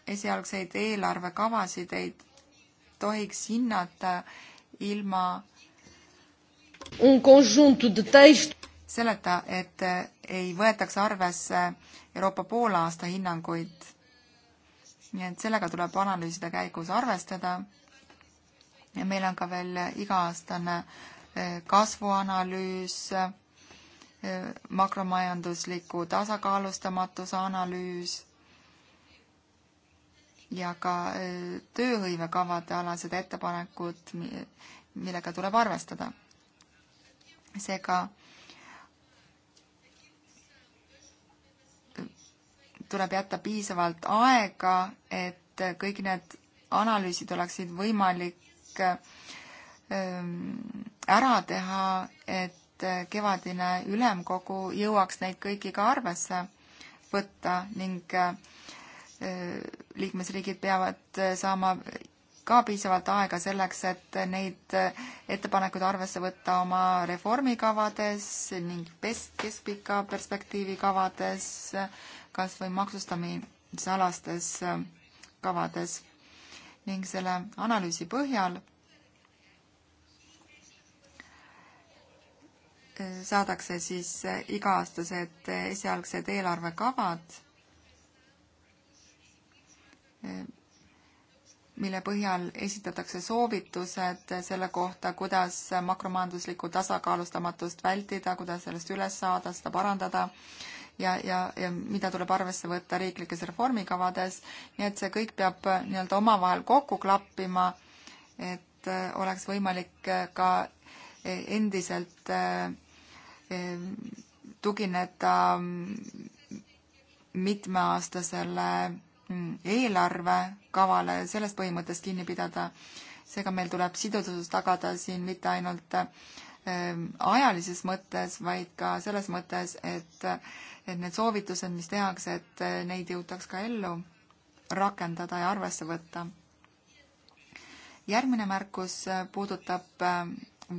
esialgseid eelarvekavasid ei tohiks hinnata ilma selleta, et äh, ei võetaks arvesse Euroopa poolaasta hinnanguid nii et sellega tuleb analüüside käigus arvestada. ja meil on ka veel iga-aastane eh, kasvuanalüüs, eh, makromajandusliku tasakaalustamatuse analüüs ja ka eh, tööhõivekavade alased ettepanekud, millega tuleb arvestada. seega tuleb jätta piisavalt aega, et kõik need analüüsid oleksid võimalik ähm, ära teha, et kevadine ülemkogu jõuaks neid kõiki ka arvesse võtta ning äh, liikmesriigid peavad saama ka piisavalt aega selleks, et neid ettepanekuid arvesse võtta oma reformikavades ning keskpika perspektiivi kavades äh, kas või maksustamisalastes äh, kavades ning selle analüüsi põhjal äh, saadakse siis äh, iga-aastased esialgsed eelarvekavad, mille põhjal esitatakse soovitused selle kohta, kuidas makromajanduslikku tasakaalustamatust vältida, kuidas sellest üles saada, seda parandada ja, ja, ja mida tuleb arvesse võtta riiklikes reformikavades, nii et see kõik peab äh, nii-öelda omavahel kokku klappima, et äh, oleks võimalik äh, ka endiselt tugineda mm, mitmeaastasele mm, eelarvekavale, sellest põhimõttest kinni pidada. seega meil tuleb sidusus tagada siin mitte ainult ajalises mõttes, vaid ka selles mõttes, et et need soovitused, mis tehakse, et eh, neid jõutaks ka ellu rakendada ja arvesse võtta. järgmine märkus eh, puudutab eh,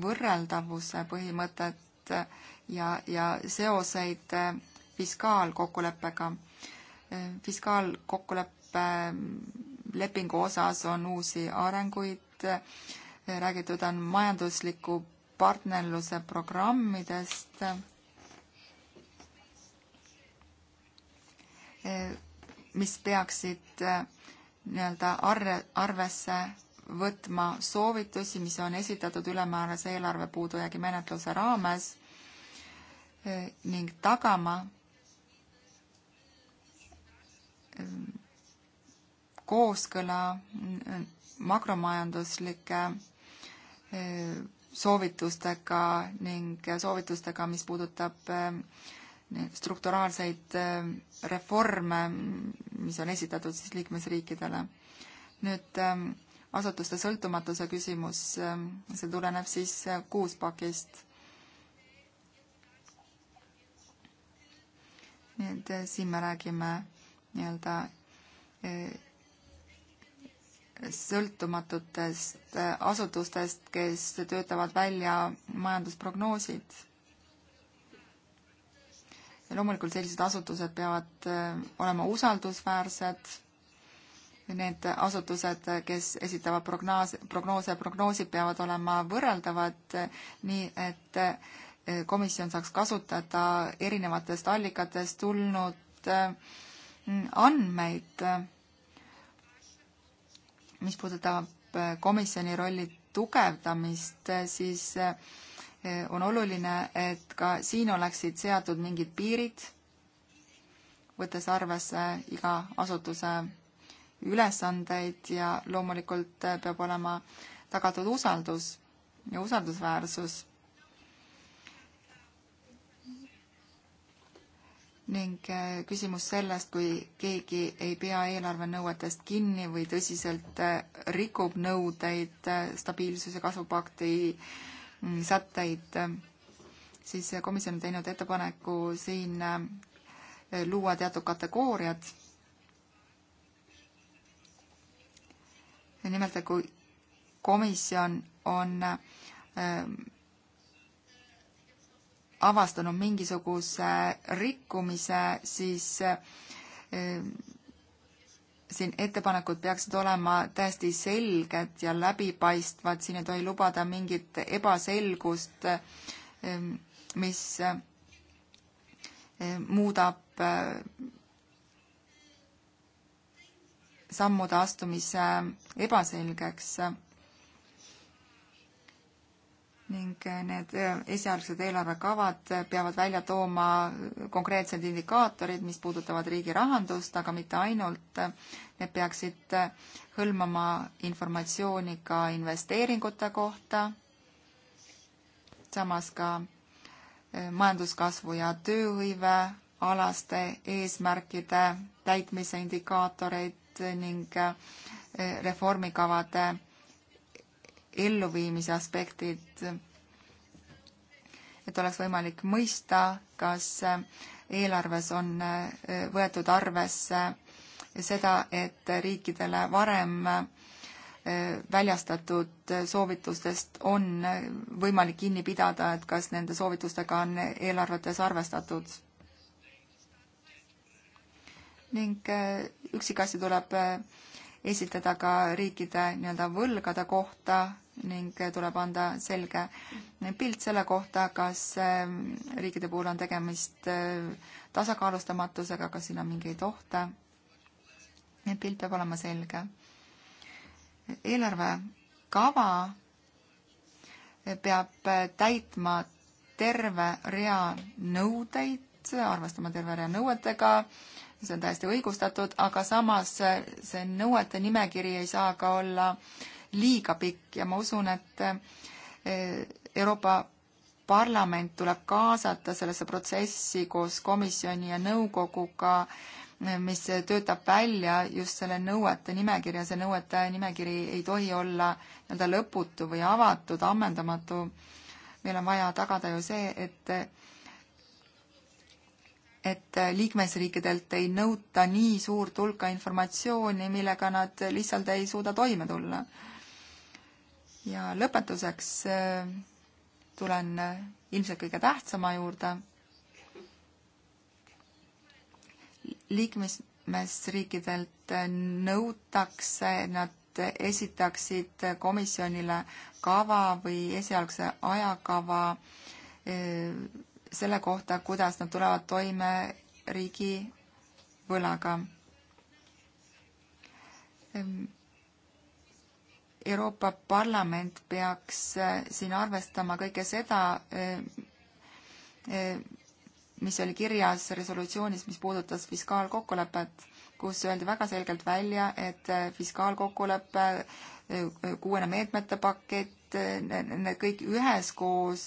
võrreldavuse põhimõtet ja, ja seoseid fiskaalkokkuleppega. fiskaalkokkuleppe mm, lepingu osas on uusi arenguid, räägitud on majandusliku partnerluse programmidest mis peaksid äh, nii-öelda arve, arvesse võtma soovitusi, mis on esitatud ülemäärase eelarve puudujäägi menetluse raames äh, ning tagama äh, kooskõla makromajanduslike soovitustega ning soovitustega, mis puudutab strukturaalseid äh, reforme, mis on esitatud siis liikmesriikidele. nüüd ähm, asutuste sõltumatuse küsimus, ähm, see tuleneb siis äh, kuuspakist. nii et äh, siin me räägime nii-öelda sõltumatutest asutustest, kes töötavad välja majandusprognoosid ja loomulikult sellised asutused peavad äh, olema usaldusväärsed, need asutused, äh, kes esitavad prognoos, prognoose, prognoosid peavad olema võrreldavad, äh, nii et komisjon saaks kasutada erinevatest allikatest tulnud andmeid, mis puudutab komisjoni rolli tugevdamist, siis Eh, on oluline, et ka siin oleksid seatud mingid piirid, võttes arvesse iga asutuse ülesandeid ja loomulikult eh, peab olema tagatud usaldus ja usaldusväärsus. ning eh, küsimus sellest, kui keegi ei pea eelarvenõuetest kinni või tõsiselt rikub nõudeid stabiilsuse kasvupakti äh, Mm, sätteid, äh, siis komisjon on teinud ettepaneku siin äh, luua teatud kategooriad. nimelt, et kui komisjon on ähm, avastanud mingisuguse rikkumise, siis äh, siin ettepanekud peaksid olema täiesti selged ja läbipaistvad, siin ei tohi lubada mingit ebaselgust, ehm, mis ehm, muudab ehm, sammude astumise ebaselgeks ning äh, need äh, esialgsed eelarvekavad äh, peavad välja tooma konkreetsed indikaatorid, mis puudutavad riigi rahandust, aga mitte ainult. Need peaksid hõlmama informatsiooni ka investeeringute kohta, samas ka majanduskasvu ja tööhõive alaste eesmärkide täitmise indikaatoreid ning reformikavade elluviimise aspektid, et oleks võimalik mõista, kas eelarves on äh, võetud arvesse seda, et riikidele varem äh, väljastatud soovitustest on võimalik kinni pidada, et kas nende soovitustega on eelarvetes arvestatud. ning äh, üksikasju tuleb esitada ka riikide nii-öelda võlgade kohta ning tuleb anda selge pilt selle kohta, kas ähm, riikide puhul on tegemist äh, tasakaalustamatusega, kas siin on mingeid ohte. pilt peab olema selge. eelarvekava peab täitma terve rea nõudeid, arvestama terve rea nõuetega, see on täiesti õigustatud, aga samas see nõuete nimekiri ei saa ka olla liiga pikk ja ma usun, et e, Euroopa Parlament tuleb kaasata sellesse protsessi koos komisjoni ja nõukoguga, e, mis töötab välja just selle nõuete nimekirja, see nõuete nimekiri ei tohi olla nii-öelda lõputu või avatud, ammendamatu. meil on vaja tagada ju see, et et äh, liikmesriikidelt ei nõuta nii suurt hulka informatsiooni, millega nad lihtsalt ei suuda toime tulla. ja lõpetuseks äh, tulen äh, ilmselt kõige tähtsama juurde. liikmesriikidelt nõutakse, et nad esitaksid komisjonile kava või esialgse ajakava selle kohta, kuidas nad tulevad toime riigi võlaga. Ehm, Euroopa Parlament peaks eh, siin arvestama kõike seda, ehm, ehm, mis oli kirjas resolutsioonis, mis puudutas fiskaalkokkulepet, kus öeldi väga selgelt välja, et eh, fiskaalkokkulepe kuuene meetmete pakett, need kõik üheskoos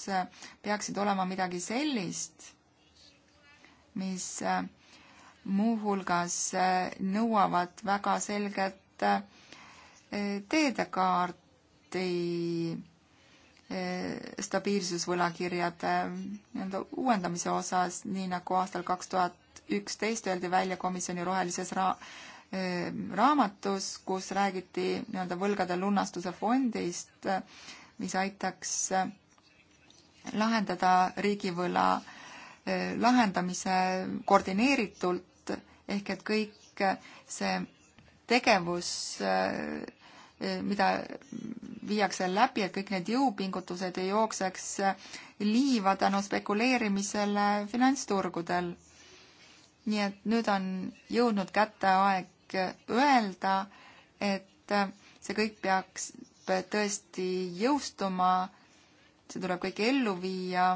peaksid olema midagi sellist, mis muuhulgas nõuavad väga selget eh, teedekaarti eh, stabiilsusvõlakirjade nii-öelda uuendamise osas, nii nagu aastal kaks tuhat üksteist öeldi välja komisjoni rohelises ra-, raamatus, kus räägiti nii-öelda võlgade lunastuse fondist, mis aitaks lahendada riigivõla eh, lahendamise koordineeritult, ehk et kõik see tegevus, eh, eh, mida viiakse läbi, et kõik need jõupingutused ei jookseks liiva tänu spekuleerimisele finantsturgudel. nii et nüüd on jõudnud kätte aeg võimalik öelda, et see kõik peaks tõesti jõustuma, see tuleb kõik ellu viia,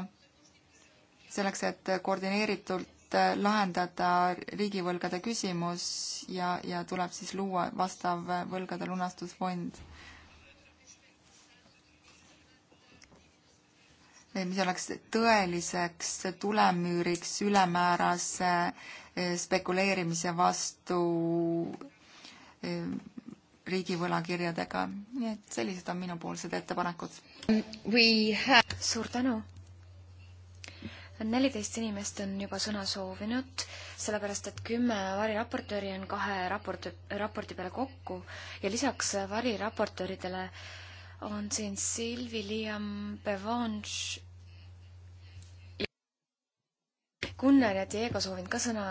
selleks, et koordineeritult lahendada riigivõlgade küsimus ja, ja tuleb siis luua vastav võlgade lunastusfond. mis oleks tõeliseks tulemüüriks ülemäärase Eh, spekuleerimise vastu eh, riigi võlakirjadega. nii et sellised on minupoolsed ettepanekud. Have... suur tänu! neliteist inimest on juba sõna soovinud, sellepärast et kümme variraportööri on kahe raporti, raporti peale kokku ja lisaks variraportööridele on siin Silvi, Liam, Bevange Gunnar ja Diego soovinud ka sõna.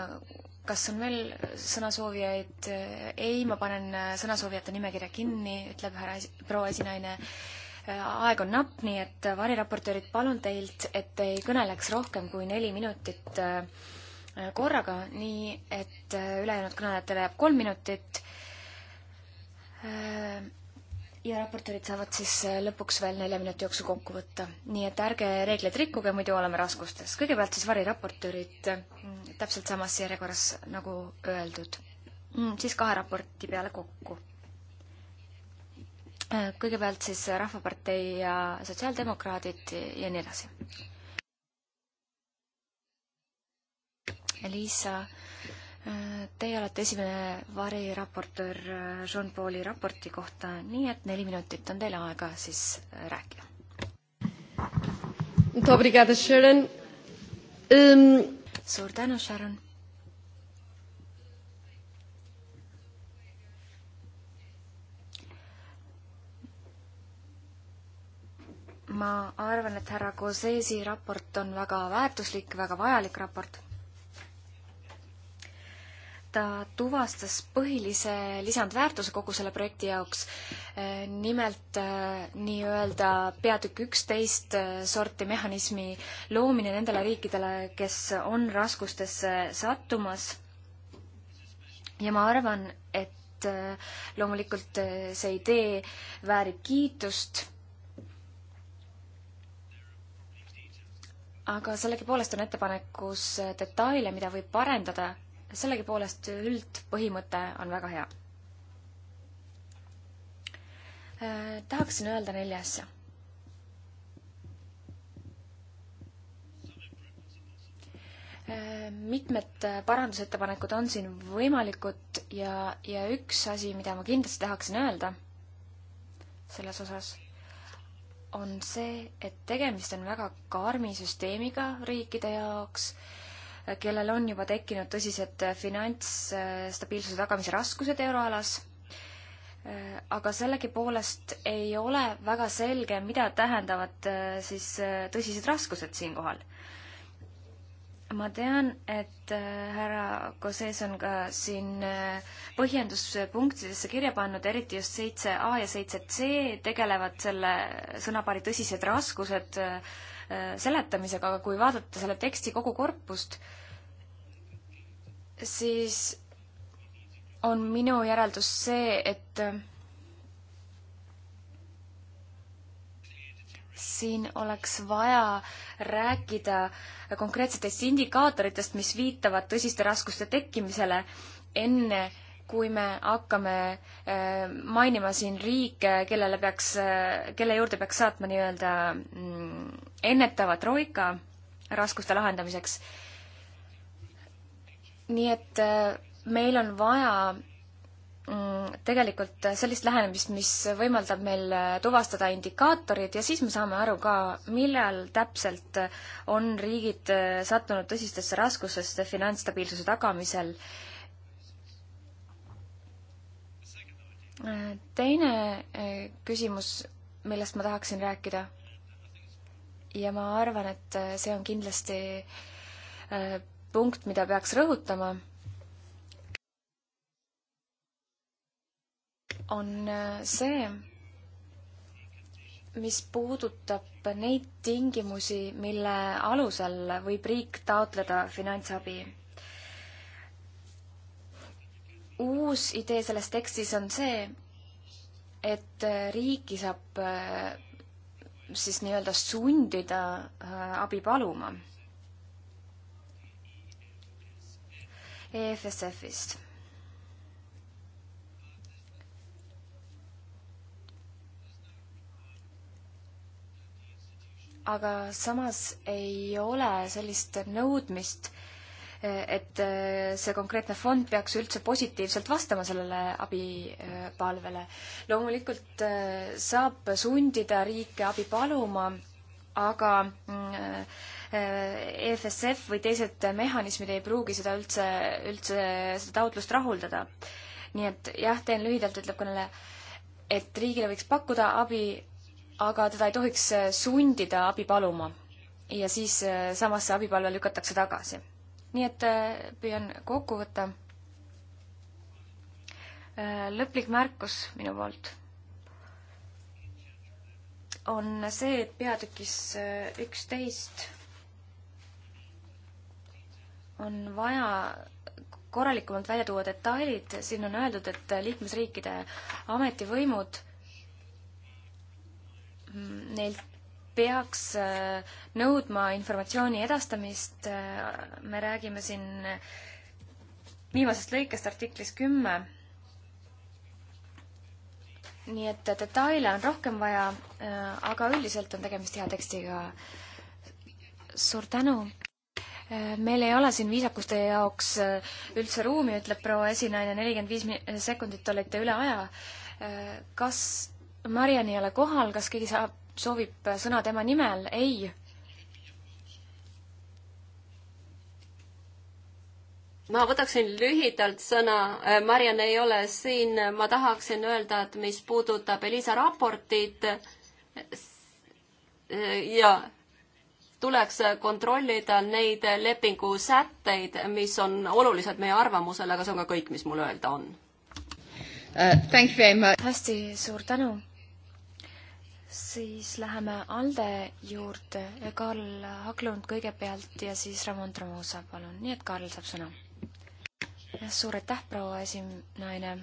kas on veel sõnasoovijaid? ei, ma panen sõnasoovijate nimekirja kinni, ütleb härra esi-, proua esinaine aeg on napp, nii et variraportöörid, palun teilt, et te ei kõneleks rohkem kui neli minutit äh, korraga, nii et äh, ülejäänud kõnelejatele jääb kolm minutit. Äh, ja raportöörid saavad siis äh, lõpuks veel nelja minuti jooksul kokku võtta. nii et ärge reegleid rikkuge, muidu oleme raskustes. kõigepealt siis variraportöörid äh, täpselt samas järjekorras, nagu öeldud. Mm, siis kahe raporti peale kokku. Äh, kõigepealt siis Rahvapartei ja Sotsiaaldemokraadid ja nii edasi. Liisa Teie olete esimene variraportöör Jean-Pauli raporti kohta, nii et neli minutit on teil aega siis rääkida. Um, suur tänu, Sharon. ma arvan, et härra Kosesi raport on väga väärtuslik, väga vajalik raport ta tuvastas põhilise lisandväärtuse kogu selle projekti jaoks. nimelt äh, nii-öelda peatükk üksteist äh, sorti mehhanismi loomine nendele riikidele, kes on raskustesse sattumas. ja ma arvan, et äh, loomulikult see idee väärib kiitust aga sellegipoolest on ettepanekus detaile, mida võib parendada sellegipoolest üldpõhimõte on väga hea. Äh, tahaksin öelda nelja asja. Äh, mitmed parandusettepanekud on siin võimalikud ja, ja üks asi, mida ma kindlasti tahaksin öelda selles osas on see, et tegemist on väga karmi süsteemiga riikide jaoks kellel on juba tekkinud tõsised äh, finantsstabiilsuse tagamise raskused euroalas, äh, aga sellegipoolest ei ole väga selge, mida tähendavad äh, siis tõsised raskused siinkohal. ma tean, et härra Koses on ka siin põhjenduspunktidesse kirja pannud, eriti just seitse A ja seitse C tegelevad selle sõnapaari tõsised raskused äh, Äh, seletamisega, aga kui vaadata selle teksti kogu korpust, siis on minu järeldus see, et äh, siin oleks vaja rääkida konkreetsetest indikaatoritest, mis viitavad tõsiste raskuste tekkimisele enne äh, kui me hakkame eh, mainima siin riike, kellele peaks, eh, kelle juurde peaks saatma nii-öelda mm, ennetava troika raskuste lahendamiseks. nii et eh, meil on vaja mm, tegelikult sellist lähenemist, mis võimaldab meil tuvastada indikaatorid ja siis me saame aru ka, millal täpselt on riigid sattunud tõsistesse raskustesse finantsstabiilsuse tagamisel äh, teine eh, küsimus, millest ma tahaksin rääkida ja ma arvan, et eh, see on kindlasti eh, punkt, mida peaks rõhutama, on see, mis puudutab neid tingimusi, mille alusel võib riik taotleda finantsabi uus idee selles tekstis on see, et äh, riiki saab äh, siis nii-öelda sundida äh, abi paluma EFSF-ist. aga samas ei ole sellist nõudmist, et äh, see konkreetne fond peaks üldse positiivselt vastama sellele abipalvele. loomulikult äh, saab sundida riike abi paluma, aga mm, äh, EFSF või teised mehhanismid ei pruugi seda üldse, üldse seda taotlust rahuldada. nii et jah, teen lühidalt, ütleb kõneleja, et riigile võiks pakkuda abi, aga teda ei tohiks sundida abi paluma. ja siis samas see abipalve lükatakse tagasi nii et äh, püüan kokku võtta. Äh, lõplik märkus minu poolt on see, et peatükis äh, üksteist on vaja korralikumalt välja tuua detailid, siin on öeldud, et liikmesriikide ametivõimud, mm, neilt peaks äh, nõudma informatsiooni edastamist, äh, me räägime siin viimasest lõikest artiklis kümme. nii et detaile on rohkem vaja, äh, aga üldiselt on tegemist hea tekstiga. suur tänu! meil ei ole siin viisakuste jaoks üldse ruumi, ütleb proua esinaine, nelikümmend viis sekundit olite üle aja. kas Mariann ei ole kohal, kas keegi saab soovib sõna tema nimel? ei. ma võtaksin lühidalt sõna, äh, Mariann ei ole siin, ma tahaksin öelda, et mis puudutab Elisa raportit äh, ja tuleks kontrollida neid lepingu sätteid, mis on olulised meie arvamusele, aga see on ka kõik, mis mul öelda on uh,. hästi, suur tänu siis läheme Alde juurde ja Karl Haglund kõigepealt ja siis Ramon Tramosa, palun, nii et Karl saab sõna. suur aitäh, proua esinaine.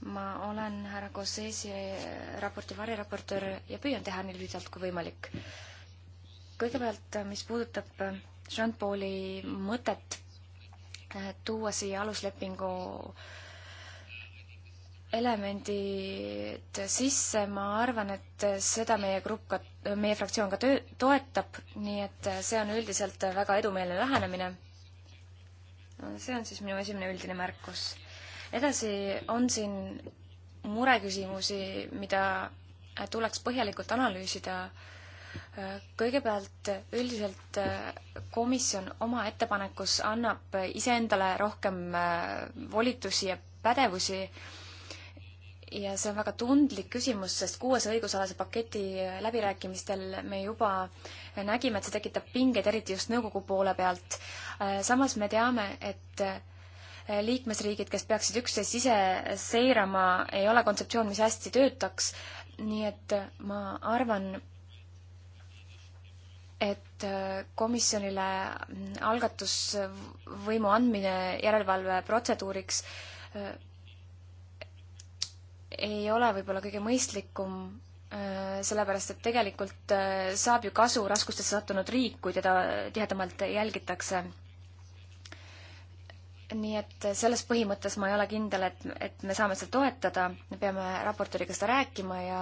ma olen härra Kossesi eh, raporti variraportöör ja püüan teha nii lühidalt kui võimalik. kõigepealt, mis puudutab eh, Jean-Pauli mõtet eh, tuua siia aluslepingu äh, elemendid sisse, ma arvan, et seda meie grupp ka, meie fraktsioon ka töö, toetab, nii et see on üldiselt väga edumeelne lähenemine no,. see on siis minu esimene üldine märkus. edasi on siin mureküsimusi, mida tuleks põhjalikult analüüsida. kõigepealt üldiselt komisjon oma ettepanekus annab iseendale rohkem volitusi ja pädevusi äh, ja see on väga tundlik küsimus, sest kuues õigusalase paketi läbirääkimistel me juba nägime, et see tekitab pingeid, eriti just nõukogu poole pealt. Äh, samas me teame, et äh, liikmesriigid, kes peaksid üksteist ise seirama, ei ole kontseptsioon, mis hästi töötaks, nii et äh, ma arvan, et komisjonile mm, algatusvõimu andmine järelevalveprotseduuriks ei ole võib-olla kõige mõistlikum, äh, sellepärast et tegelikult äh, saab ju kasu raskustesse sattunud riik, kui teda tihedamalt jälgitakse. nii et selles põhimõttes ma ei ole kindel, et, et me saame seda toetada, me peame raportööriga seda rääkima ja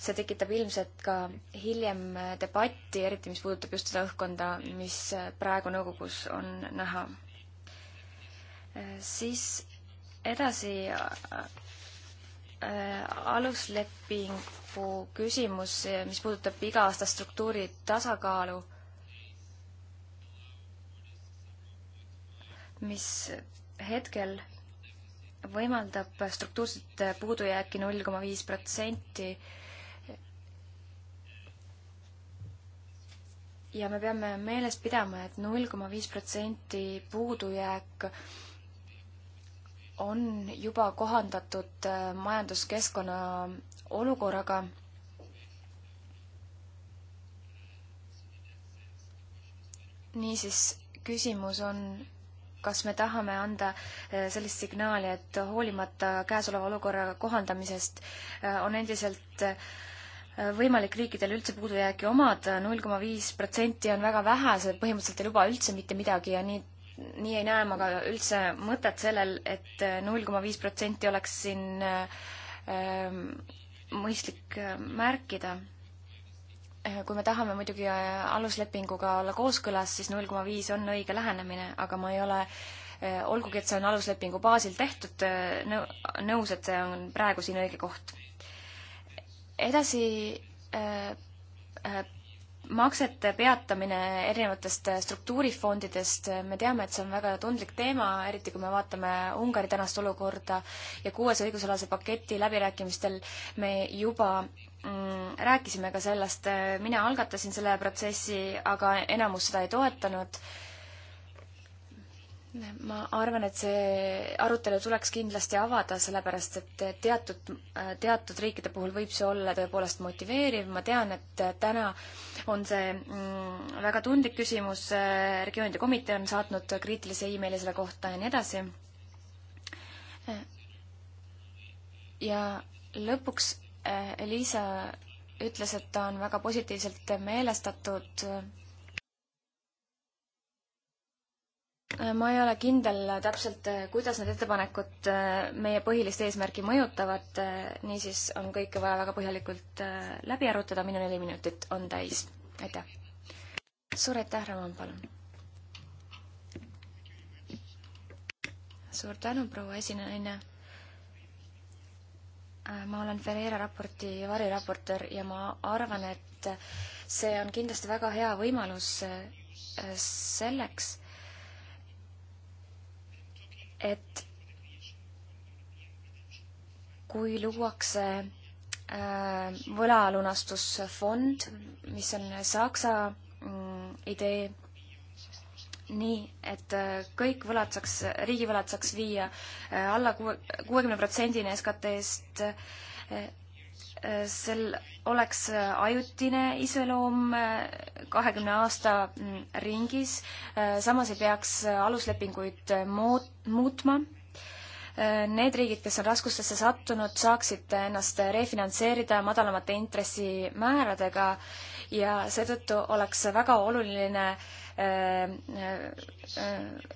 see tekitab ilmselt ka hiljem äh, debatti, eriti mis puudutab just seda õhkkonda, mis praegu nõukogus on näha. siis edasi Äh, aluslepingu küsimus, äh, mis puudutab iga-aastast struktuuri tasakaalu, mis hetkel võimaldab struktuurset puudujääki null koma viis protsenti. ja me peame meeles pidama et, et null koma viis protsenti puudujääk on juba kohandatud äh, majanduskeskkonna olukorraga. niisiis, küsimus on, kas me tahame anda äh, sellist signaali, et hoolimata käesoleva olukorra kohandamisest äh, on endiselt võimalik riikidel üldse puudujääki omada, null koma viis protsenti on väga vähe, see põhimõtteliselt ei luba üldse mitte midagi ja nii nii ei näe ma ka üldse mõtet sellel et, et null koma viis protsenti oleks siin ähm, mõistlik ähm, märkida. Äh, kui me tahame muidugi äh, aluslepinguga olla kooskõlas, siis null koma viis on õige lähenemine, aga ma ei ole äh, olgugi, et see on aluslepingu baasil tehtud, nõus, et see on praegu siin õige koht. edasi äh, äh, maksete peatamine erinevatest struktuurifondidest, me teame, et see on väga tundlik teema, eriti kui me vaatame Ungari tänast olukorda ja kuues õigusalase paketi läbirääkimistel me juba mm, rääkisime ka sellest, mina algatasin selle protsessi, aga enamus seda ei toetanud ma arvan, et see arutelu tuleks kindlasti avada, sellepärast et teatud, äh, teatud riikide puhul võib see olla tõepoolest motiveeriv, ma tean, et täna on see mm, väga tundlik küsimus, äh, regioonide komitee on saatnud kriitilise emaili selle kohta ja nii edasi. Äh, ja lõpuks Liisa ütles, et ta on väga positiivselt meelestatud Äh, ma ei ole kindel täpselt, äh, kuidas need ettepanekud äh, meie põhilist eesmärki mõjutavad, niisiis on kõike vaja väga põhjalikult läbi arutada, minu neli minutit on täis. aitäh! suur aitäh, Roman, palun! suur tänu, proua esinaine! ma olen Ferreira raporti variraportöör ja ma arvan, et see on kindlasti väga hea võimalus selleks, et kui luuakse äh, võlalunastusfond, mis on Saksa mm, idee, nii, et äh, kõik võlad saaks, riigivõlad saaks viia äh, alla kuue, kuuekümne protsendini SKT-st, sel oleks ajutine iseloom äh, kahekümne aasta mm, ringis, äh, samas ei peaks aluslepinguid muut-, muutma. Äh, need riigid, kes on raskustesse sattunud, saaksid ennast refinantseerida madalamate intressimääradega ja seetõttu oleks väga oluline äh, Äh, äh,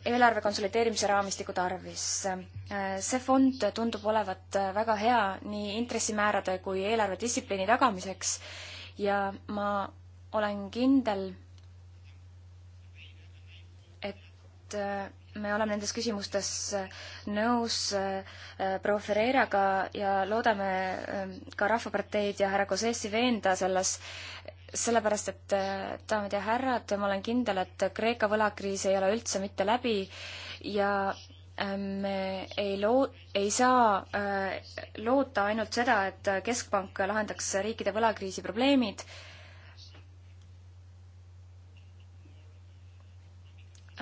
eelarve konsolideerimise raamistiku tarvis. Äh, see fond tundub olevat väga hea nii intressimäärade kui eelarvedistsipliini tagamiseks ja ma olen kindel, et me oleme nendes küsimustes nõus proua Ferreiraga ja loodame ka Rahvaparteid ja härra Kosessi veenda selles, sellepärast, et äh, daamid ja härrad, ma olen kindel, et Kreeka võlakriis ei ole üldse mitte läbi ja äh, me ei loo-, ei saa äh, loota ainult seda, et Keskpank lahendaks riikide võlakriisi probleemid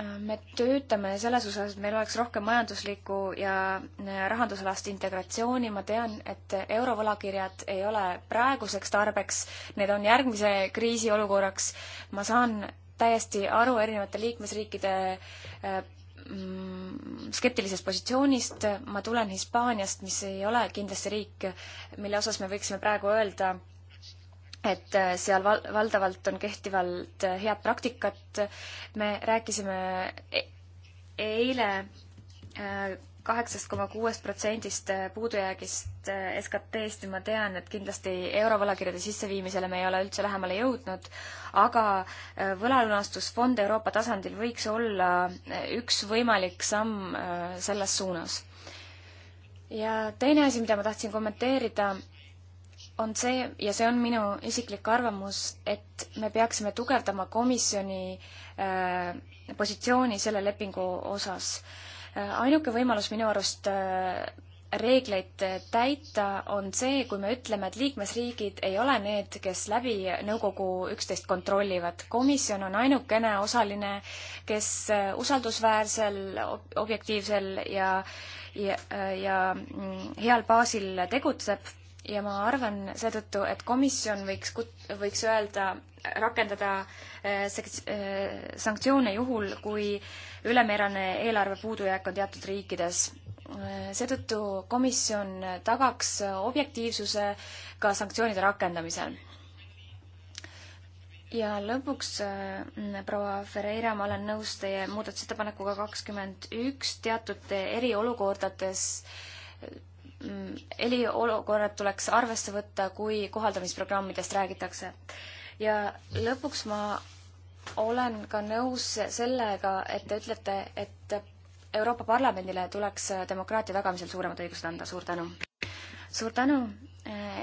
Äh, me töötame selles osas, et meil oleks rohkem majanduslikku ja äh, rahandusalast integratsiooni, ma tean, et eurovõlakirjad ei ole praeguseks tarbeks, need on järgmise kriisiolukorraks. ma saan täiesti aru erinevate liikmesriikide äh, mm, skeptilisest positsioonist, ma tulen Hispaaniast, mis ei ole kindlasti riik, mille osas me võiksime praegu öelda, et äh, seal val-, valdavalt on kehtivalt äh, head praktikat, me rääkisime e eile äh, kaheksast koma kuuest protsendist puudujäägist SKT-st ja ma tean, et kindlasti eurovõlakirjade sisseviimisele me ei ole üldse lähemale jõudnud, aga võlalunastusfond Euroopa tasandil võiks olla üks võimalik samm selles suunas. ja teine asi, mida ma tahtsin kommenteerida on see ja see on minu isiklik arvamus, et me peaksime tugevdama komisjoni äh, positsiooni selle lepingu osas äh,. ainuke võimalus minu arust äh, reegleid äh, täita on see, kui me ütleme, et liikmesriigid ei ole need, kes läbi nõukogu üksteist kontrollivad. komisjon on ainukene osaline, kes äh, usaldusväärsel, objektiivsel ja, ja, äh, ja mm, heal baasil tegutseb ja ma arvan seetõttu, et komisjon võiks, võiks öelda, rakendada äh, sekt-, äh, sanktsioone juhul, kui ülemäärane eelarve puudujääk on teatud riikides. Äh, seetõttu komisjon tagaks objektiivsuse ka sanktsioonide rakendamisel ja lõpuks äh,, proua Ferreira, ma olen nõus teie muudatusettepanekuga kakskümmend üks, teatud eriolukordades Mm, eriolukorrad tuleks arvesse võtta, kui kohaldamisprogrammidest räägitakse. ja lõpuks ma olen ka nõus sellega, et te ütlete, et Euroopa Parlamendile tuleks demokraatia tagamisel suuremad õigused anda, suur tänu! suur tänu,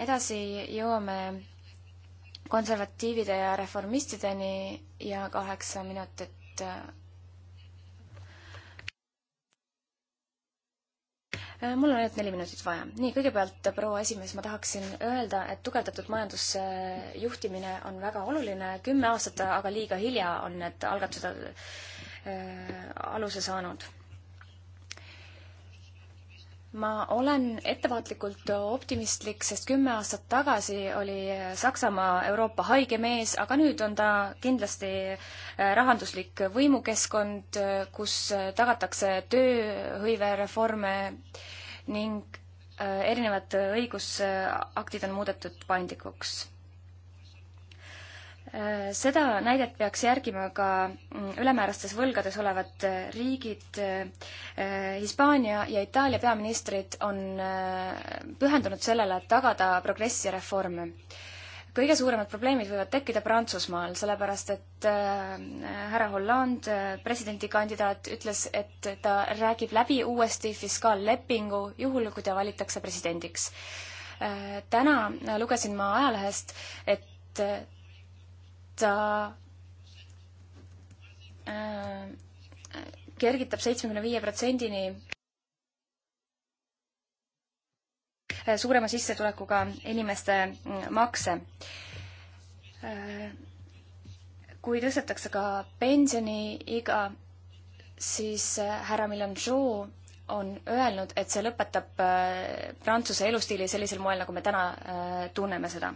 edasi jõuame konservatiivide ja reformistideni ja kaheksa minutit Äh, mul on ainult neli minutit vaja. nii, kõigepealt, äh, proua esimees, ma tahaksin öelda, et tugevdatud majandusjuhtimine on väga oluline, kümme aastat äh, aga liiga hilja on need algatused aluse saanud ma olen ettevaatlikult optimistlik, sest kümme aastat tagasi oli Saksamaa Euroopa haige mees, aga nüüd on ta kindlasti äh, rahanduslik võimukeskkond, äh, kus äh, tagatakse tööhõivereforme ning erinevad õigusaktid on muudetud paindlikuks seda näidet peaks järgima ka mm, ülemäärastes võlgades olevad äh, riigid. Äh, Hispaania ja Itaalia peaministrid on äh, pühendunud sellele, et tagada progressi ja reforme. kõige suuremad probleemid võivad tekkida Prantsusmaal, sellepärast et härra Hollande, presidendikandidaat, ütles, et ta räägib läbi uuesti fiskaallepingu, juhul kui ta valitakse presidendiks. täna lugesin ma ajalehest, et ta äh, äh, kergitab seitsmekümne viie protsendini äh, suurema sissetulekuga inimeste mm, makse. kui tõstetakse ka pensioniiga, siis härra Milanjou on öelnud, et see lõpetab Prantsuse elustiili sellisel moel, nagu me täna tunneme seda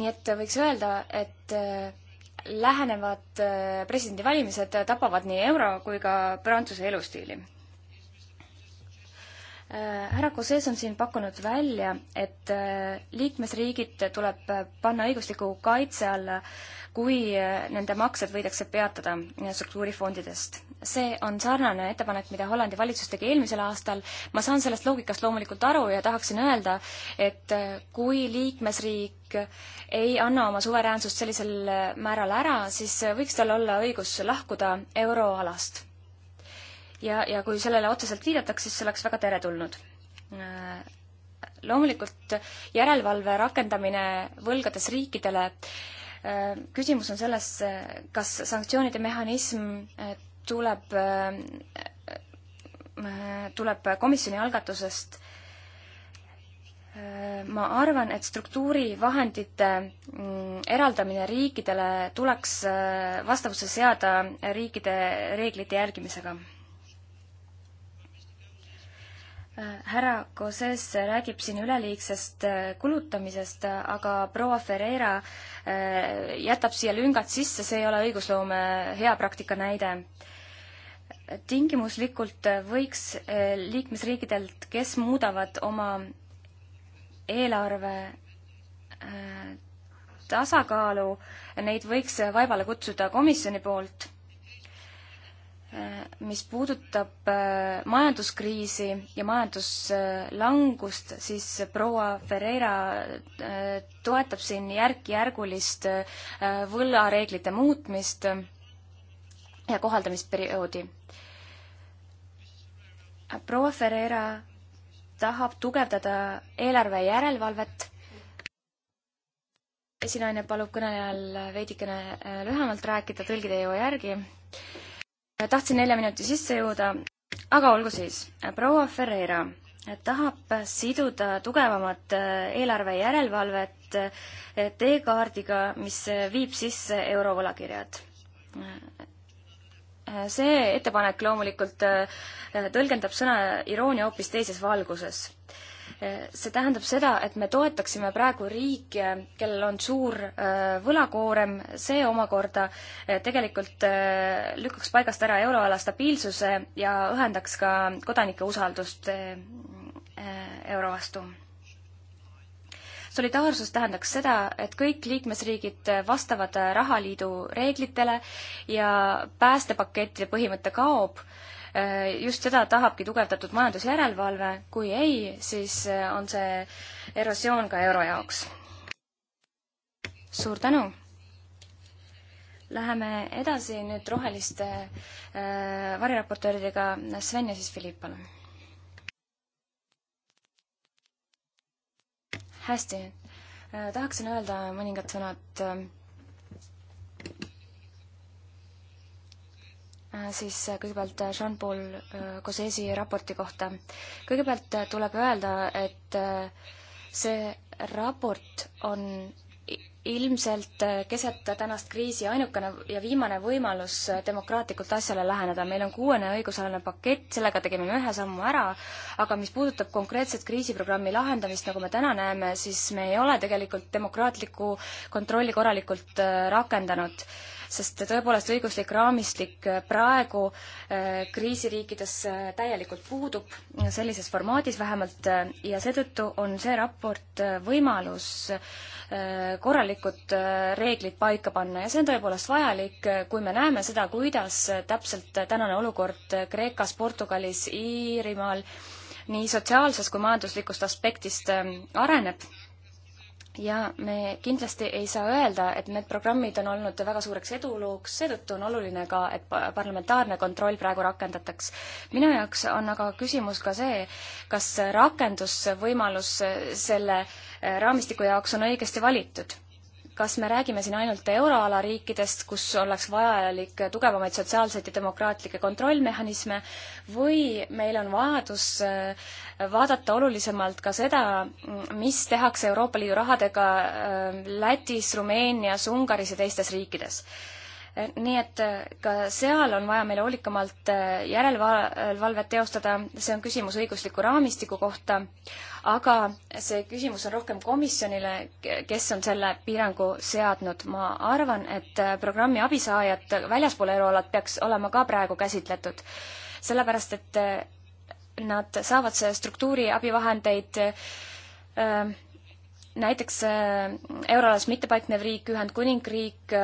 nii et võiks öelda, et äh, lähenevad äh, presidendivalimised tapavad nii euro kui ka Prantsuse elustiili. Äh, härra Kosses on siin pakkunud välja, et liikmesriigid tuleb panna õigusliku kaitse alla äh, kui eh, nende maksed võidakse peatada eh, struktuurifondidest. see on sarnane ettepanek, mida Hollandi valitsus tegi eelmisel aastal. ma saan sellest loogikast loomulikult aru ja tahaksin öelda, et eh, kui liikmesriik ei anna oma suveräänsust sellisel määral ära, siis võiks tal olla õigus lahkuda euroalast. ja, ja kui sellele otseselt viidatakse, siis see oleks väga teretulnud loomulikult järelevalve rakendamine võlgades riikidele küsimus on selles, kas sanktsioonide mehhanism äh, tuleb, äh, äh, tuleb komisjoni algatusest. ma arvan, et struktuurivahendite mm, eraldamine riikidele tuleks vastavusse seada riikide reeglite jälgimisega Äh, härra Koses räägib siin üleliigsest äh, kulutamisest, aga proua Ferreira äh, jätab siia lüngad sisse, see ei ole õigusloome hea praktika näide tingimuslikult võiks liikmesriikidelt, kes muudavad oma eelarve tasakaalu, neid võiks vaevale kutsuda komisjoni poolt. Äh, mis puudutab äh, majanduskriisi ja majanduslangust, siis proua Ferreira äh, toetab siin järk-järgulist võlareeglite muutmist ja kohaldamisperioodi. proua Ferreira tahab tugevdada eelarve järelevalvet esinaine palub kõnelejal veidikene lühemalt rääkida, tõlgid ei jõua järgi tahtsin nelja minuti sisse jõuda, aga olgu siis. proua Ferreira tahab siduda tugevamat eh, eelarve järelevalvet eh, teekaardiga, mis eh, viib sisse eurovõlakirjad. see ettepanek loomulikult tõlgendab sõna iroonia hoopis teises valguses see tähendab seda, et me toetaksime praegu riike, kellel on suur äh, võlakoorem, see omakorda äh, tegelikult äh, lükkaks paigast ära euroala stabiilsuse ja ühendaks ka kodanike usaldust euro vastu solidaarsus tähendaks seda, et kõik liikmesriigid vastavad rahaliidu reeglitele ja päästepakettide põhimõte kaob Äh, just seda tahabki tugevdatud majandusjärelevalve, kui ei, siis äh, on see erosioon ka euro jaoks. suur tänu! Läheme edasi nüüd roheliste äh, variraportööridega, Sven ja siis Philipp, palun. hästi äh,, tahaksin öelda mõningad sõnad äh, Äh, siis äh, kõigepealt äh, Jean-Paul Gossesi raporti kohta. kõigepealt tuleb öelda, et see raport on ilmselt keset tänast kriisi ainukene ja viimane võimalus demokraatlikult asjale läheneda. meil on kuuene õigusalane pakett, sellega tegime me ühe sammu ära, aga mis puudutab konkreetset kriisiprogrammi lahendamist, nagu me täna näeme, siis me ei ole tegelikult demokraatlikku kontrolli korralikult rakendanud sest tõepoolest õiguslik raamistik äh, praegu äh, kriisiriikides äh, täielikult puudub sellises formaadis vähemalt ja seetõttu on see raport võimalus korralikud reeglid paika panna ja see on tõepoolest vajalik, kui me näeme seda, kuidas täpselt tänane olukord Kreekas, Portugalis, Iirimaal nii sotsiaalsest kui majanduslikust aspektist areneb ja me kindlasti ei saa öelda, et need programmid on olnud väga suureks edulooks, seetõttu on oluline ka, et parlamentaarne kontroll praegu rakendataks. minu jaoks on aga küsimus ka see, kas rakendusvõimalus selle eh, raamistiku jaoks on õigesti valitud kas me räägime siin ainult euroala riikidest, kus oleks vajalik tugevamaid sotsiaalseid ja demokraatlikke kontrollmehhanisme, või meil on vajadus äh, vaadata olulisemalt ka seda, mis tehakse Euroopa Liidu rahadega äh, Lätis, Rumeenias, Ungaris ja teistes riikides nii et äh, ka seal on vaja meil hoolikamalt äh, järelevalvet teostada, see on küsimus õigusliku raamistiku kohta, aga see küsimus on rohkem komisjonile, kes on selle piirangu seadnud. ma arvan, et äh, programmi abisaajad väljaspool euroalat peaks olema ka praegu käsitletud, sellepärast et nad saavad struktuuri abivahendeid näiteks euroalas mittepaiknev riik, Ühendkuningriik,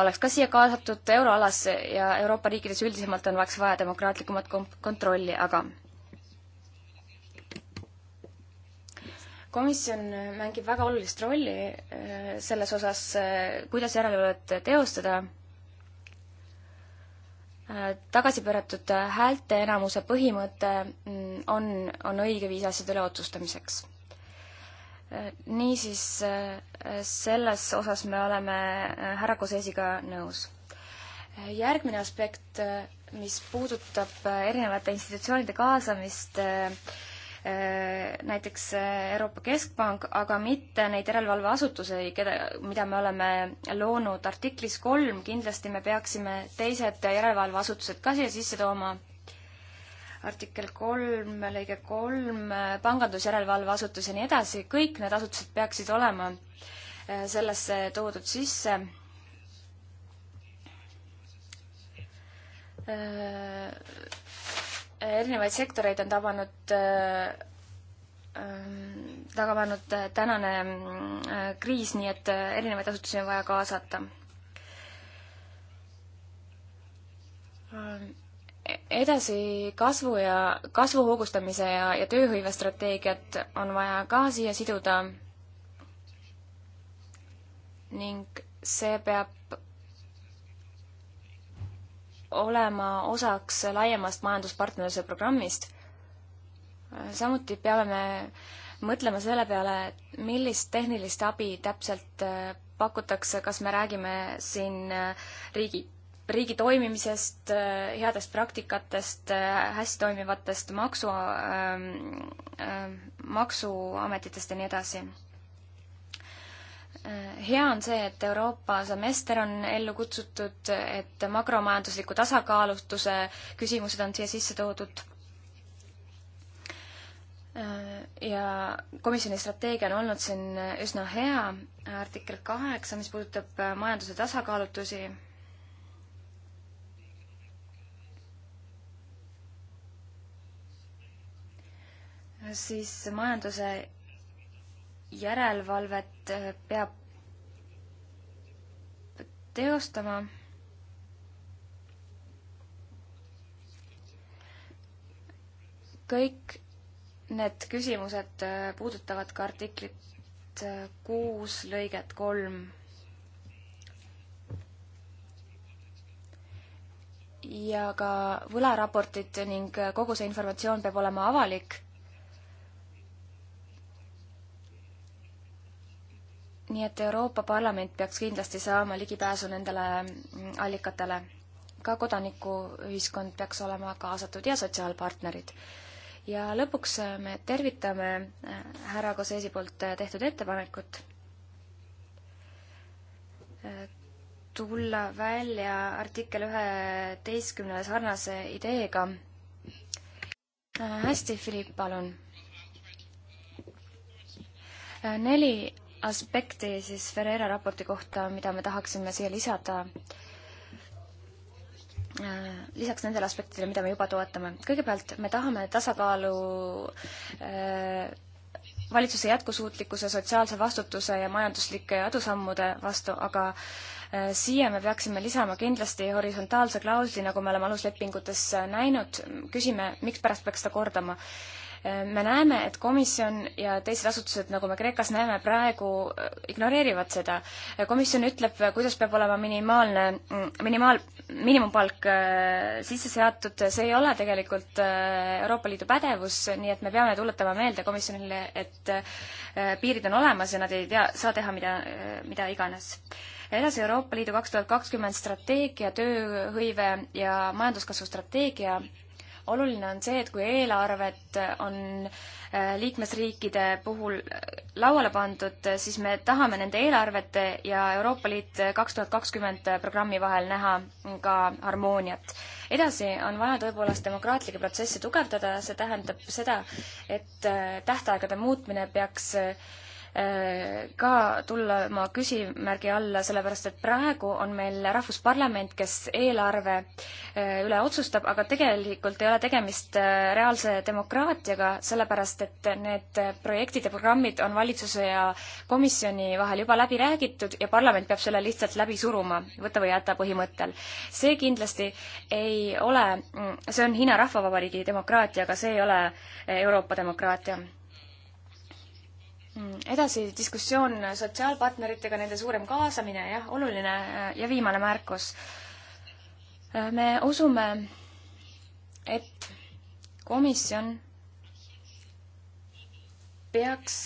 oleks ka siia kaasatud euroalasse ja Euroopa riikides üldisemalt on oleks vaja demokraatlikumat kontrolli, aga komisjon mängib väga olulist rolli äh, selles osas, äh, kuidas järelevalvet teostada. Äh, tagasipööratud häälteenamuse põhimõte mm, on, on õige viis asjade üle otsustamiseks niisiis, äh, selles osas me oleme äh, härra Koseesiga nõus. Äh, järgmine aspekt, mis puudutab erinevate institutsioonide kaasamist, näiteks Euroopa Keskpank, aga mitte neid järelevalveasutusi, keda, mida me oleme loonud artiklis kolm, kindlasti me peaksime teised järelevalveasutused ka siia sisse tooma artikkel kolm, lõige kolm, pangandusjärelevalveasutus ja nii edasi, kõik need asutused peaksid olema äh, sellesse toodud sisse. Äh, erinevaid sektoreid on tabanud äh, ähm, taga pannud tänane kriis, nii et erinevaid asutusi on vaja kaasata edasi kasvu ja, kasvu hoogustamise ja, ja tööhõivestrateegiat on vaja ka siia siduda ning see peab olema osaks laiemast majanduspartnerluse programmist. samuti peame me mõtlema selle peale, et millist tehnilist abi täpselt pakutakse, kas me räägime siin riigi riigi toimimisest, äh, headest praktikatest, äh, hästi toimivatest maksu ähm, äh,, maksuametitest ja nii edasi. Äh, hea on see, et Euroopa semester on ellu kutsutud, et makromajandusliku tasakaalutuse küsimused on siia sisse toodud ja komisjoni strateegia on olnud siin üsna hea, artikkel kaheksa, mis puudutab majanduse tasakaalutusi siis majanduse järelevalvet eh, peab teostama kõik need küsimused eh, puudutavad ka artiklit eh, kuus lõiget kolm. ja ka võlaraportid ning kogu see informatsioon peab olema avalik nii et Euroopa Parlament peaks kindlasti saama ligipääsu nendele mm, allikatele. ka kodanikuühiskond peaks olema kaasatud ja sotsiaalpartnerid. ja lõpuks äh, me tervitame äh, härra Kosesi poolt äh, tehtud ettepanekut tulla välja artikkel üheteistkümnele sarnase ideega. hästi, Philipp, palun. neli aspekti siis Ferreira raporti kohta, mida me tahaksime siia lisada, äh, lisaks nendele aspektidele, mida me juba toetame. kõigepealt me tahame tasakaalu äh, valitsuse jätkusuutlikkuse, sotsiaalse vastutuse ja majanduslike edusammude vastu, aga äh, siia me peaksime lisama kindlasti horisontaalse klausli, nagu me oleme aluslepingutes näinud, küsime, mikspärast peaks seda kordama me näeme, et komisjon ja teised asutused, nagu me Kreekas näeme praegu, ignoreerivad seda. komisjon ütleb, kuidas peab olema minimaalne, minimaal, miinimumpalk äh, sisse seatud, see ei ole tegelikult äh, Euroopa Liidu pädevus, nii et me peame tuletama meelde komisjonile, et äh, piirid on olemas ja nad ei tea, saa teha mida, mida iganes edasi Euroopa Liidu kaks tuhat kakskümmend strateegia, tööhõive ja majanduskasvu strateegia oluline on see, et kui eelarvet on äh, liikmesriikide puhul äh, lauale pandud, äh, siis me tahame nende eelarvete ja Euroopa Liit kaks tuhat kakskümmend programmi vahel näha ka harmooniat. edasi on vaja tõepoolest demokraatlikke protsesse tugevdada, see tähendab seda, et tähtaegade muutmine peaks Äh, ka tulla oma küsimärgi alla, sellepärast et praegu on meil Rahvusparlament, kes eelarve äh, üle otsustab, aga tegelikult ei ole tegemist äh, reaalse demokraatiaga, sellepärast et need projektid ja programmid on valitsuse ja komisjoni vahel juba läbi räägitud ja parlament peab selle lihtsalt läbi suruma, võta või jäta põhimõttel. see kindlasti ei ole, mm, see on Hiina Rahvavabariigi demokraatia, aga see ei ole Euroopa demokraatia Mm, edasi diskussioon sotsiaalpartneritega, nende suurem kaasamine, jah, oluline äh, ja viimane märkus. Äh, me usume, et komisjon peaks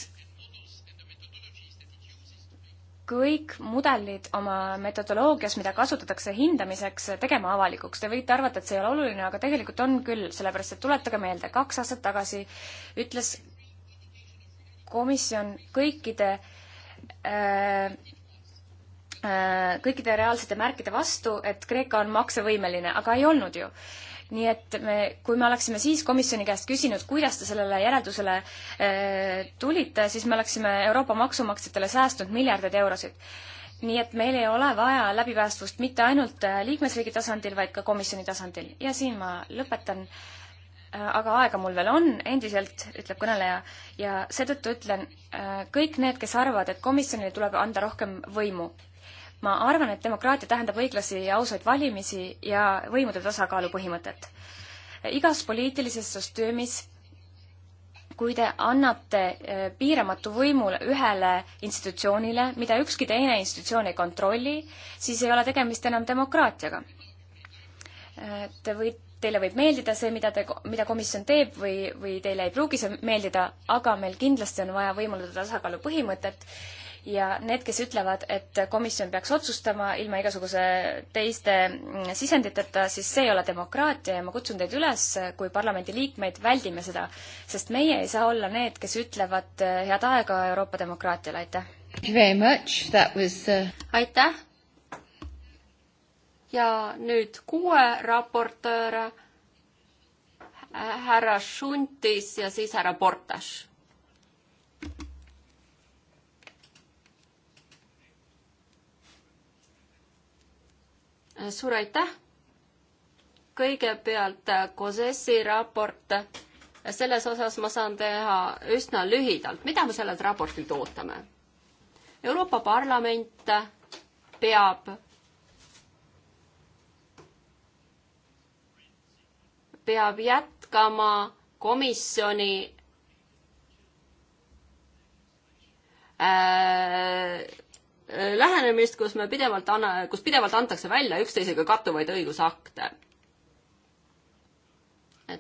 kõik mudelid oma metodoloogias, mida kasutatakse hindamiseks, tegema avalikuks. Te võite arvata, et see ei ole oluline, aga tegelikult on küll, sellepärast et tuletage meelde, kaks aastat tagasi ütles komisjon kõikide äh, äh, kõikide reaalsete märkide vastu, et Kreeka on maksevõimeline, aga ei olnud ju. nii et me, kui me oleksime siis komisjoni käest küsinud, kuidas te sellele järeldusele äh, tulite, siis me oleksime Euroopa maksumaksjatele säästnud miljardeid eurosid. nii et meil ei ole vaja läbipäästvust mitte ainult äh, liikmesriigi tasandil, vaid ka komisjoni tasandil ja siin ma lõpetan äh, Äh, aga aega mul veel on endiselt, ütleb kõneleja, ja seetõttu ütlen, äh, kõik need, kes arvavad, et komisjonile tuleb anda rohkem võimu. ma arvan, et demokraatia tähendab õiglasi ja ausaid valimisi ja võimude tasakaalu põhimõtet. Äh, igas poliitilises süsteemis kui te annate piiramatu võimu ühele institutsioonile, mida ükski teine institutsioon ei kontrolli, siis ei ole tegemist enam demokraatiaga. Te võite teile võib meeldida see, mida te, mida komisjon teeb või, või teile ei pruugi see meeldida, aga meil kindlasti on vaja võimaldada tasakaalu põhimõtet ja need, kes ütlevad, et komisjon peaks otsustama ilma igasuguse teiste mm, sisenditeta, siis see ei ole demokraatia ja ma kutsun teid üles, kui parlamendiliikmeid, väldime seda, sest meie ei saa olla need, kes ütlevad eh, head aega Euroopa demokraatiale, aitäh! Uh, aitäh! ja nüüd kuue raportöör, äh, härra Šuntis ja siis härra Portas. suur aitäh! kõigepealt COSES-i raport, selles osas ma saan teha üsna lühidalt, mida me sellelt raportilt ootame? Euroopa Parlament peab peab jätkama komisjoni äh, lähenemist, kus me pidevalt anna-, kus pidevalt antakse välja üksteisega kattuvaid õigusakte.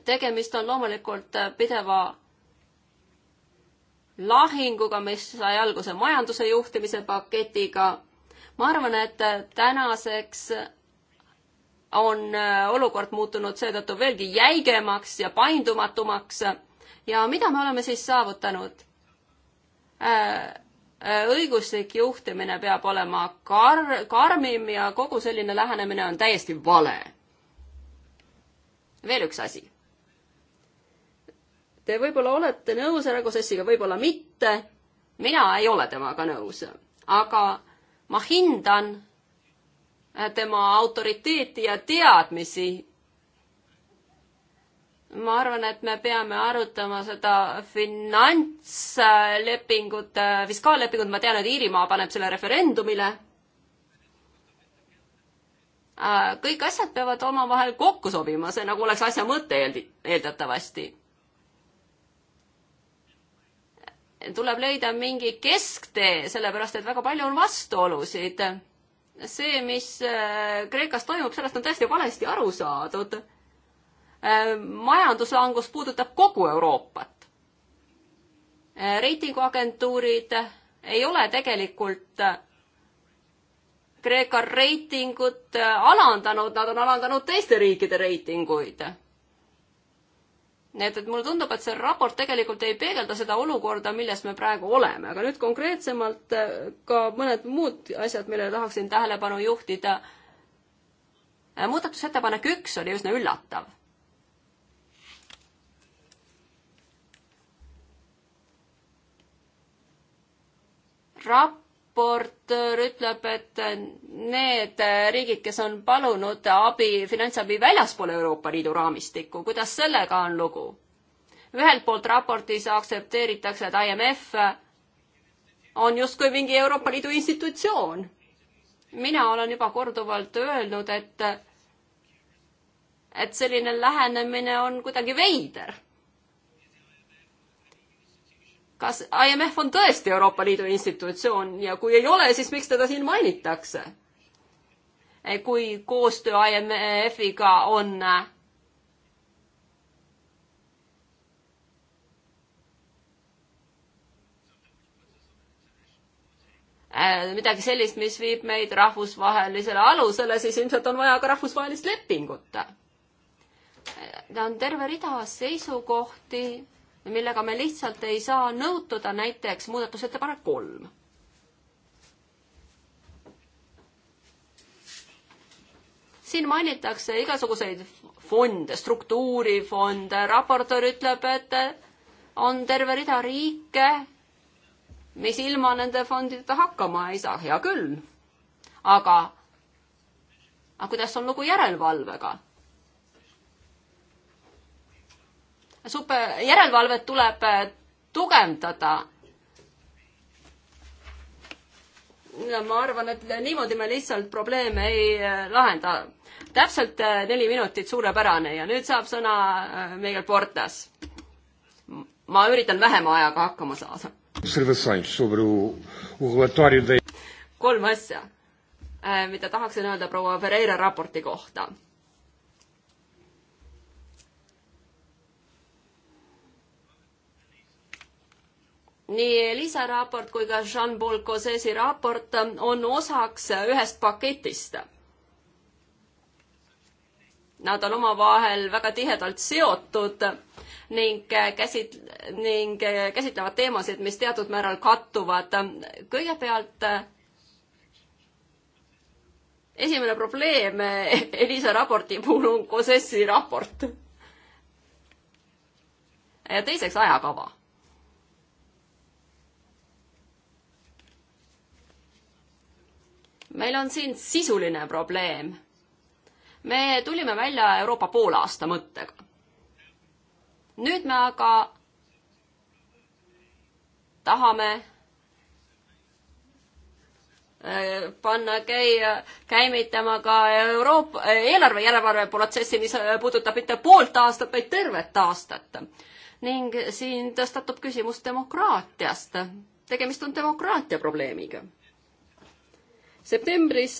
tegemist on loomulikult pideva lahinguga, mis sai alguse majanduse juhtimise paketiga. ma arvan, et tänaseks on äh, olukord muutunud seetõttu veelgi jäigemaks ja paindumatumaks. ja mida me oleme siis saavutanud? Äh, äh, õiguslik juhtimine peab olema kar-, karmim ja kogu selline lähenemine on täiesti vale. veel üks asi. Te võib-olla olete nõus härra Kosessiga, võib-olla mitte. mina ei ole temaga nõus, aga ma hindan tema autoriteeti ja teadmisi. ma arvan, et me peame arutama seda finantslepingut, äh, fiskaallepingut, ma tean, et Iirimaa paneb selle referendumile. Äh, kõik asjad peavad omavahel kokku sobima, see nagu oleks asja mõte eeldi-, eeldatavasti tuleb leida mingi kesktee, sellepärast et väga palju on vastuolusid see, mis äh, Kreekas toimub, sellest on täiesti valesti aru saadud. Äh, majanduslangus puudutab kogu Euroopat. Äh, reitinguagentuurid ei ole tegelikult Kreeka reitingut alandanud, nad on alandanud teiste riikide reitinguid nii et, et mulle tundub, et see raport tegelikult ei peegelda seda olukorda, milles me praegu oleme, aga nüüd konkreetsemalt äh, ka mõned muud asjad, millele tahaksin tähelepanu juhtida. Äh, muudatusettepanek üks oli üsna üllatav. rap-, raportöör ütleb, et need riigid, kes on palunud abi, finantsabi väljaspool Euroopa Liidu raamistikku, kuidas sellega on lugu? ühelt poolt raportis aktsepteeritakse, et IMF on justkui mingi Euroopa Liidu institutsioon. mina olen juba korduvalt öelnud, et et selline lähenemine on kuidagi veider kas IMF on tõesti Euroopa Liidu institutsioon ja kui ei ole, siis miks teda siin mainitakse? kui koostöö IMF-iga on äh, midagi sellist, mis viib meid rahvusvahelisele alusele, siis ilmselt on vaja ka rahvusvahelist lepingut. Äh, ta on terve rida seisukohti millega me lihtsalt ei saa nõutuda, näiteks muudatusettepanek kolm. siin mainitakse igasuguseid fonde, struktuurifonde, raportöör ütleb, et on terve rida riike, mis ilma nende fondideta hakkama ei saa, hea küll. aga, aga kuidas on lugu järelevalvega? super, järelevalvet tuleb äh, tugevdada. ma arvan, et niimoodi me lihtsalt probleeme ei äh, lahenda. täpselt äh, neli minutit, suurepärane ja nüüd saab sõna Miguel Portas. ma üritan vähema ajaga hakkama saada. kolm asja, mida tahaksin öelda proua Pereira raporti kohta nii lisaraport kui ka Jean-Paul Cossesi raport on osaks ühest paketist. Nad on omavahel väga tihedalt seotud ning käsit-, ning käsitlevad teemasid, mis teatud määral kattuvad. kõigepealt esimene probleem Elisa raporti puhul on Cossesi raport. ja teiseks ajakava meil on siin sisuline probleem. me tulime välja Euroopa poolaasta mõttega. nüüd me aga tahame äh, panna käia, käimitama ka Euroopa eelarve järelevalve protsessi, mis äh, puudutab mitte poolt aastat, vaid tervet aastat. ning siin tõstatub küsimus demokraatiast. tegemist on demokraatia probleemiga septembris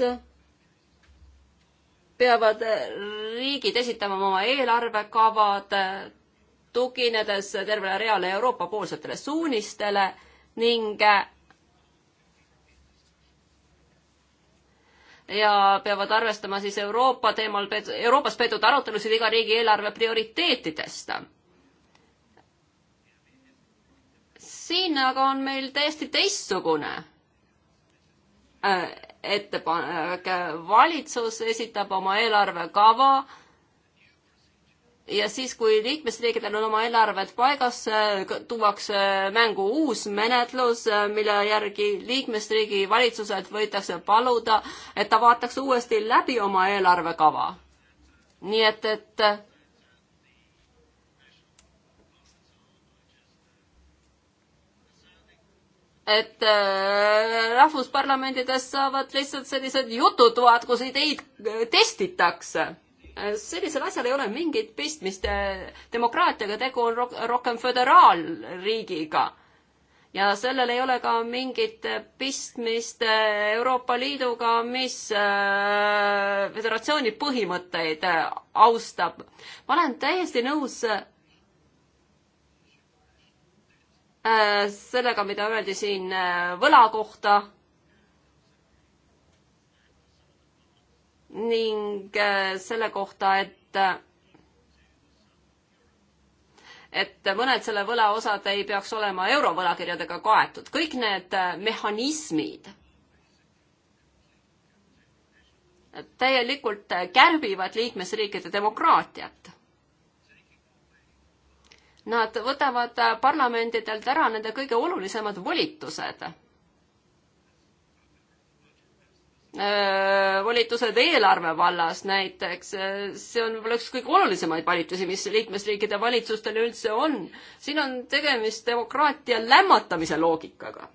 peavad riigid esitama oma eelarvekavad, tuginedes tervele reale Euroopa poolsetele suunistele ning ja peavad arvestama siis Euroopa teemal, Euroopas peetud arutelusid iga riigi eelarve prioriteetidest. siin aga on meil täiesti teistsugune äh, ettepanek, valitsus esitab oma eelarvekava ja siis, kui liikmesriikidel on oma eelarved paigas, tuuakse mängu uus menetlus, mille järgi liikmesriigi valitsused võidakse paluda, et ta vaataks uuesti läbi oma eelarvekava. nii et, et et äh, rahvusparlamentides saavad lihtsalt sellised jututoad, kus ideid testitakse. sellisel asjal ei ole mingit pistmist äh, demokraatiaga, tegu on rohkem föderaalriigiga ja sellel ei ole ka mingit pistmist äh, Euroopa Liiduga, mis föderatsiooni põhimõtteid austab. ma olen täiesti nõus Äh, sellega, mida öeldi siin äh, võla kohta ning äh, selle kohta, et et mõned selle võlaosad ei peaks olema eurovõlakirjadega kaetud. kõik need mehhanismid täielikult kärbivad liikmesriikide demokraatiat. Nad võtavad parlamentidelt ära nende kõige olulisemad volitused. Äh, volitused eelarve vallas näiteks, äh, see on võib-olla üks kõige olulisemaid valitusi, mis liikmesriikide valitsustel üldse on. siin on tegemist demokraatia lämmatamise loogikaga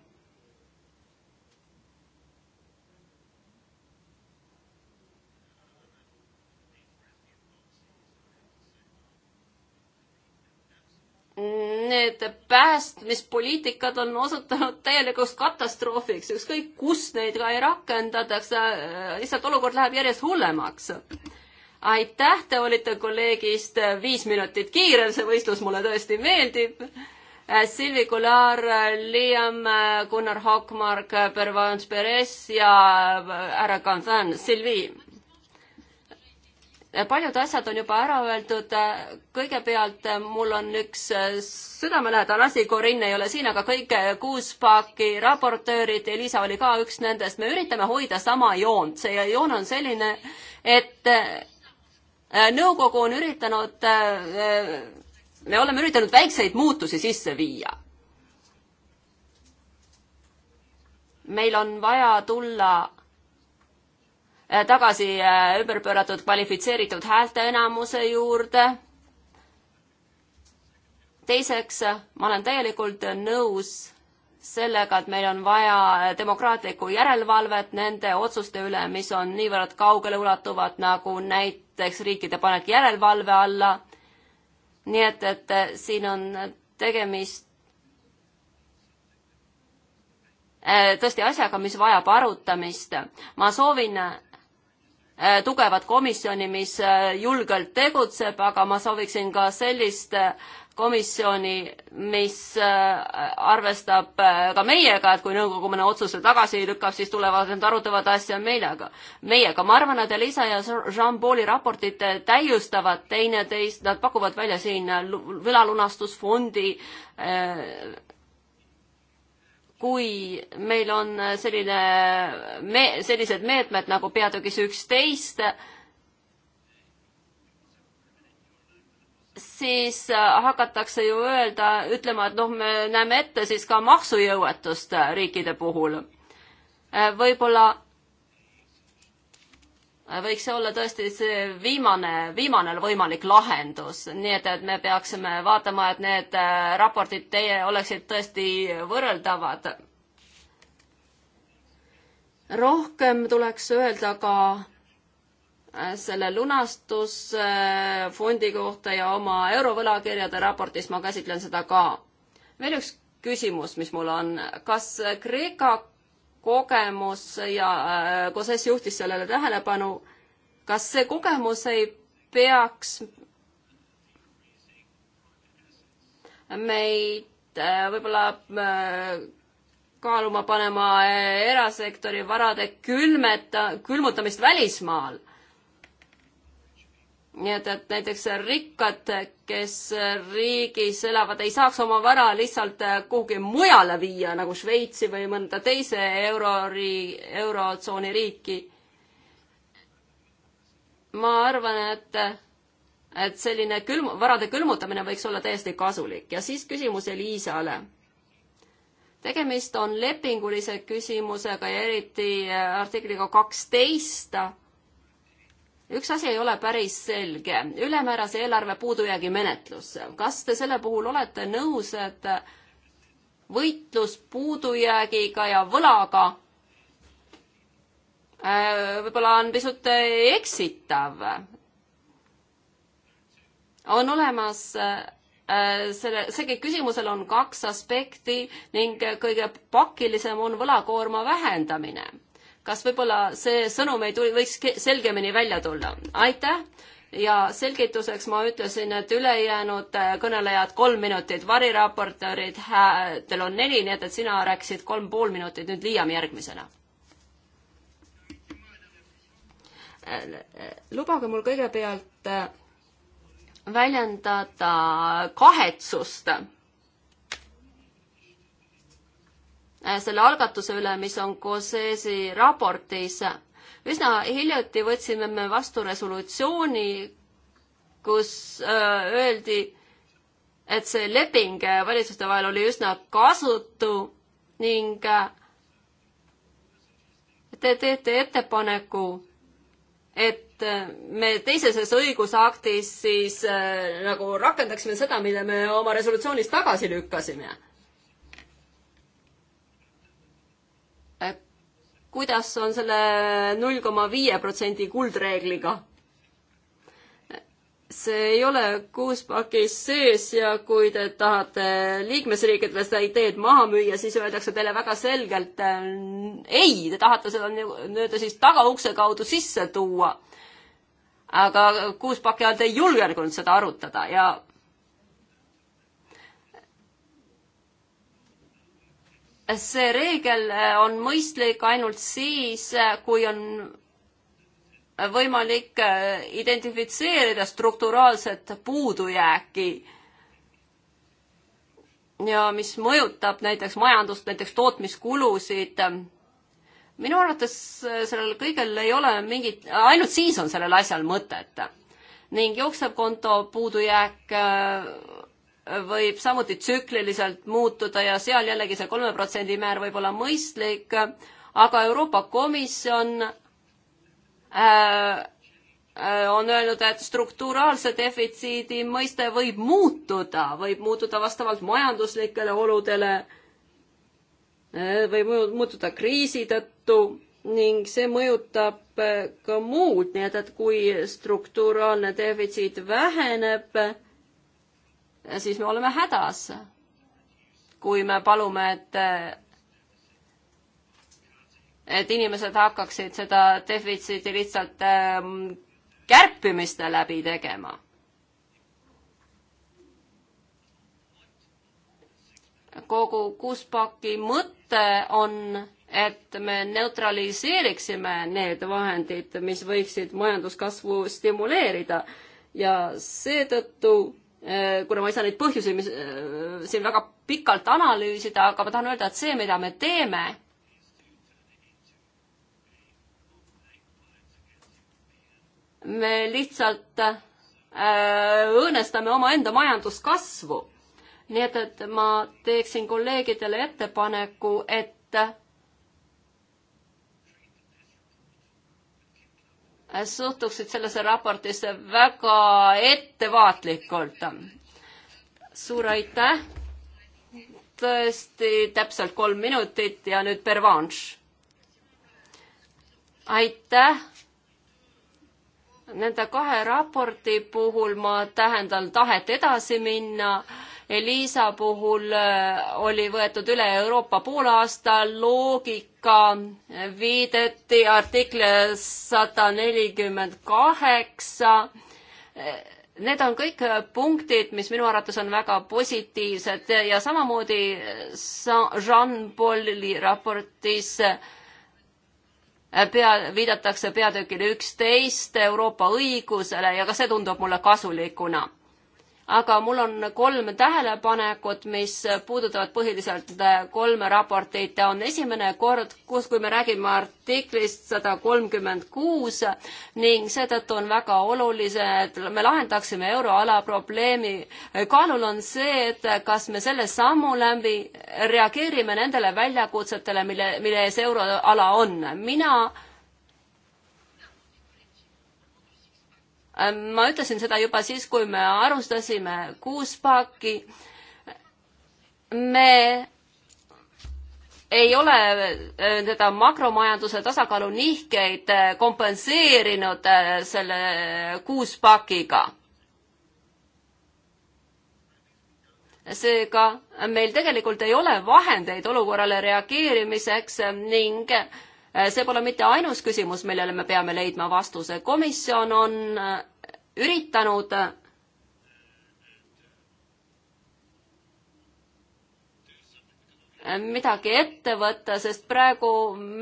need päästmispoliitikad on osutunud täielikuks katastroofiks, ükskõik kus neid ka ei rakendatakse, lihtsalt olukord läheb järjest hullemaks. aitäh, te olite kolleegist viis minutit kiirem, see võistlus mulle tõesti meeldib. Silvi Kular, Liam Gunnar Hokmark, Pervans Perez ja härra Kansan, Silvi paljud asjad on juba ära öeldud. kõigepealt eh, mul on üks eh, südamelähedane asi, Corinne ei ole siin, aga kõik eh, kuus paaki raportöörid, Elisa oli ka üks nendest, me üritame hoida sama joont, see joon on selline, et nõukogu on üritanud, me oleme üritanud väikseid muutusi sisse viia. meil on vaja tulla Äh, tagasi äh, ümber pööratud kvalifitseeritud häälteenamuse juurde. teiseks, äh, ma olen täielikult nõus sellega, et meil on vaja demokraatlikku järelevalvet nende otsuste üle, mis on niivõrd kaugeleulatuvad, nagu näiteks riikide panek järelevalve alla. nii et, et siin on tegemist tõesti asjaga, mis vajab arutamist. ma soovin, Äh, tugevat komisjoni, mis äh, julgelt tegutseb, aga ma sooviksin ka sellist äh, komisjoni, mis arvestab ka meiega, et kui nõukogu mõne otsuse tagasi lükkab, siis tulevad nad arutavad asja meiega. meiega, ma arvan, et Elisa ja Jean-Pauli raportid täiustavad teineteist, nad pakuvad välja siin võlalunastusfondi kui meil on selline me-, sellised meetmed nagu peatükis üksteist, siis hakatakse ju öelda, ütlema, et noh, me näeme ette siis ka maksujõuetust riikide puhul. võib-olla Äh, võiks see olla tõesti see viimane, viimane võimalik lahendus, nii et, et me peaksime vaatama, et need äh, raportid teie oleksid tõesti võrreldavad. rohkem tuleks öelda ka äh, selle lunastusfondi kohta ja oma eurovõlakirjade raportis ma käsitlen seda ka. veel üks küsimus, mis mul on, kas Kreeka kogemus ja Koses äh, juhtis sellele tähelepanu, kas see kogemus ei peaks meid äh, võib-olla äh, kaaluma panema erasektori varade külmeta, külmutamist välismaal nii et, et näiteks rikkad, kes riigis elavad, ei saaks oma vara lihtsalt äh, kuhugi mujale viia, nagu Šveitsi või mõnda teise eurori-, eurotsooni riiki. ma arvan, et, et selline külm-, varade külmutamine võiks olla täiesti kasulik ja siis küsimus Eliisale tegemist on lepingulise küsimusega ja eriti äh, artikliga kaksteist üks asi ei ole päris selge, ülemäärase eelarve puudujäägi menetlus. kas te selle puhul olete nõus, et võitlus puudujäägiga ja võlaga äh, võib-olla on pisut eksitav? on olemas äh, selle, sellel küsimusel on kaks aspekti ning kõige pakilisem on võlakoorma vähendamine kas võib-olla see sõnum ei tuli, võiks selgemini välja tulla? aitäh ja selgituseks ma ütlesin, et ülejäänud äh, kõnelejad kolm minutit, variraportöörid, teil on neli, nii et, et sina rääkisid kolm pool minutit, nüüd Liiam järgmisena. lubage mul kõigepealt äh, väljendada kahetsust Äh, selle algatuse üle, mis on COSES-i raportis. üsna hiljuti võtsime me vastu resolutsiooni, kus äh, öeldi, et see leping äh, valitsuste vahel oli üsna kasutu ning te teete ettepaneku, et me teiseses õigusaktis siis äh, nagu rakendaksime seda, mille me oma resolutsioonis tagasi lükkasime kuidas on selle null koma viie protsendi kuldreegliga? see ei ole kuus pakis sees ja kui te tahate liikmesriikidele seda ideed maha müüa, siis öeldakse teile väga selgelt äh, ei, te tahate seda nii-öelda siis tagaukse kaudu sisse tuua. aga kuus paki all te ei julgenud seda arutada ja see reegel äh, on mõistlik ainult siis, äh, kui on võimalik äh, identifitseerida strukturaalset puudujääki ja mis mõjutab näiteks majandust, näiteks tootmiskulusid. minu arvates sellel kõigel ei ole mingit, ainult siis on sellel asjal mõtet ning jooksev konto puudujääk võib samuti tsükliliselt muutuda ja seal jällegi see kolme protsendi määr võib olla mõistlik, aga Euroopa Komisjon äh, äh, on öelnud, et strukturaalse defitsiidi mõiste võib muutuda, võib muutuda vastavalt majanduslikele oludele, äh, võib muutuda kriisi tõttu ning see mõjutab ka muud, nii et, et kui strukturaalne defitsiit väheneb, siis me oleme hädas. kui me palume, et, et inimesed hakkaksid seda defitsiiti lihtsalt ähm, kärpimiste läbi tegema. kogu kuuspaki mõte on et me neutraliseeriksime need vahendid, mis võiksid majanduskasvu stimuleerida ja seetõttu Äh, kuna ma ei saa neid põhjuseid, mis äh, siin väga pikalt analüüsida, aga ma tahan öelda, et see, mida me teeme, me lihtsalt äh, õõnestame omaenda majanduskasvu. nii et, et ma teeksin kolleegidele ettepaneku, et suhtuksid sellesse raportisse väga ettevaatlikult. suur aitäh. tõesti täpselt kolm minutit ja nüüd Pervanš. aitäh. Nende kahe raporti puhul ma tähendan tahet edasi minna Elisa puhul äh, oli võetud üle Euroopa poolaasta loogika ka viideti artikli sada nelikümmend kaheksa. Need on kõik punktid, mis minu arvates on väga positiivsed ja samamoodi Jean-Pauli raportis pea, viidatakse peatükile üksteist Euroopa õigusele ja ka see tundub mulle kasulikuna aga mul on kolm tähelepanekut, mis puudutavad põhiliselt kolme raportit. on esimene kord, kus, kui me räägime artiklist sada kolmkümmend kuus ning seetõttu on väga oluline, et me lahendaksime euroala probleemi. kaalul on see, et kas me selle sammu läbi reageerime nendele väljakutsetele, mille, mille ees euroala on. mina Ähm, ma ütlesin seda juba siis, kui me alustasime kuus paaki. me ei ole seda äh, makromajanduse tasakaalu nihkeid äh, kompenseerinud äh, selle kuus pakiga. seega meil tegelikult ei ole vahendeid olukorrale reageerimiseks ning äh, Äh, see pole mitte ainus küsimus, millele me peame leidma vastuse. komisjon on äh, üritanud äh, midagi ette võtta, sest praegu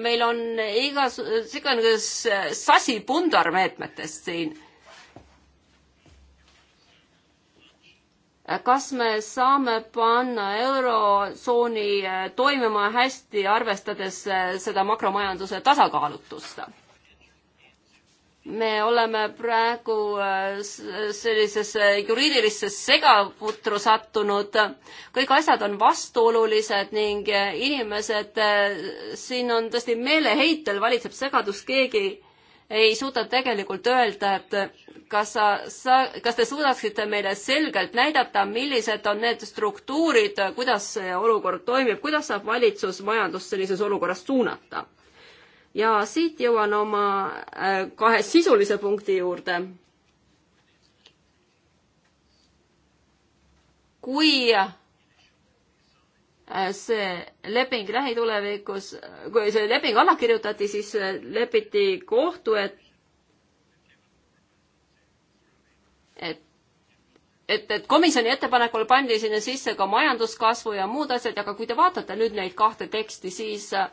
meil on igas-, igasuguses sasi pundarmeetmetest siin kas me saame panna eurotsooni eh, toimima hästi, arvestades eh, seda makromajanduse tasakaalutust? me oleme praegu eh, sellisesse juriidilisse segaputru sattunud, kõik asjad on vastuolulised ning inimesed, siin on tõesti meeleheitel, valitseb segadus, keegi ei suuda tegelikult öelda, et kas sa, sa, kas te suudaksite meile selgelt näidata, millised on need struktuurid, kuidas see olukord toimib, kuidas saab valitsus majandust sellises olukorras suunata? ja siit jõuan oma äh, kahe sisulise punkti juurde. kui Äh, see leping lähitulevikus, kui see leping alla kirjutati, siis äh, lepiti kohtu, et et et, et komisjoni ettepanekul pandi sinna sisse ka majanduskasvu ja muud asjad, aga kui te vaatate nüüd neid kahte teksti, siis äh,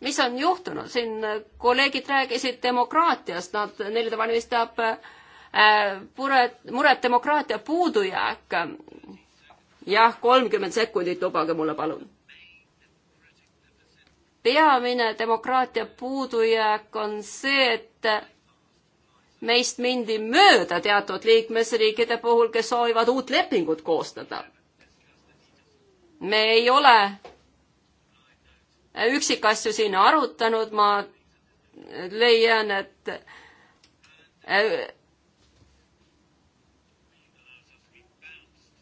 mis on juhtunud, siin kolleegid rääkisid demokraatiast, nad, neile valmistab äh, muret, muret demokraatia puudujääk jah, kolmkümmend sekundit, lubage mulle palun. peamine demokraatia puudujääk on see, et meist mindi mööda teatud liikmesriikide puhul, kes soovivad uut lepingut koostada. me ei ole üksikasju siin arutanud, ma leian, et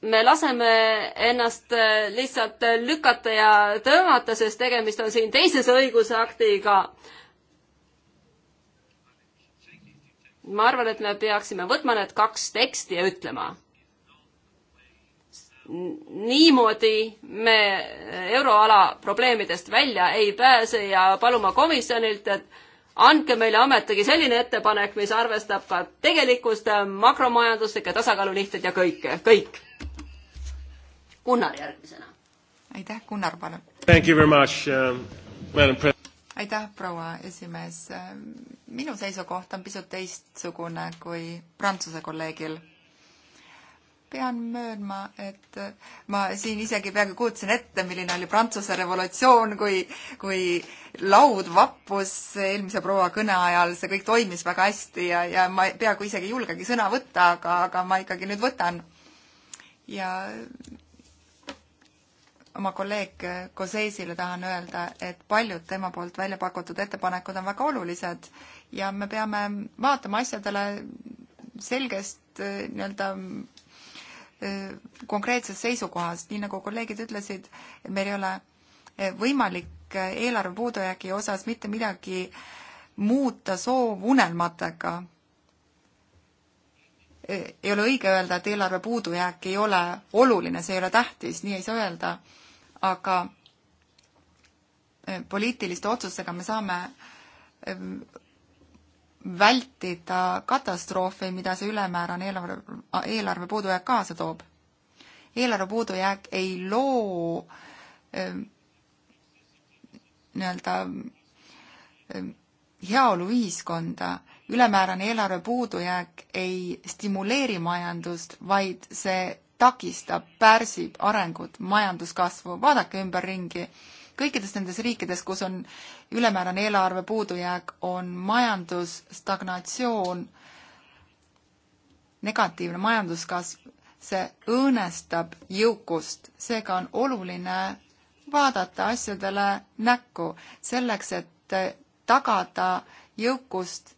me laseme ennast äh, lihtsalt äh, lükata ja tõmmata, sest tegemist on siin teises õigusaktiga. ma arvan, et me peaksime võtma need kaks teksti ja ütlema. niimoodi me äh, euroala probleemidest välja ei pääse ja paluma komisjonilt, et andke meile ometigi selline ettepanek, mis arvestab ka tegelikkust, makromajanduslikke tasakaalunihted ja kõike, kõik, kõik Gunnar järgmisena. aitäh, Gunnar, palun. Uh, aitäh, proua esimees. minu seisukoht on pisut teistsugune kui Prantsuse kolleegil pean möönma, et ma siin isegi peaaegu kujutasin ette, milline oli Prantsuse revolutsioon, kui, kui laud vappus eelmise proua kõne ajal, see kõik toimis väga hästi ja, ja ma peaaegu isegi ei julgegi sõna võtta, aga, aga ma ikkagi nüüd võtan. ja oma kolleeg Koseisile tahan öelda, et paljud tema poolt välja pakutud ettepanekud on väga olulised ja me peame vaatama asjadele selgest äh, nii-öelda äh, konkreetsest seisukohast, nii nagu kolleegid ütlesid, et meil ei ole äh, võimalik eelarve puudujäägi osas mitte midagi muuta soovunelmatega ei ole õige öelda, et eelarve puudujääk ei ole oluline, see ei ole tähtis, nii ei saa öelda aga eh, poliitiliste otsustega me saame eh, vältida katastroofi, mida see ülemäärane eelarve, eelarve puudujääk kaasa toob. eelarve puudujääk ei loo eh, nii-öelda heaoluühiskonda, ülemäärane eelarve puudujääk ei stimuleeri majandust, vaid see takistab, pärsib arengut, majanduskasvu, vaadake ümberringi. kõikides nendes riikides, kus on ülemäärane eelarve puudujääk, on majandusstagnatsioon, negatiivne majanduskasv, see õõnestab jõukust, seega on oluline vaadata asjadele näkku. selleks, et tagada jõukust,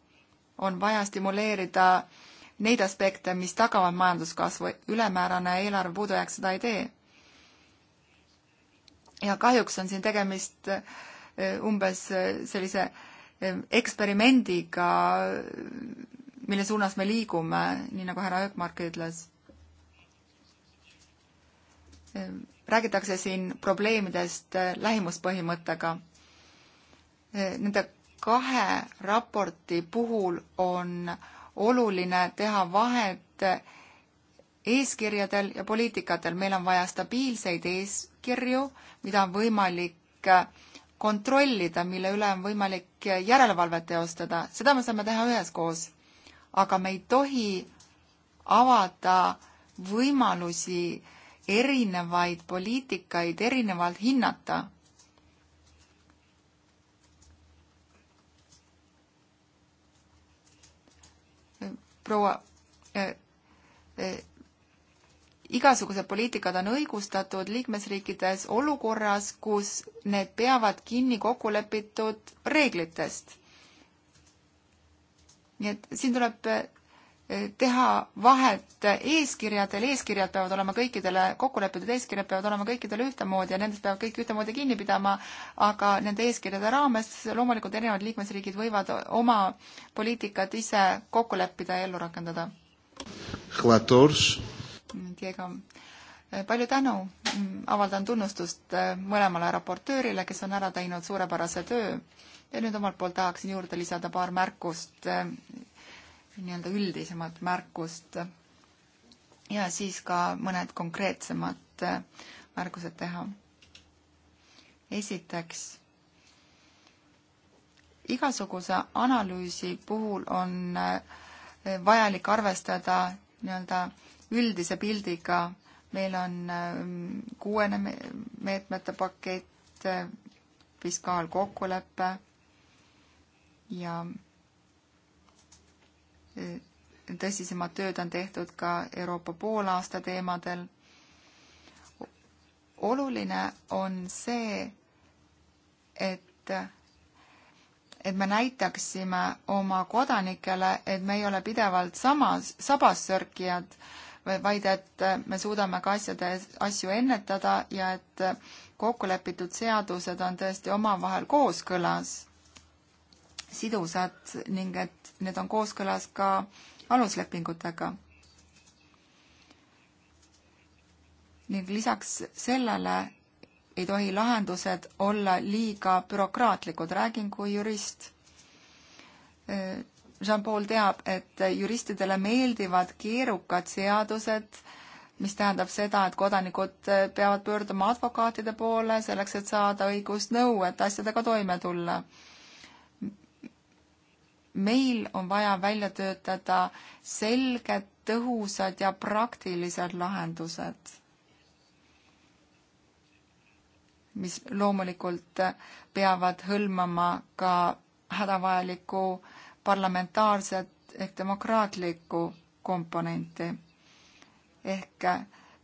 on vaja stimuleerida neid aspekte, mis tagavad majanduskasvu, ülemäärane eelarve puudujääk seda ei tee. ja kahjuks on siin tegemist eh, umbes eh, sellise eh, eksperimendiga, mille suunas me liigume, nii nagu härra Öökmark ütles. räägitakse siin probleemidest lähimuspõhimõttega. Nende kahe raporti puhul on oluline teha vahet eeskirjadel ja poliitikatel. meil on vaja stabiilseid eeskirju, mida on võimalik kontrollida, mille üle on võimalik järelevalvet teostada, seda me saame teha üheskoos. aga me ei tohi avada võimalusi erinevaid poliitikaid erinevalt hinnata proua äh, äh, igasugused poliitikad on õigustatud liikmesriikides olukorras, kus need peavad kinni kokkulepitud reeglitest. nii et siin tuleb teha vahet eeskirjadel, eeskirjad peavad olema kõikidele, kokkulepitud eeskirjad peavad olema kõikidele ühtemoodi ja nendest peavad kõik ühtemoodi kinni pidama, aga nende eeskirjade raames loomulikult erinevad liikmesriigid võivad oma poliitikat ise kokku leppida ja ellu rakendada. Mm, Diego, eh, palju tänu, mm, avaldan tunnustust eh, mõlemale raportöörile, kes on ära teinud suurepärase töö ja nüüd omalt poolt tahaksin juurde lisada paar märkust eh, nii-öelda üldisemat märkust ja siis ka mõned konkreetsemad äh, märkused teha. esiteks, igasuguse analüüsi puhul on äh, vajalik arvestada nii-öelda üldise pildiga, meil on äh, kuuene meetmete pakett, fiskaalkokkulepe ja Äh, tõsisemad tööd on tehtud ka Euroopa poolaasta teemadel. oluline on see, et, et me näitaksime oma kodanikele, et me ei ole pidevalt samas, sabassörkijad, vaid et me suudame ka asjade, asju ennetada ja et kokkulepitud seadused on tõesti omavahel kooskõlas sidusad ning et need on kooskõlas ka aluslepingutega. ning lisaks sellele ei tohi lahendused olla liiga bürokraatlikud, räägin kui jurist. Jean-Paul teab, et juristidele meeldivad keerukad seadused, mis tähendab seda, et kodanikud peavad pöörduma advokaatide poole selleks, et saada õigust nõu, et asjadega toime tulla meil on vaja välja töötada selged, tõhusad ja praktilised lahendused, mis loomulikult peavad hõlmama ka hädavajalikku parlamentaarset ehk demokraatlikku komponenti. ehk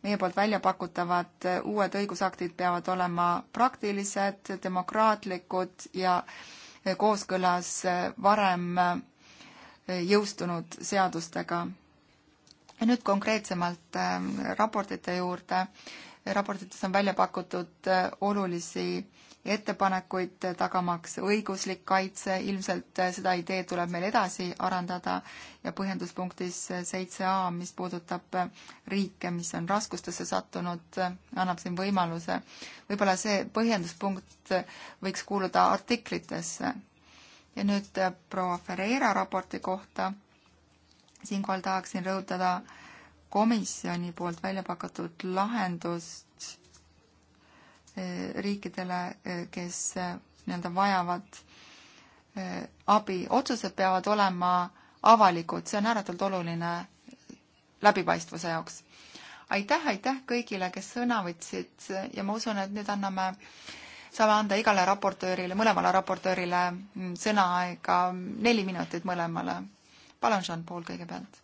meie poolt välja pakutavad uued õigusaktid peavad olema praktilised, demokraatlikud ja äh, kooskõlas äh, varem äh, jõustunud seadustega. nüüd konkreetsemalt ähm, raportite juurde. raportites on välja pakutud äh, olulisi ettepanekuid, tagamaks õiguslik kaitse, ilmselt seda ideed tuleb meil edasi arendada ja põhjenduspunktis seitse A, mis puudutab riike, mis on raskustesse sattunud, annab siin võimaluse. võib-olla see põhjenduspunkt võiks kuuluda artiklitesse. ja nüüd proua Ferreira raporti kohta, siinkohal tahaksin rõhutada komisjoni poolt välja pakutud lahendust Eh, riikidele, eh, kes eh, nii-öelda vajavad abi. otsused peavad olema avalikud, see on ääretult oluline läbipaistvuse jaoks. aitäh, aitäh kõigile, kes sõna võtsid ja ma usun, et nüüd anname, saame anda igale raportöörile, mõlemale raportöörile mm, sõnaaega neli minutit mõlemale. palun, Jean-Paul kõigepealt.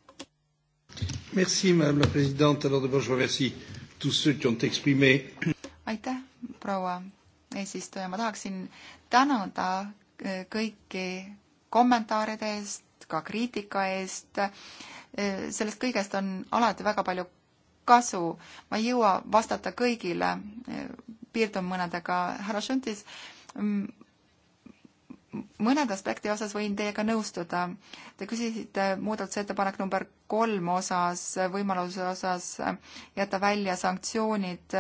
Merci, madame la présidente, alors d'abord je remercie tous ceux qui ont exprimé aitäh proua eesistuja, ma tahaksin tänada äh, kõiki kommentaaride eest, ka kriitika eest. Äh, sellest kõigest on alati väga palju kasu. ma ei jõua vastata kõigile, äh, piirdun mõnedega. härra Šuntis, mm, mõned aspekti osas võin teiega nõustuda. Te küsisite muudatusettepanek number kolm osas, võimaluse osas jätta välja sanktsioonid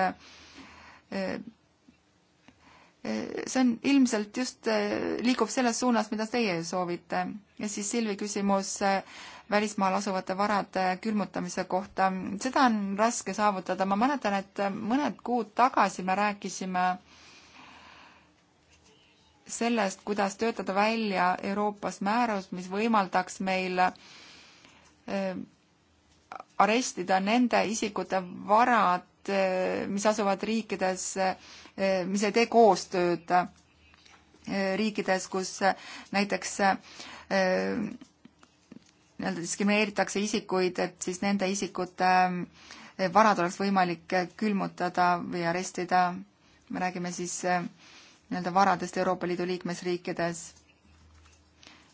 Eh, see on ilmselt just, eh, liigub selles suunas, mida teie soovite. ja siis Silvi küsimus eh, välismaal asuvate varade külmutamise kohta. seda on raske saavutada, ma mäletan, et mõned kuud tagasi me rääkisime sellest, kuidas töötada välja Euroopas määrus, mis võimaldaks meil arestida nende isikute varad, Eh, mis asuvad riikides, eh, mis ei tee koostööd eh, riikides, kus näiteks nii-öelda diskrimineeritakse isikuid, et siis nende isikute varad oleks võimalik külmutada või arestida, me räägime siis nii-öelda varadest Euroopa Liidu liikmesriikides.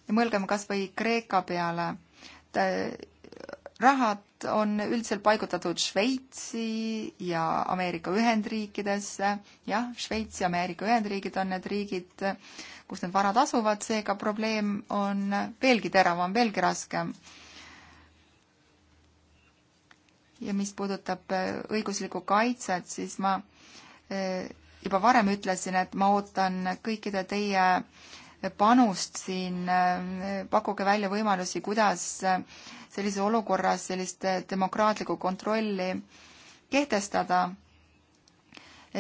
ja mõelgem kas või Kreeka peale, rahad on üldiselt paigutatud Šveitsi ja Ameerika Ühendriikidesse. jah, Šveits ja Ameerika Ühendriigid on need riigid, kus need varad asuvad, seega probleem on veelgi teravam, veelgi raskem. ja mis puudutab äh, õiguslikku kaitset, siis ma äh, juba varem ütlesin, et ma ootan kõikide teie äh, panust siin, pakkuge välja võimalusi, kuidas sellises olukorras sellist demokraatlikku kontrolli kehtestada.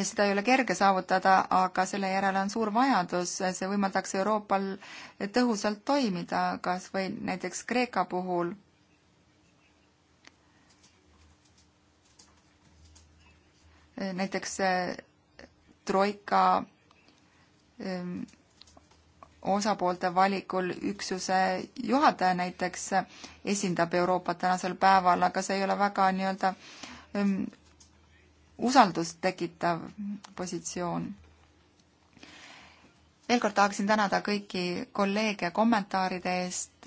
seda ei ole kerge saavutada, aga selle järele on suur vajadus, see võimaldaks Euroopal tõhusalt toimida, kas või näiteks Kreeka puhul näiteks eh, troika ehm, osapoolte valikul üksuse juhataja näiteks esindab Euroopat tänasel päeval, aga see ei ole väga nii-öelda um, usaldust tekitav positsioon. veel kord tahaksin tänada kõiki kolleege kommentaaride eest.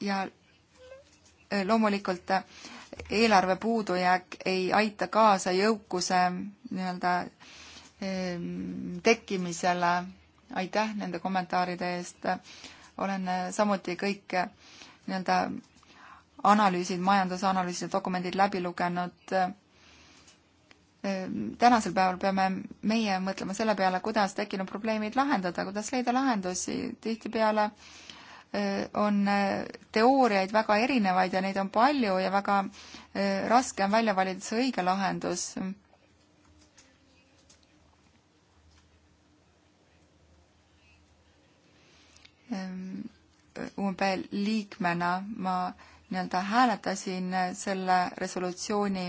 ja äh, loomulikult äh, eelarve puudujääk ei aita kaasa jõukuse nii-öelda ehm, tekkimisele. aitäh nende kommentaaride eest. olen eh, samuti kõik eh, nii-öelda analüüsid, majandusanalüüsid ja dokumendid läbi lugenud. Ehm, tänasel päeval peame meie mõtlema selle peale, kuidas tekkinud probleemid lahendada, kuidas leida lahendusi. tihtipeale äh, Äh, on äh, teooriaid väga erinevaid ja neid on palju ja väga äh, raske on välja valida see õige lahendus. Ähm, UMB liikmena ma nii-öelda hääletasin selle resolutsiooni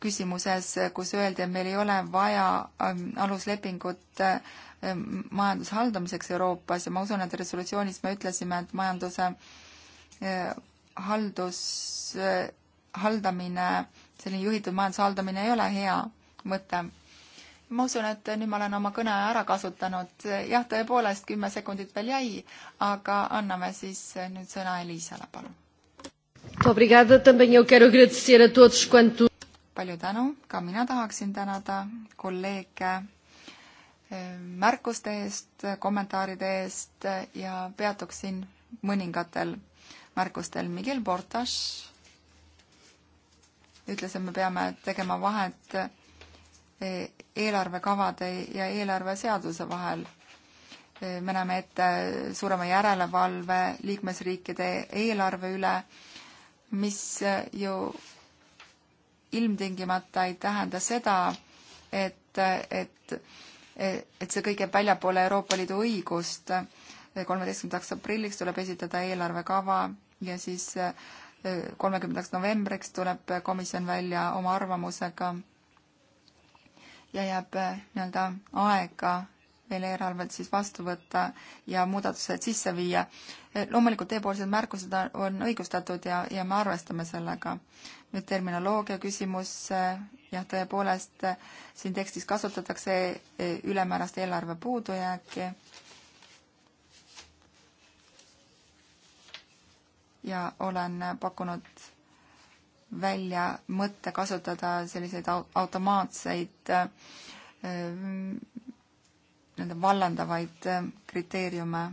küsimuses, kus öeldi, et meil ei ole vaja ähm, aluslepingut ähm, majanduse haldamiseks Euroopas ja ma usun, et resolutsioonis me ütlesime, et majanduse äh, haldus, äh, haldamine, selline juhitud majanduse haldamine ei ole hea mõte. ma usun, et nüüd ma olen oma kõne ära kasutanud, jah, tõepoolest kümme sekundit veel jäi, aga anname siis nüüd sõna Elisale, palun. Obrigada, também eu quero agradecer a todos quanto palju tänu, ka mina tahaksin tänada kolleege eh, märkuste eest, kommentaaride eest ja peatuksin mõningatel märkustel. Miguel Portas ütles, et me peame tegema vahet eh, eelarvekavade ja eelarveseaduse vahel. Eh, me näeme ette suurema järelevalve liikmesriikide eelarve üle, mis ju ilmtingimata ei tähenda seda, et, et, et see kõik jääb väljapoole Euroopa Liidu õigust. kolmeteistkümnendaks aprilliks tuleb esitada eelarvekava ja siis kolmekümnendaks novembriks tuleb komisjon välja oma arvamusega ja jääb nii-öelda aega veel eelarvelt siis vastu võtta ja muudatused sisse viia. loomulikult teiepoolsed märkused on õigustatud ja, ja me arvestame sellega. nüüd terminoloogia küsimus, äh, jah, tõepoolest äh, siin tekstis kasutatakse äh, ülemäärast eelarve puudujääki. ja olen pakkunud välja mõtte kasutada selliseid automaatseid nii-öelda vallandavaid äh, kriteeriume.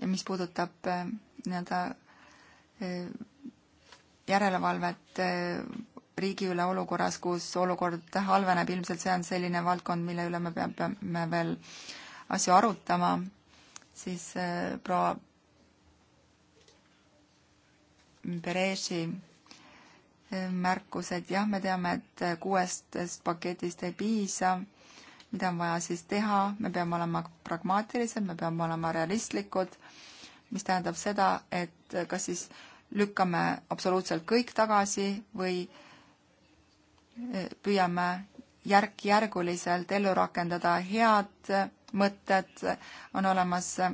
ja mis puudutab äh, nii-öelda äh, järelevalvet riigi üle olukorras, kus olukord halveneb, ilmselt see on selline valdkond, mille üle me peame veel asju arutama, siis proua Bereši märkused, jah, me teame, et kuuest paketist ei piisa, mida on vaja siis teha, me peame olema pragmaatilised, me peame olema realistlikud, mis tähendab seda, et kas siis lükkame absoluutselt kõik tagasi või eh, püüame järk-järguliselt ellu rakendada head mõtted, on olemas eh,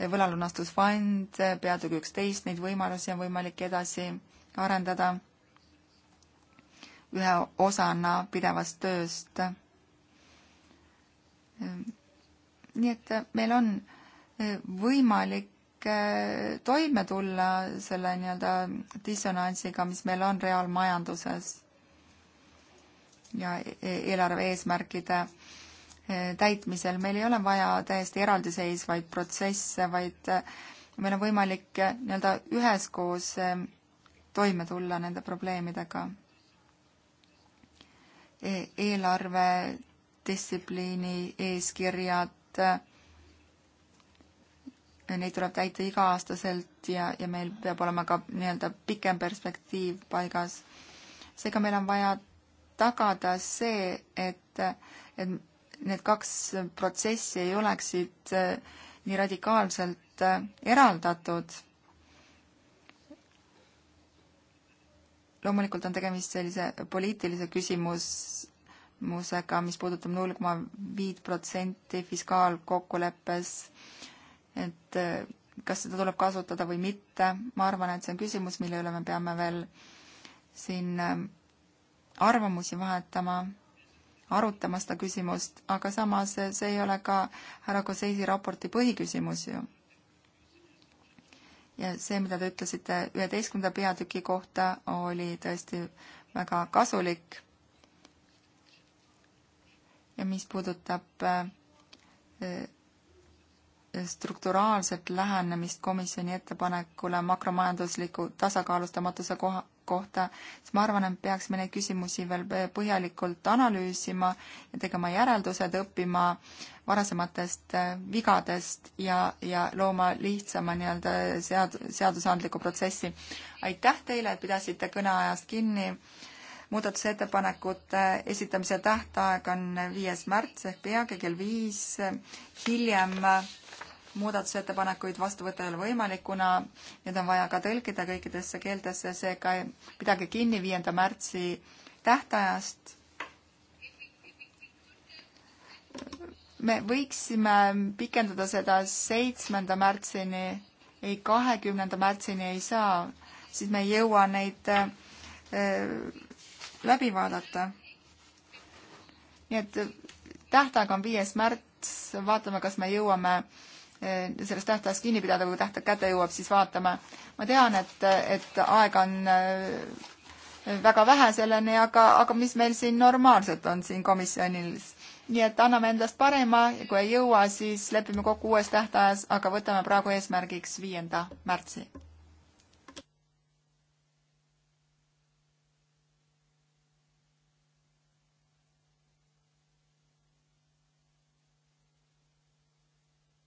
võlalunastusfond, peatükk üksteist, neid võimalusi on võimalik edasi arendada ühe osana pidevast tööst. nii et meil on võimalik eh, toime tulla selle nii-öelda dissonantsiga, mis meil on reaalmajanduses ja e-, e-, eelarve eesmärkide eh, täitmisel. meil ei ole vaja täiesti eraldiseisvaid protsesse, vaid eh, meil on võimalik nii-öelda üheskoos toime tulla nende probleemidega E-, eelarvedistsipliini eeskirjad, neid tuleb täita iga-aastaselt ja, ja meil peab olema ka nii-öelda pikem perspektiiv paigas. seega meil on vaja tagada see, et, et need kaks protsessi ei oleksid eh, nii radikaalselt eh, eraldatud loomulikult on tegemist sellise poliitilise küsimusega, mis puudutab null koma viit protsenti fiskaalkokkuleppes, et eh, kas seda tuleb kasutada või mitte, ma arvan, et see on küsimus, mille üle me peame veel siin eh, arvamusi vahetama, arutama seda küsimust, aga samas eh, see ei ole ka härra Koseisi raporti põhiküsimus ju ja see, mida te ütlesite üheteistkümnenda peatüki kohta, oli tõesti väga kasulik. ja mis puudutab äh, strukturaalset lähenemist komisjoni ettepanekule makromajandusliku tasakaalustamatuse koha, kohta, siis ma arvan, et peaksime neid küsimusi veel põhjalikult analüüsima ja tegema järeldused, õppima varasematest äh, vigadest ja, ja looma lihtsama nii-öelda sead-, seadusandliku protsessi. aitäh teile, et pidasite kõneajast kinni. muudatusettepanekute esitamise tähtaeg on viies märts ehk peagi kell viis, hiljem muudatusettepanekuid vastu võtta ei ole võimalik, kuna need on vaja ka tõlkida kõikidesse keeltesse, seega pidage kinni viienda märtsi tähtajast. me võiksime pikendada seda seitsmenda märtsini, ei kahekümnenda märtsini ei saa, siis me ei jõua neid äh, läbi vaadata. nii et tähtaeg on viies märts, vaatame, kas me jõuame äh, Eh, sellest tähtajast kinni pidada, kui tähtaeg kätte jõuab, siis vaatame. ma tean, et, et aega on eh, väga vähe selleni, aga, aga mis meil siin normaalselt on siin komisjonis. nii et anname endast parima ja kui ei jõua, siis lepime kokku uues tähtajas, aga võtame praegu eesmärgiks viienda märtsi